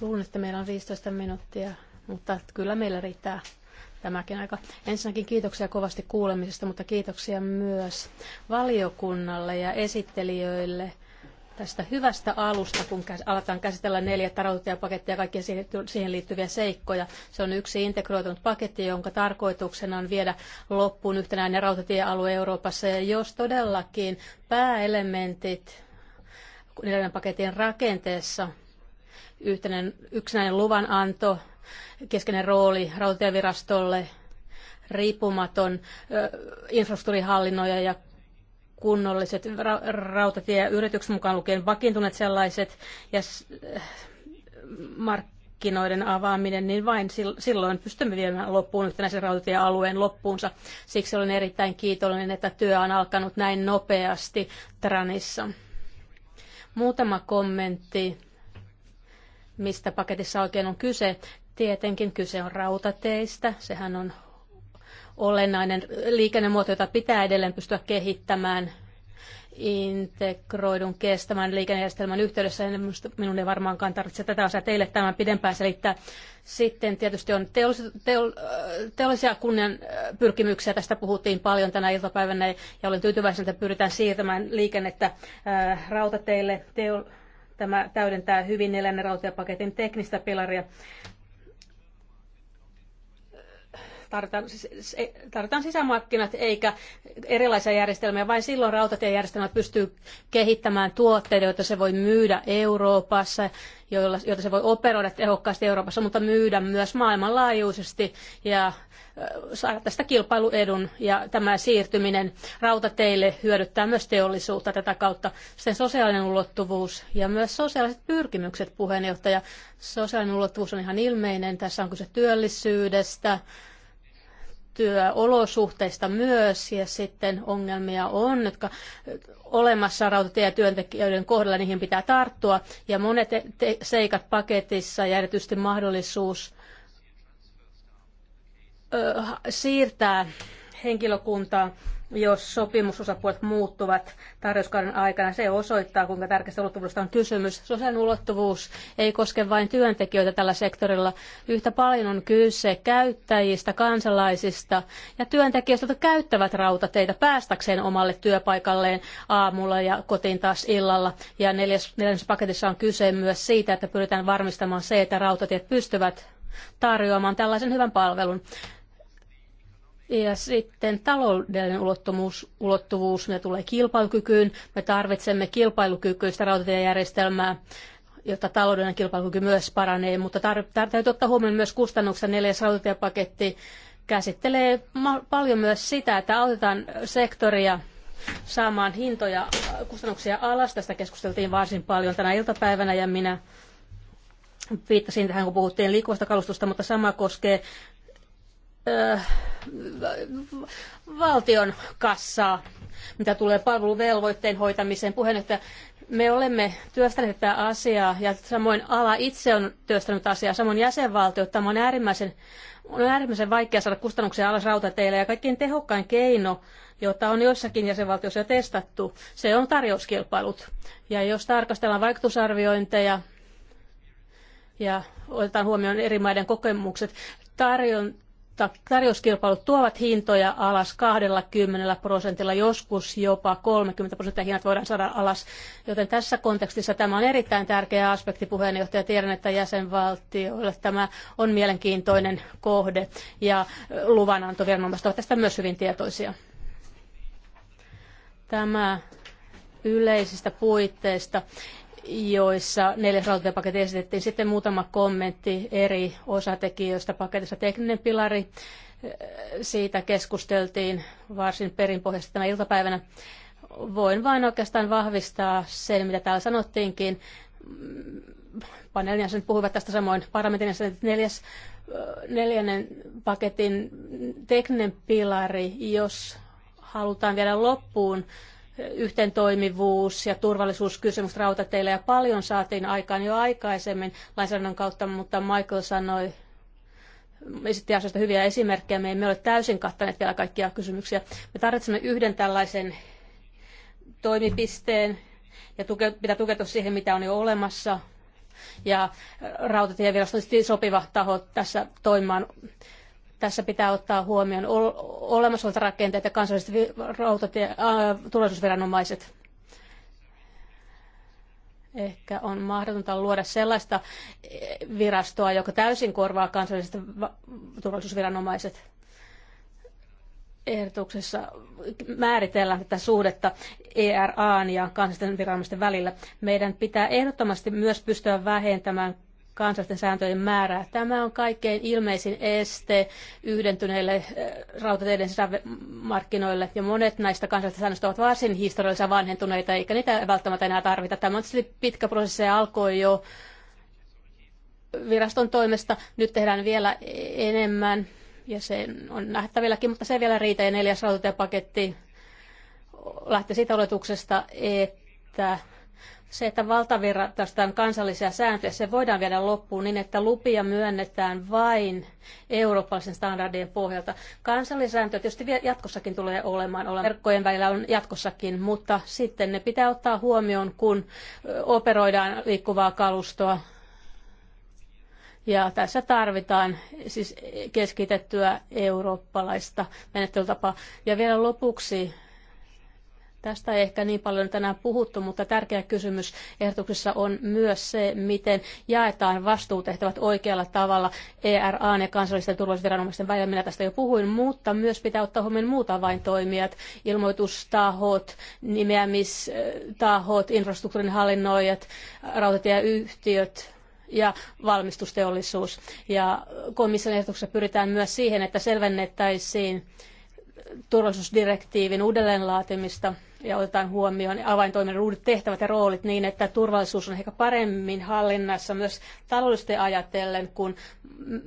S2: Luulen, että meillä on 15 minuuttia, mutta kyllä meillä riittää tämäkin aika. Ensinnäkin kiitoksia kovasti kuulemisesta, mutta kiitoksia myös valiokunnalle ja esittelijöille – tästä hyvästä alusta, kun aletaan käsitellä neljä pakettia ja kaikkia siihen liittyviä seikkoja. Se on yksi integroitunut paketti, jonka tarkoituksena on viedä loppuun yhtenäinen rautatiealue Euroopassa. Ja jos todellakin pääelementit neljän paketin rakenteessa, yhtenäinen, yksinäinen luvananto, keskeinen rooli rautatievirastolle, riippumaton infrastruktuurihallinnoja ja kunnolliset ra- rautatieyritykset mukaan lukien vakiintuneet sellaiset ja markkinoiden avaaminen, niin vain silloin pystymme viemään loppuun yhtenäisen rautatiealueen loppuunsa. Siksi olen erittäin kiitollinen, että työ on alkanut näin nopeasti Tranissa. Muutama kommentti, mistä paketissa oikein on kyse. Tietenkin kyse on rautateistä, sehän on olennainen liikennemuoto, jota pitää edelleen pystyä kehittämään integroidun kestävän liikennejärjestelmän yhteydessä. Minun ei varmaankaan tarvitse tätä asiaa teille tämän pidempään selittää. Sitten tietysti on teollis, teol, äh, teollisia kunnian äh, pyrkimyksiä. Tästä puhuttiin paljon tänä iltapäivänä ja olen tyytyväinen, että pyritään siirtämään liikennettä ää, äh, rautateille. Teol- tämä täydentää hyvin neljännen rautatiepaketin teknistä pilaria tarvitaan, tarvitaan sisämarkkinat eikä erilaisia järjestelmiä. Vain silloin rautatiejärjestelmä pystyy kehittämään tuotteita, joita se voi myydä Euroopassa, joilla, joita se voi operoida tehokkaasti Euroopassa, mutta myydä myös maailmanlaajuisesti ja saada tästä kilpailuedun. Ja tämä siirtyminen rautateille hyödyttää myös teollisuutta tätä kautta. Sen sosiaalinen ulottuvuus ja myös sosiaaliset pyrkimykset, puheenjohtaja. Sosiaalinen ulottuvuus on ihan ilmeinen. Tässä on kyse työllisyydestä, työolosuhteista myös, ja sitten ongelmia on, jotka olemassa rautatietyöntekijöiden kohdalla niihin pitää tarttua, ja monet seikat paketissa ja erityisesti mahdollisuus ö, siirtää henkilökuntaa jos sopimusosapuolet muuttuvat tarjouskauden aikana. Se osoittaa, kuinka tärkeästä ulottuvuudesta on kysymys. Sosiaalinen ulottuvuus ei koske vain työntekijöitä tällä sektorilla. Yhtä paljon on kyse käyttäjistä, kansalaisista ja työntekijöistä, jotka käyttävät rautateitä päästäkseen omalle työpaikalleen aamulla ja kotiin taas illalla. Ja neljäs paketissa on kyse myös siitä, että pyritään varmistamaan se, että rautatiet pystyvät tarjoamaan tällaisen hyvän palvelun. Ja sitten taloudellinen ulottuvuus, ulottuvuus ne tulee kilpailukykyyn. Me tarvitsemme kilpailukykyistä rautatiejärjestelmää, jotta taloudellinen kilpailukyky myös paranee, mutta tar- täytyy ottaa huomioon myös kustannuksen neljäs rautatiepaketti käsittelee paljon myös sitä, että autetaan sektoria saamaan hintoja, kustannuksia alas. Tästä keskusteltiin varsin paljon tänä iltapäivänä ja minä viittasin tähän, kun puhuttiin liikkuvasta kalustusta, mutta sama koskee valtion kassaa, mitä tulee palveluvelvoitteen hoitamiseen. että me olemme työstäneet tätä asiaa ja samoin ala itse on työstänyt asiaa, samoin jäsenvaltiot. Tämä on äärimmäisen, on äärimmäisen vaikea saada kustannuksia alas rautateille ja kaikkein tehokkain keino, jota on joissakin jäsenvaltioissa jo testattu, se on tarjouskilpailut. Ja jos tarkastellaan vaikutusarviointeja ja otetaan huomioon eri maiden kokemukset, tarjon, tarjouskilpailut tuovat hintoja alas 20 prosentilla, joskus jopa 30 prosenttia hinnat voidaan saada alas. Joten tässä kontekstissa tämä on erittäin tärkeä aspekti puheenjohtaja. Tiedän, että jäsenvaltioille tämä on mielenkiintoinen kohde ja luvanantoviranomaiset ovat tästä myös hyvin tietoisia. Tämä yleisistä puitteista joissa neljäs rautatiepaketti esitettiin. Sitten muutama kommentti eri osatekijöistä paketissa. Tekninen pilari, eh, siitä keskusteltiin varsin perinpohjaisesti tämän iltapäivänä. Voin vain oikeastaan vahvistaa sen, mitä täällä sanottiinkin. Mm, paneelin jäsenet puhuivat tästä samoin parlamentin jäsenet. Neljäs, eh, neljännen paketin tekninen pilari, jos halutaan viedä loppuun yhteentoimivuus ja turvallisuuskysymykset rautateillä ja paljon saatiin aikaan jo aikaisemmin lainsäädännön kautta, mutta Michael sanoi, esitti asioista hyviä esimerkkejä. Me emme ole täysin kattaneet vielä kaikkia kysymyksiä. Me tarvitsemme yhden tällaisen toimipisteen ja tuke, pitää tukeutua siihen, mitä on jo olemassa. Ja rautatievirasto on sopiva taho tässä toimimaan tässä pitää ottaa huomioon olemassa olevat rakenteet ja kansalliset rautatie- turvallisuusviranomaiset. Ehkä on mahdotonta luoda sellaista eh, virastoa, joka täysin korvaa kansalliset turvallisuusviranomaiset ehdotuksessa määritellään tätä suhdetta ERAn ja kansallisten viranomaisten välillä. Meidän pitää ehdottomasti myös pystyä vähentämään kansallisten sääntöjen määrää. Tämä on kaikkein ilmeisin este yhdentyneille eh, rautateiden sisämarkkinoille, ja monet näistä kansallisista säännöistä ovat varsin historiallisia vanhentuneita, eikä niitä välttämättä enää tarvita. Tämä on pitkä prosessi ja alkoi jo viraston toimesta. Nyt tehdään vielä enemmän, ja se on nähtävilläkin, mutta se ei vielä riitä, ja neljäs rautatiepaketti lähtee siitä oletuksesta, että se, että valtavirtaistaan kansallisia sääntöjä, se voidaan viedä loppuun niin, että lupia myönnetään vain eurooppalaisen standardien pohjalta. sääntöjä. tietysti jatkossakin tulee olemaan, olemaan verkkojen välillä on jatkossakin, mutta sitten ne pitää ottaa huomioon, kun operoidaan liikkuvaa kalustoa. Ja tässä tarvitaan siis keskitettyä eurooppalaista menettelytapaa. Ja vielä lopuksi Tästä ei ehkä niin paljon tänään puhuttu, mutta tärkeä kysymys ehdotuksessa on myös se, miten jaetaan vastuutehtävät oikealla tavalla ERAn ja kansallisten turvallisuusviranomaisten välillä. Minä tästä jo puhuin, mutta myös pitää ottaa huomioon muut avaintoimijat, ilmoitustahot, nimeämistahot, infrastruktuurin hallinnoijat, rautatieyhtiöt, ja valmistusteollisuus. Ja komission ehdotuksessa pyritään myös siihen, että selvennettäisiin turvallisuusdirektiivin uudelleenlaatimista – ja otetaan huomioon avaintoiminnan uudet tehtävät ja roolit niin, että turvallisuus on ehkä paremmin hallinnassa myös taloudellisesti ajatellen, kun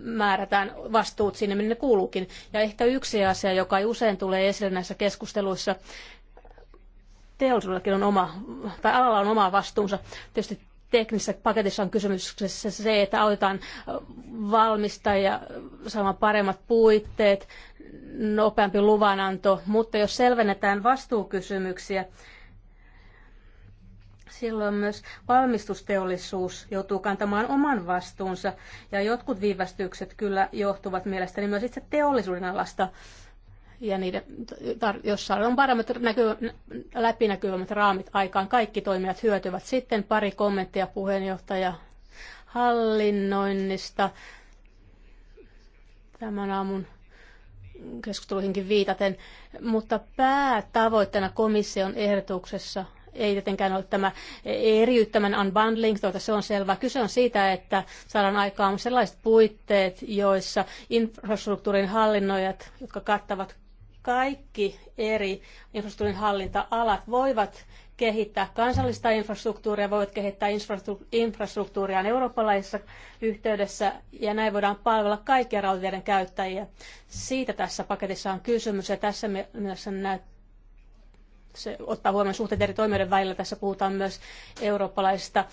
S2: määrätään vastuut sinne, minne ne kuuluukin. Ja ehkä yksi asia, joka usein tulee esille näissä keskusteluissa, teollisuudellakin on oma, tai alalla on oma vastuunsa. Tietysti teknisessä paketissa on kysymyksessä se, että autetaan valmistajia saamaan paremmat puitteet, nopeampi luvananto, mutta jos selvennetään vastuukysymyksiä, silloin myös valmistusteollisuus joutuu kantamaan oman vastuunsa, ja jotkut viivästykset kyllä johtuvat mielestäni myös itse teollisuuden alasta ja niiden, jossa on paremmat näkyy, läpinäkyvämmät raamit aikaan, kaikki toimijat hyötyvät. Sitten pari kommenttia puheenjohtaja hallinnoinnista tämän aamun keskusteluihinkin viitaten, mutta päätavoitteena komission ehdotuksessa ei tietenkään ole tämä eriyttämän unbundling, tuota, se on selvä. Kyse on siitä, että saadaan aikaan sellaiset puitteet, joissa infrastruktuurin hallinnoijat, jotka kattavat kaikki eri infrastruktuurin hallinta-alat voivat kehittää kansallista infrastruktuuria, voivat kehittää infrastruktuuriaan eurooppalaisessa yhteydessä ja näin voidaan palvella kaikkia rautateiden käyttäjiä. Siitä tässä paketissa on kysymys ja tässä mielessä näyttää se ottaa huomioon suhteet eri toimijoiden välillä. Tässä puhutaan myös eurooppalaisesta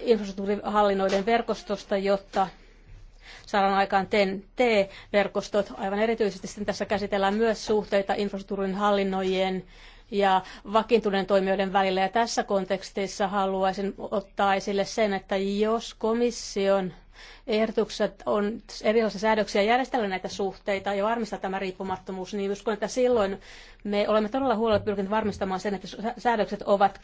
S2: infrastruktuurihallinnoiden verkostosta, jotta saadaan aikaan TEN-T-verkostot. Aivan erityisesti sitten tässä käsitellään myös suhteita infrastruktuurin hallinnoijien ja vakiintuneiden toimijoiden välillä. Ja tässä kontekstissa haluaisin ottaa esille sen, että jos komission ehdotukset on erilaisia säädöksiä järjestellä näitä suhteita ja varmistaa tämä riippumattomuus, niin uskon, että silloin me olemme todella huolella pyrkineet varmistamaan sen, että säädökset ovat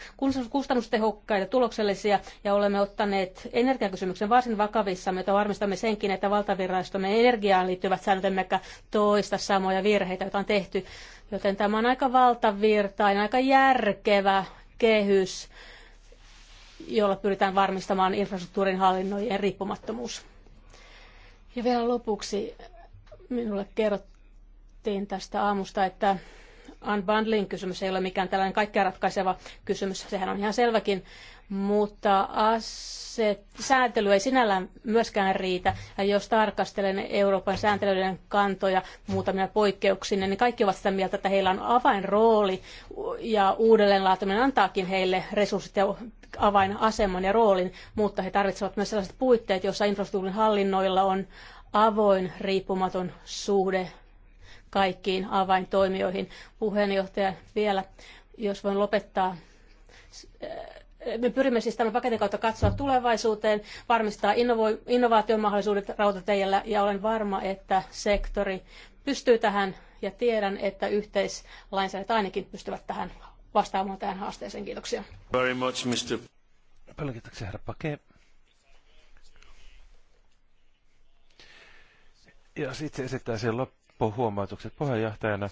S2: kustannustehokkaita, tuloksellisia ja olemme ottaneet energiakysymyksen varsin vakavissamme, että varmistamme senkin, että valtavirastomme energiaan liittyvät säännöt emmekä toista samoja virheitä, joita on tehty. Joten tämä on aika valtavirtainen, aika järkevä kehys jolla pyritään varmistamaan infrastruktuurin hallinnoijien riippumattomuus. Ja vielä lopuksi minulle kerrottiin tästä aamusta, että unbundling kysymys ei ole mikään tällainen kaikkea ratkaiseva kysymys. Sehän on ihan selväkin mutta aset, sääntely ei sinällään myöskään riitä. Ja jos tarkastelen Euroopan sääntelyiden kantoja muutamia poikkeuksina, niin kaikki ovat sitä mieltä, että heillä on avainrooli ja uudelleenlaataminen antaakin heille resurssit ja avainaseman ja roolin, mutta he tarvitsevat myös sellaiset puitteet, joissa infrastruktuurin hallinnoilla on avoin, riippumaton suhde kaikkiin avaintoimijoihin. Puheenjohtaja vielä, jos voin lopettaa me pyrimme siis tämän paketin kautta katsoa tulevaisuuteen, varmistaa innovo- innovaatiomahdollisuudet rautateijällä ja olen varma, että sektori pystyy tähän ja tiedän, että yhteislainsäädäntö ainakin pystyvät tähän vastaamaan tähän haasteeseen. Kiitoksia.
S1: Very much, Mr. Paljon kiitoksia, herra Pake. Ja sitten loppuhuomautukset puheenjohtajana.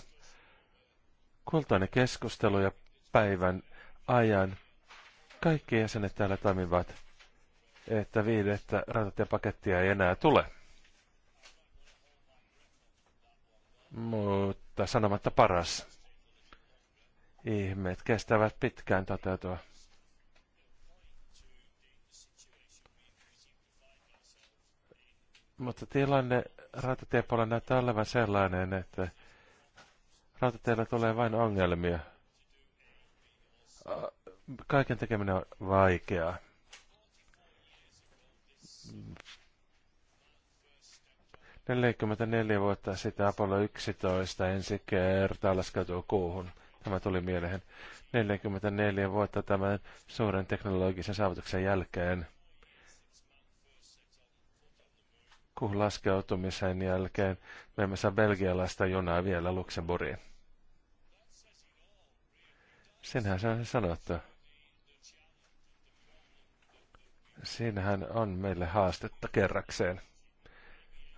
S1: Kultainen keskustelu ja päivän ajan kaikki jäsenet täällä toimivat, että viidettä rautatiepakettia ei enää tule. Mutta sanomatta paras. Ihmeet kestävät pitkään toteutua. Mutta tilanne rautatiepuolella näyttää olevan sellainen, että rautateillä tulee vain ongelmia kaiken tekeminen on vaikeaa. Neljäkymmentäneljä vuotta sitten Apollo 11 ensi kertaa laskeutui kuuhun. Tämä tuli mieleen. 44 vuotta tämän suuren teknologisen saavutuksen jälkeen. Kuhun laskeutumisen jälkeen me emme saa belgialaista junaa vielä Luxemburgiin. Senhän se on sanottu. Siinähän on meille haastetta kerrakseen.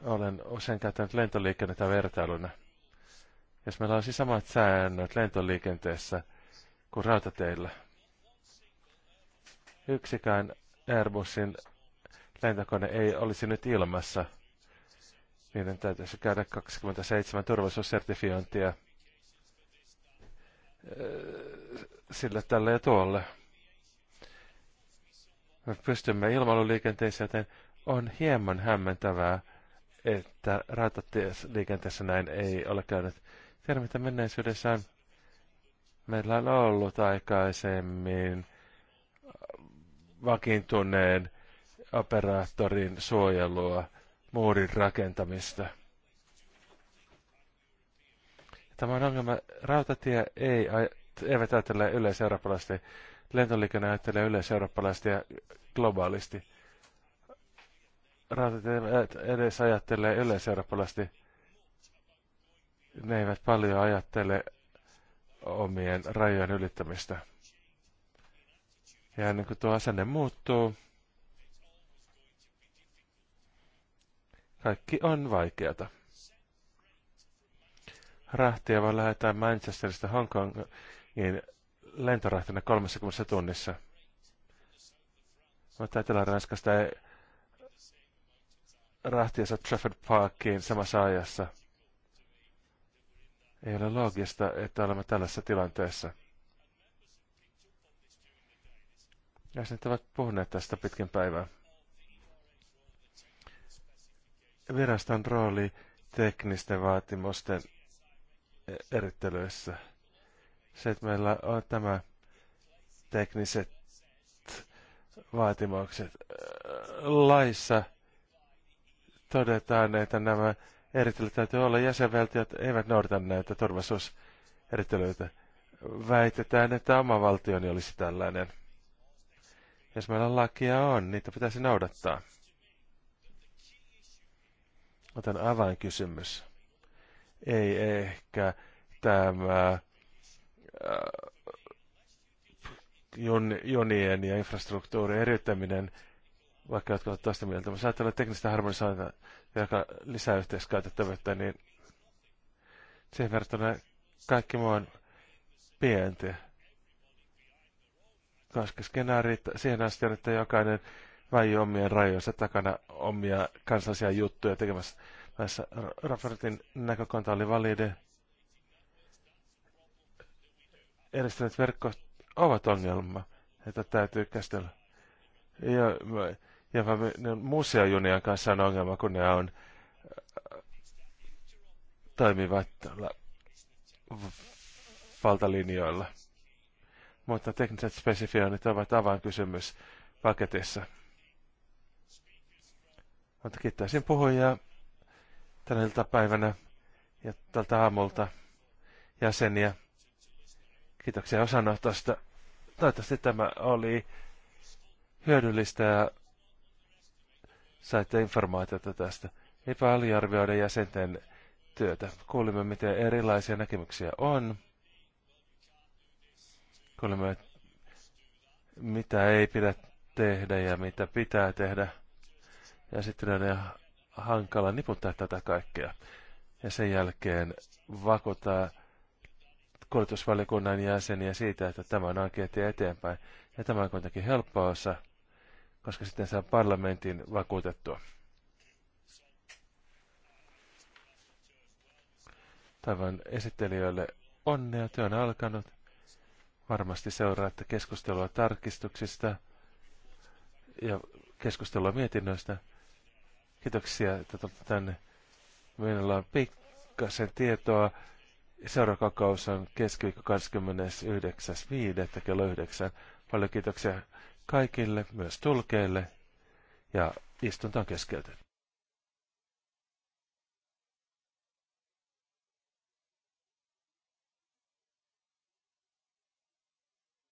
S1: Olen usein käyttänyt lentoliikennettä vertailuna. Jos meillä olisi samat säännöt lentoliikenteessä kuin rautateillä, yksikään Airbusin lentokone ei olisi nyt ilmassa. Niiden täytyisi käydä 27 turvallisuussertifiointia sille tälle ja tuolle pystymme ilmailuliikenteeseen, joten on hieman hämmentävää, että rautatiesliikenteessä näin ei ole käynyt. Tiedämme, mitä menneisyydessään meillä on ollut aikaisemmin vakiintuneen operaattorin suojelua, muurin rakentamista. Tämä on ongelma. Rautatie ei eivät ajattele yleiseurooppalaisesti. Lentoliikenne ajattelee yleiseurooppalaisesti ja globaalisti. Rautat eivät edes ajattele yleiseurooppalaisesti. Ne eivät paljon ajattele omien rajojen ylittämistä. Ja niin kuin tuo asenne muuttuu, kaikki on vaikeata. Rahtia voi lähettää Manchesterista Hongkong, niin lentorahtina 30 tunnissa. Mutta Etelä-Ranskasta rahtiensa Trafford Parkiin samassa ajassa. Ei ole loogista, että olemme tällaisessa tilanteessa. sitten ovat puhuneet tästä pitkin päivää. Viraston rooli teknisten vaatimusten e- erittelyissä se, että meillä on tämä tekniset vaatimukset. Laissa todetaan, että nämä erittelyt täytyy olla. Jäsenvaltiot eivät noudata näitä turvallisuuserittelyitä. Väitetään, että oma valtioni olisi tällainen. Jos meillä lakia on, niitä pitäisi noudattaa. Otan avainkysymys. Ei ehkä tämä Äh, jonien ja infrastruktuurin eriyttäminen, vaikka jotkut ovat toista mieltä, jos ajatellaan teknistä harmonisointia, ja lisää yhteiskäytettävyyttä, niin siihen verrattuna kaikki muu on pienti. Koska skenaarit siihen asti on, että jokainen väijy omien rajojensa takana omia kansallisia juttuja tekemässä. Tässä raportin näkökanta oli valide eristäneet verkkoa ovat ongelma, että täytyy käsitellä. Ja, ja ne museojunien kanssa on ongelma, kun ne on äh, toimivat valtalinjoilla. Mutta tekniset spesifioinnit ovat avainkysymys paketissa. Mutta kiittäisin puhujia tänä päivänä ja tältä aamulta jäseniä. Kiitoksia osanotosta. Toivottavasti tämä oli hyödyllistä ja saitte informaatiota tästä. epäaliarvioiden jäsenten työtä. Kuulimme, miten erilaisia näkemyksiä on. Kuulimme, mitä ei pidä tehdä ja mitä pitää tehdä. Ja sitten on hankala niputtaa tätä kaikkea. Ja sen jälkeen vakuuttaa koulutusvaliokunnan jäseniä siitä, että tämä on oikea tie eteenpäin. Ja tämä on kuitenkin helppo osa, koska sitten saa parlamentin vakuutettua. Tavan esittelijöille onnea, työ on alkanut. Varmasti seuraatte keskustelua tarkistuksista ja keskustelua mietinnöistä. Kiitoksia, että tänne. Meillä on pikkasen tietoa Seuraava kokous on keskiviikko 29.5. kello 9. Paljon kiitoksia kaikille, myös tulkeille, ja istunto on keskeytetty.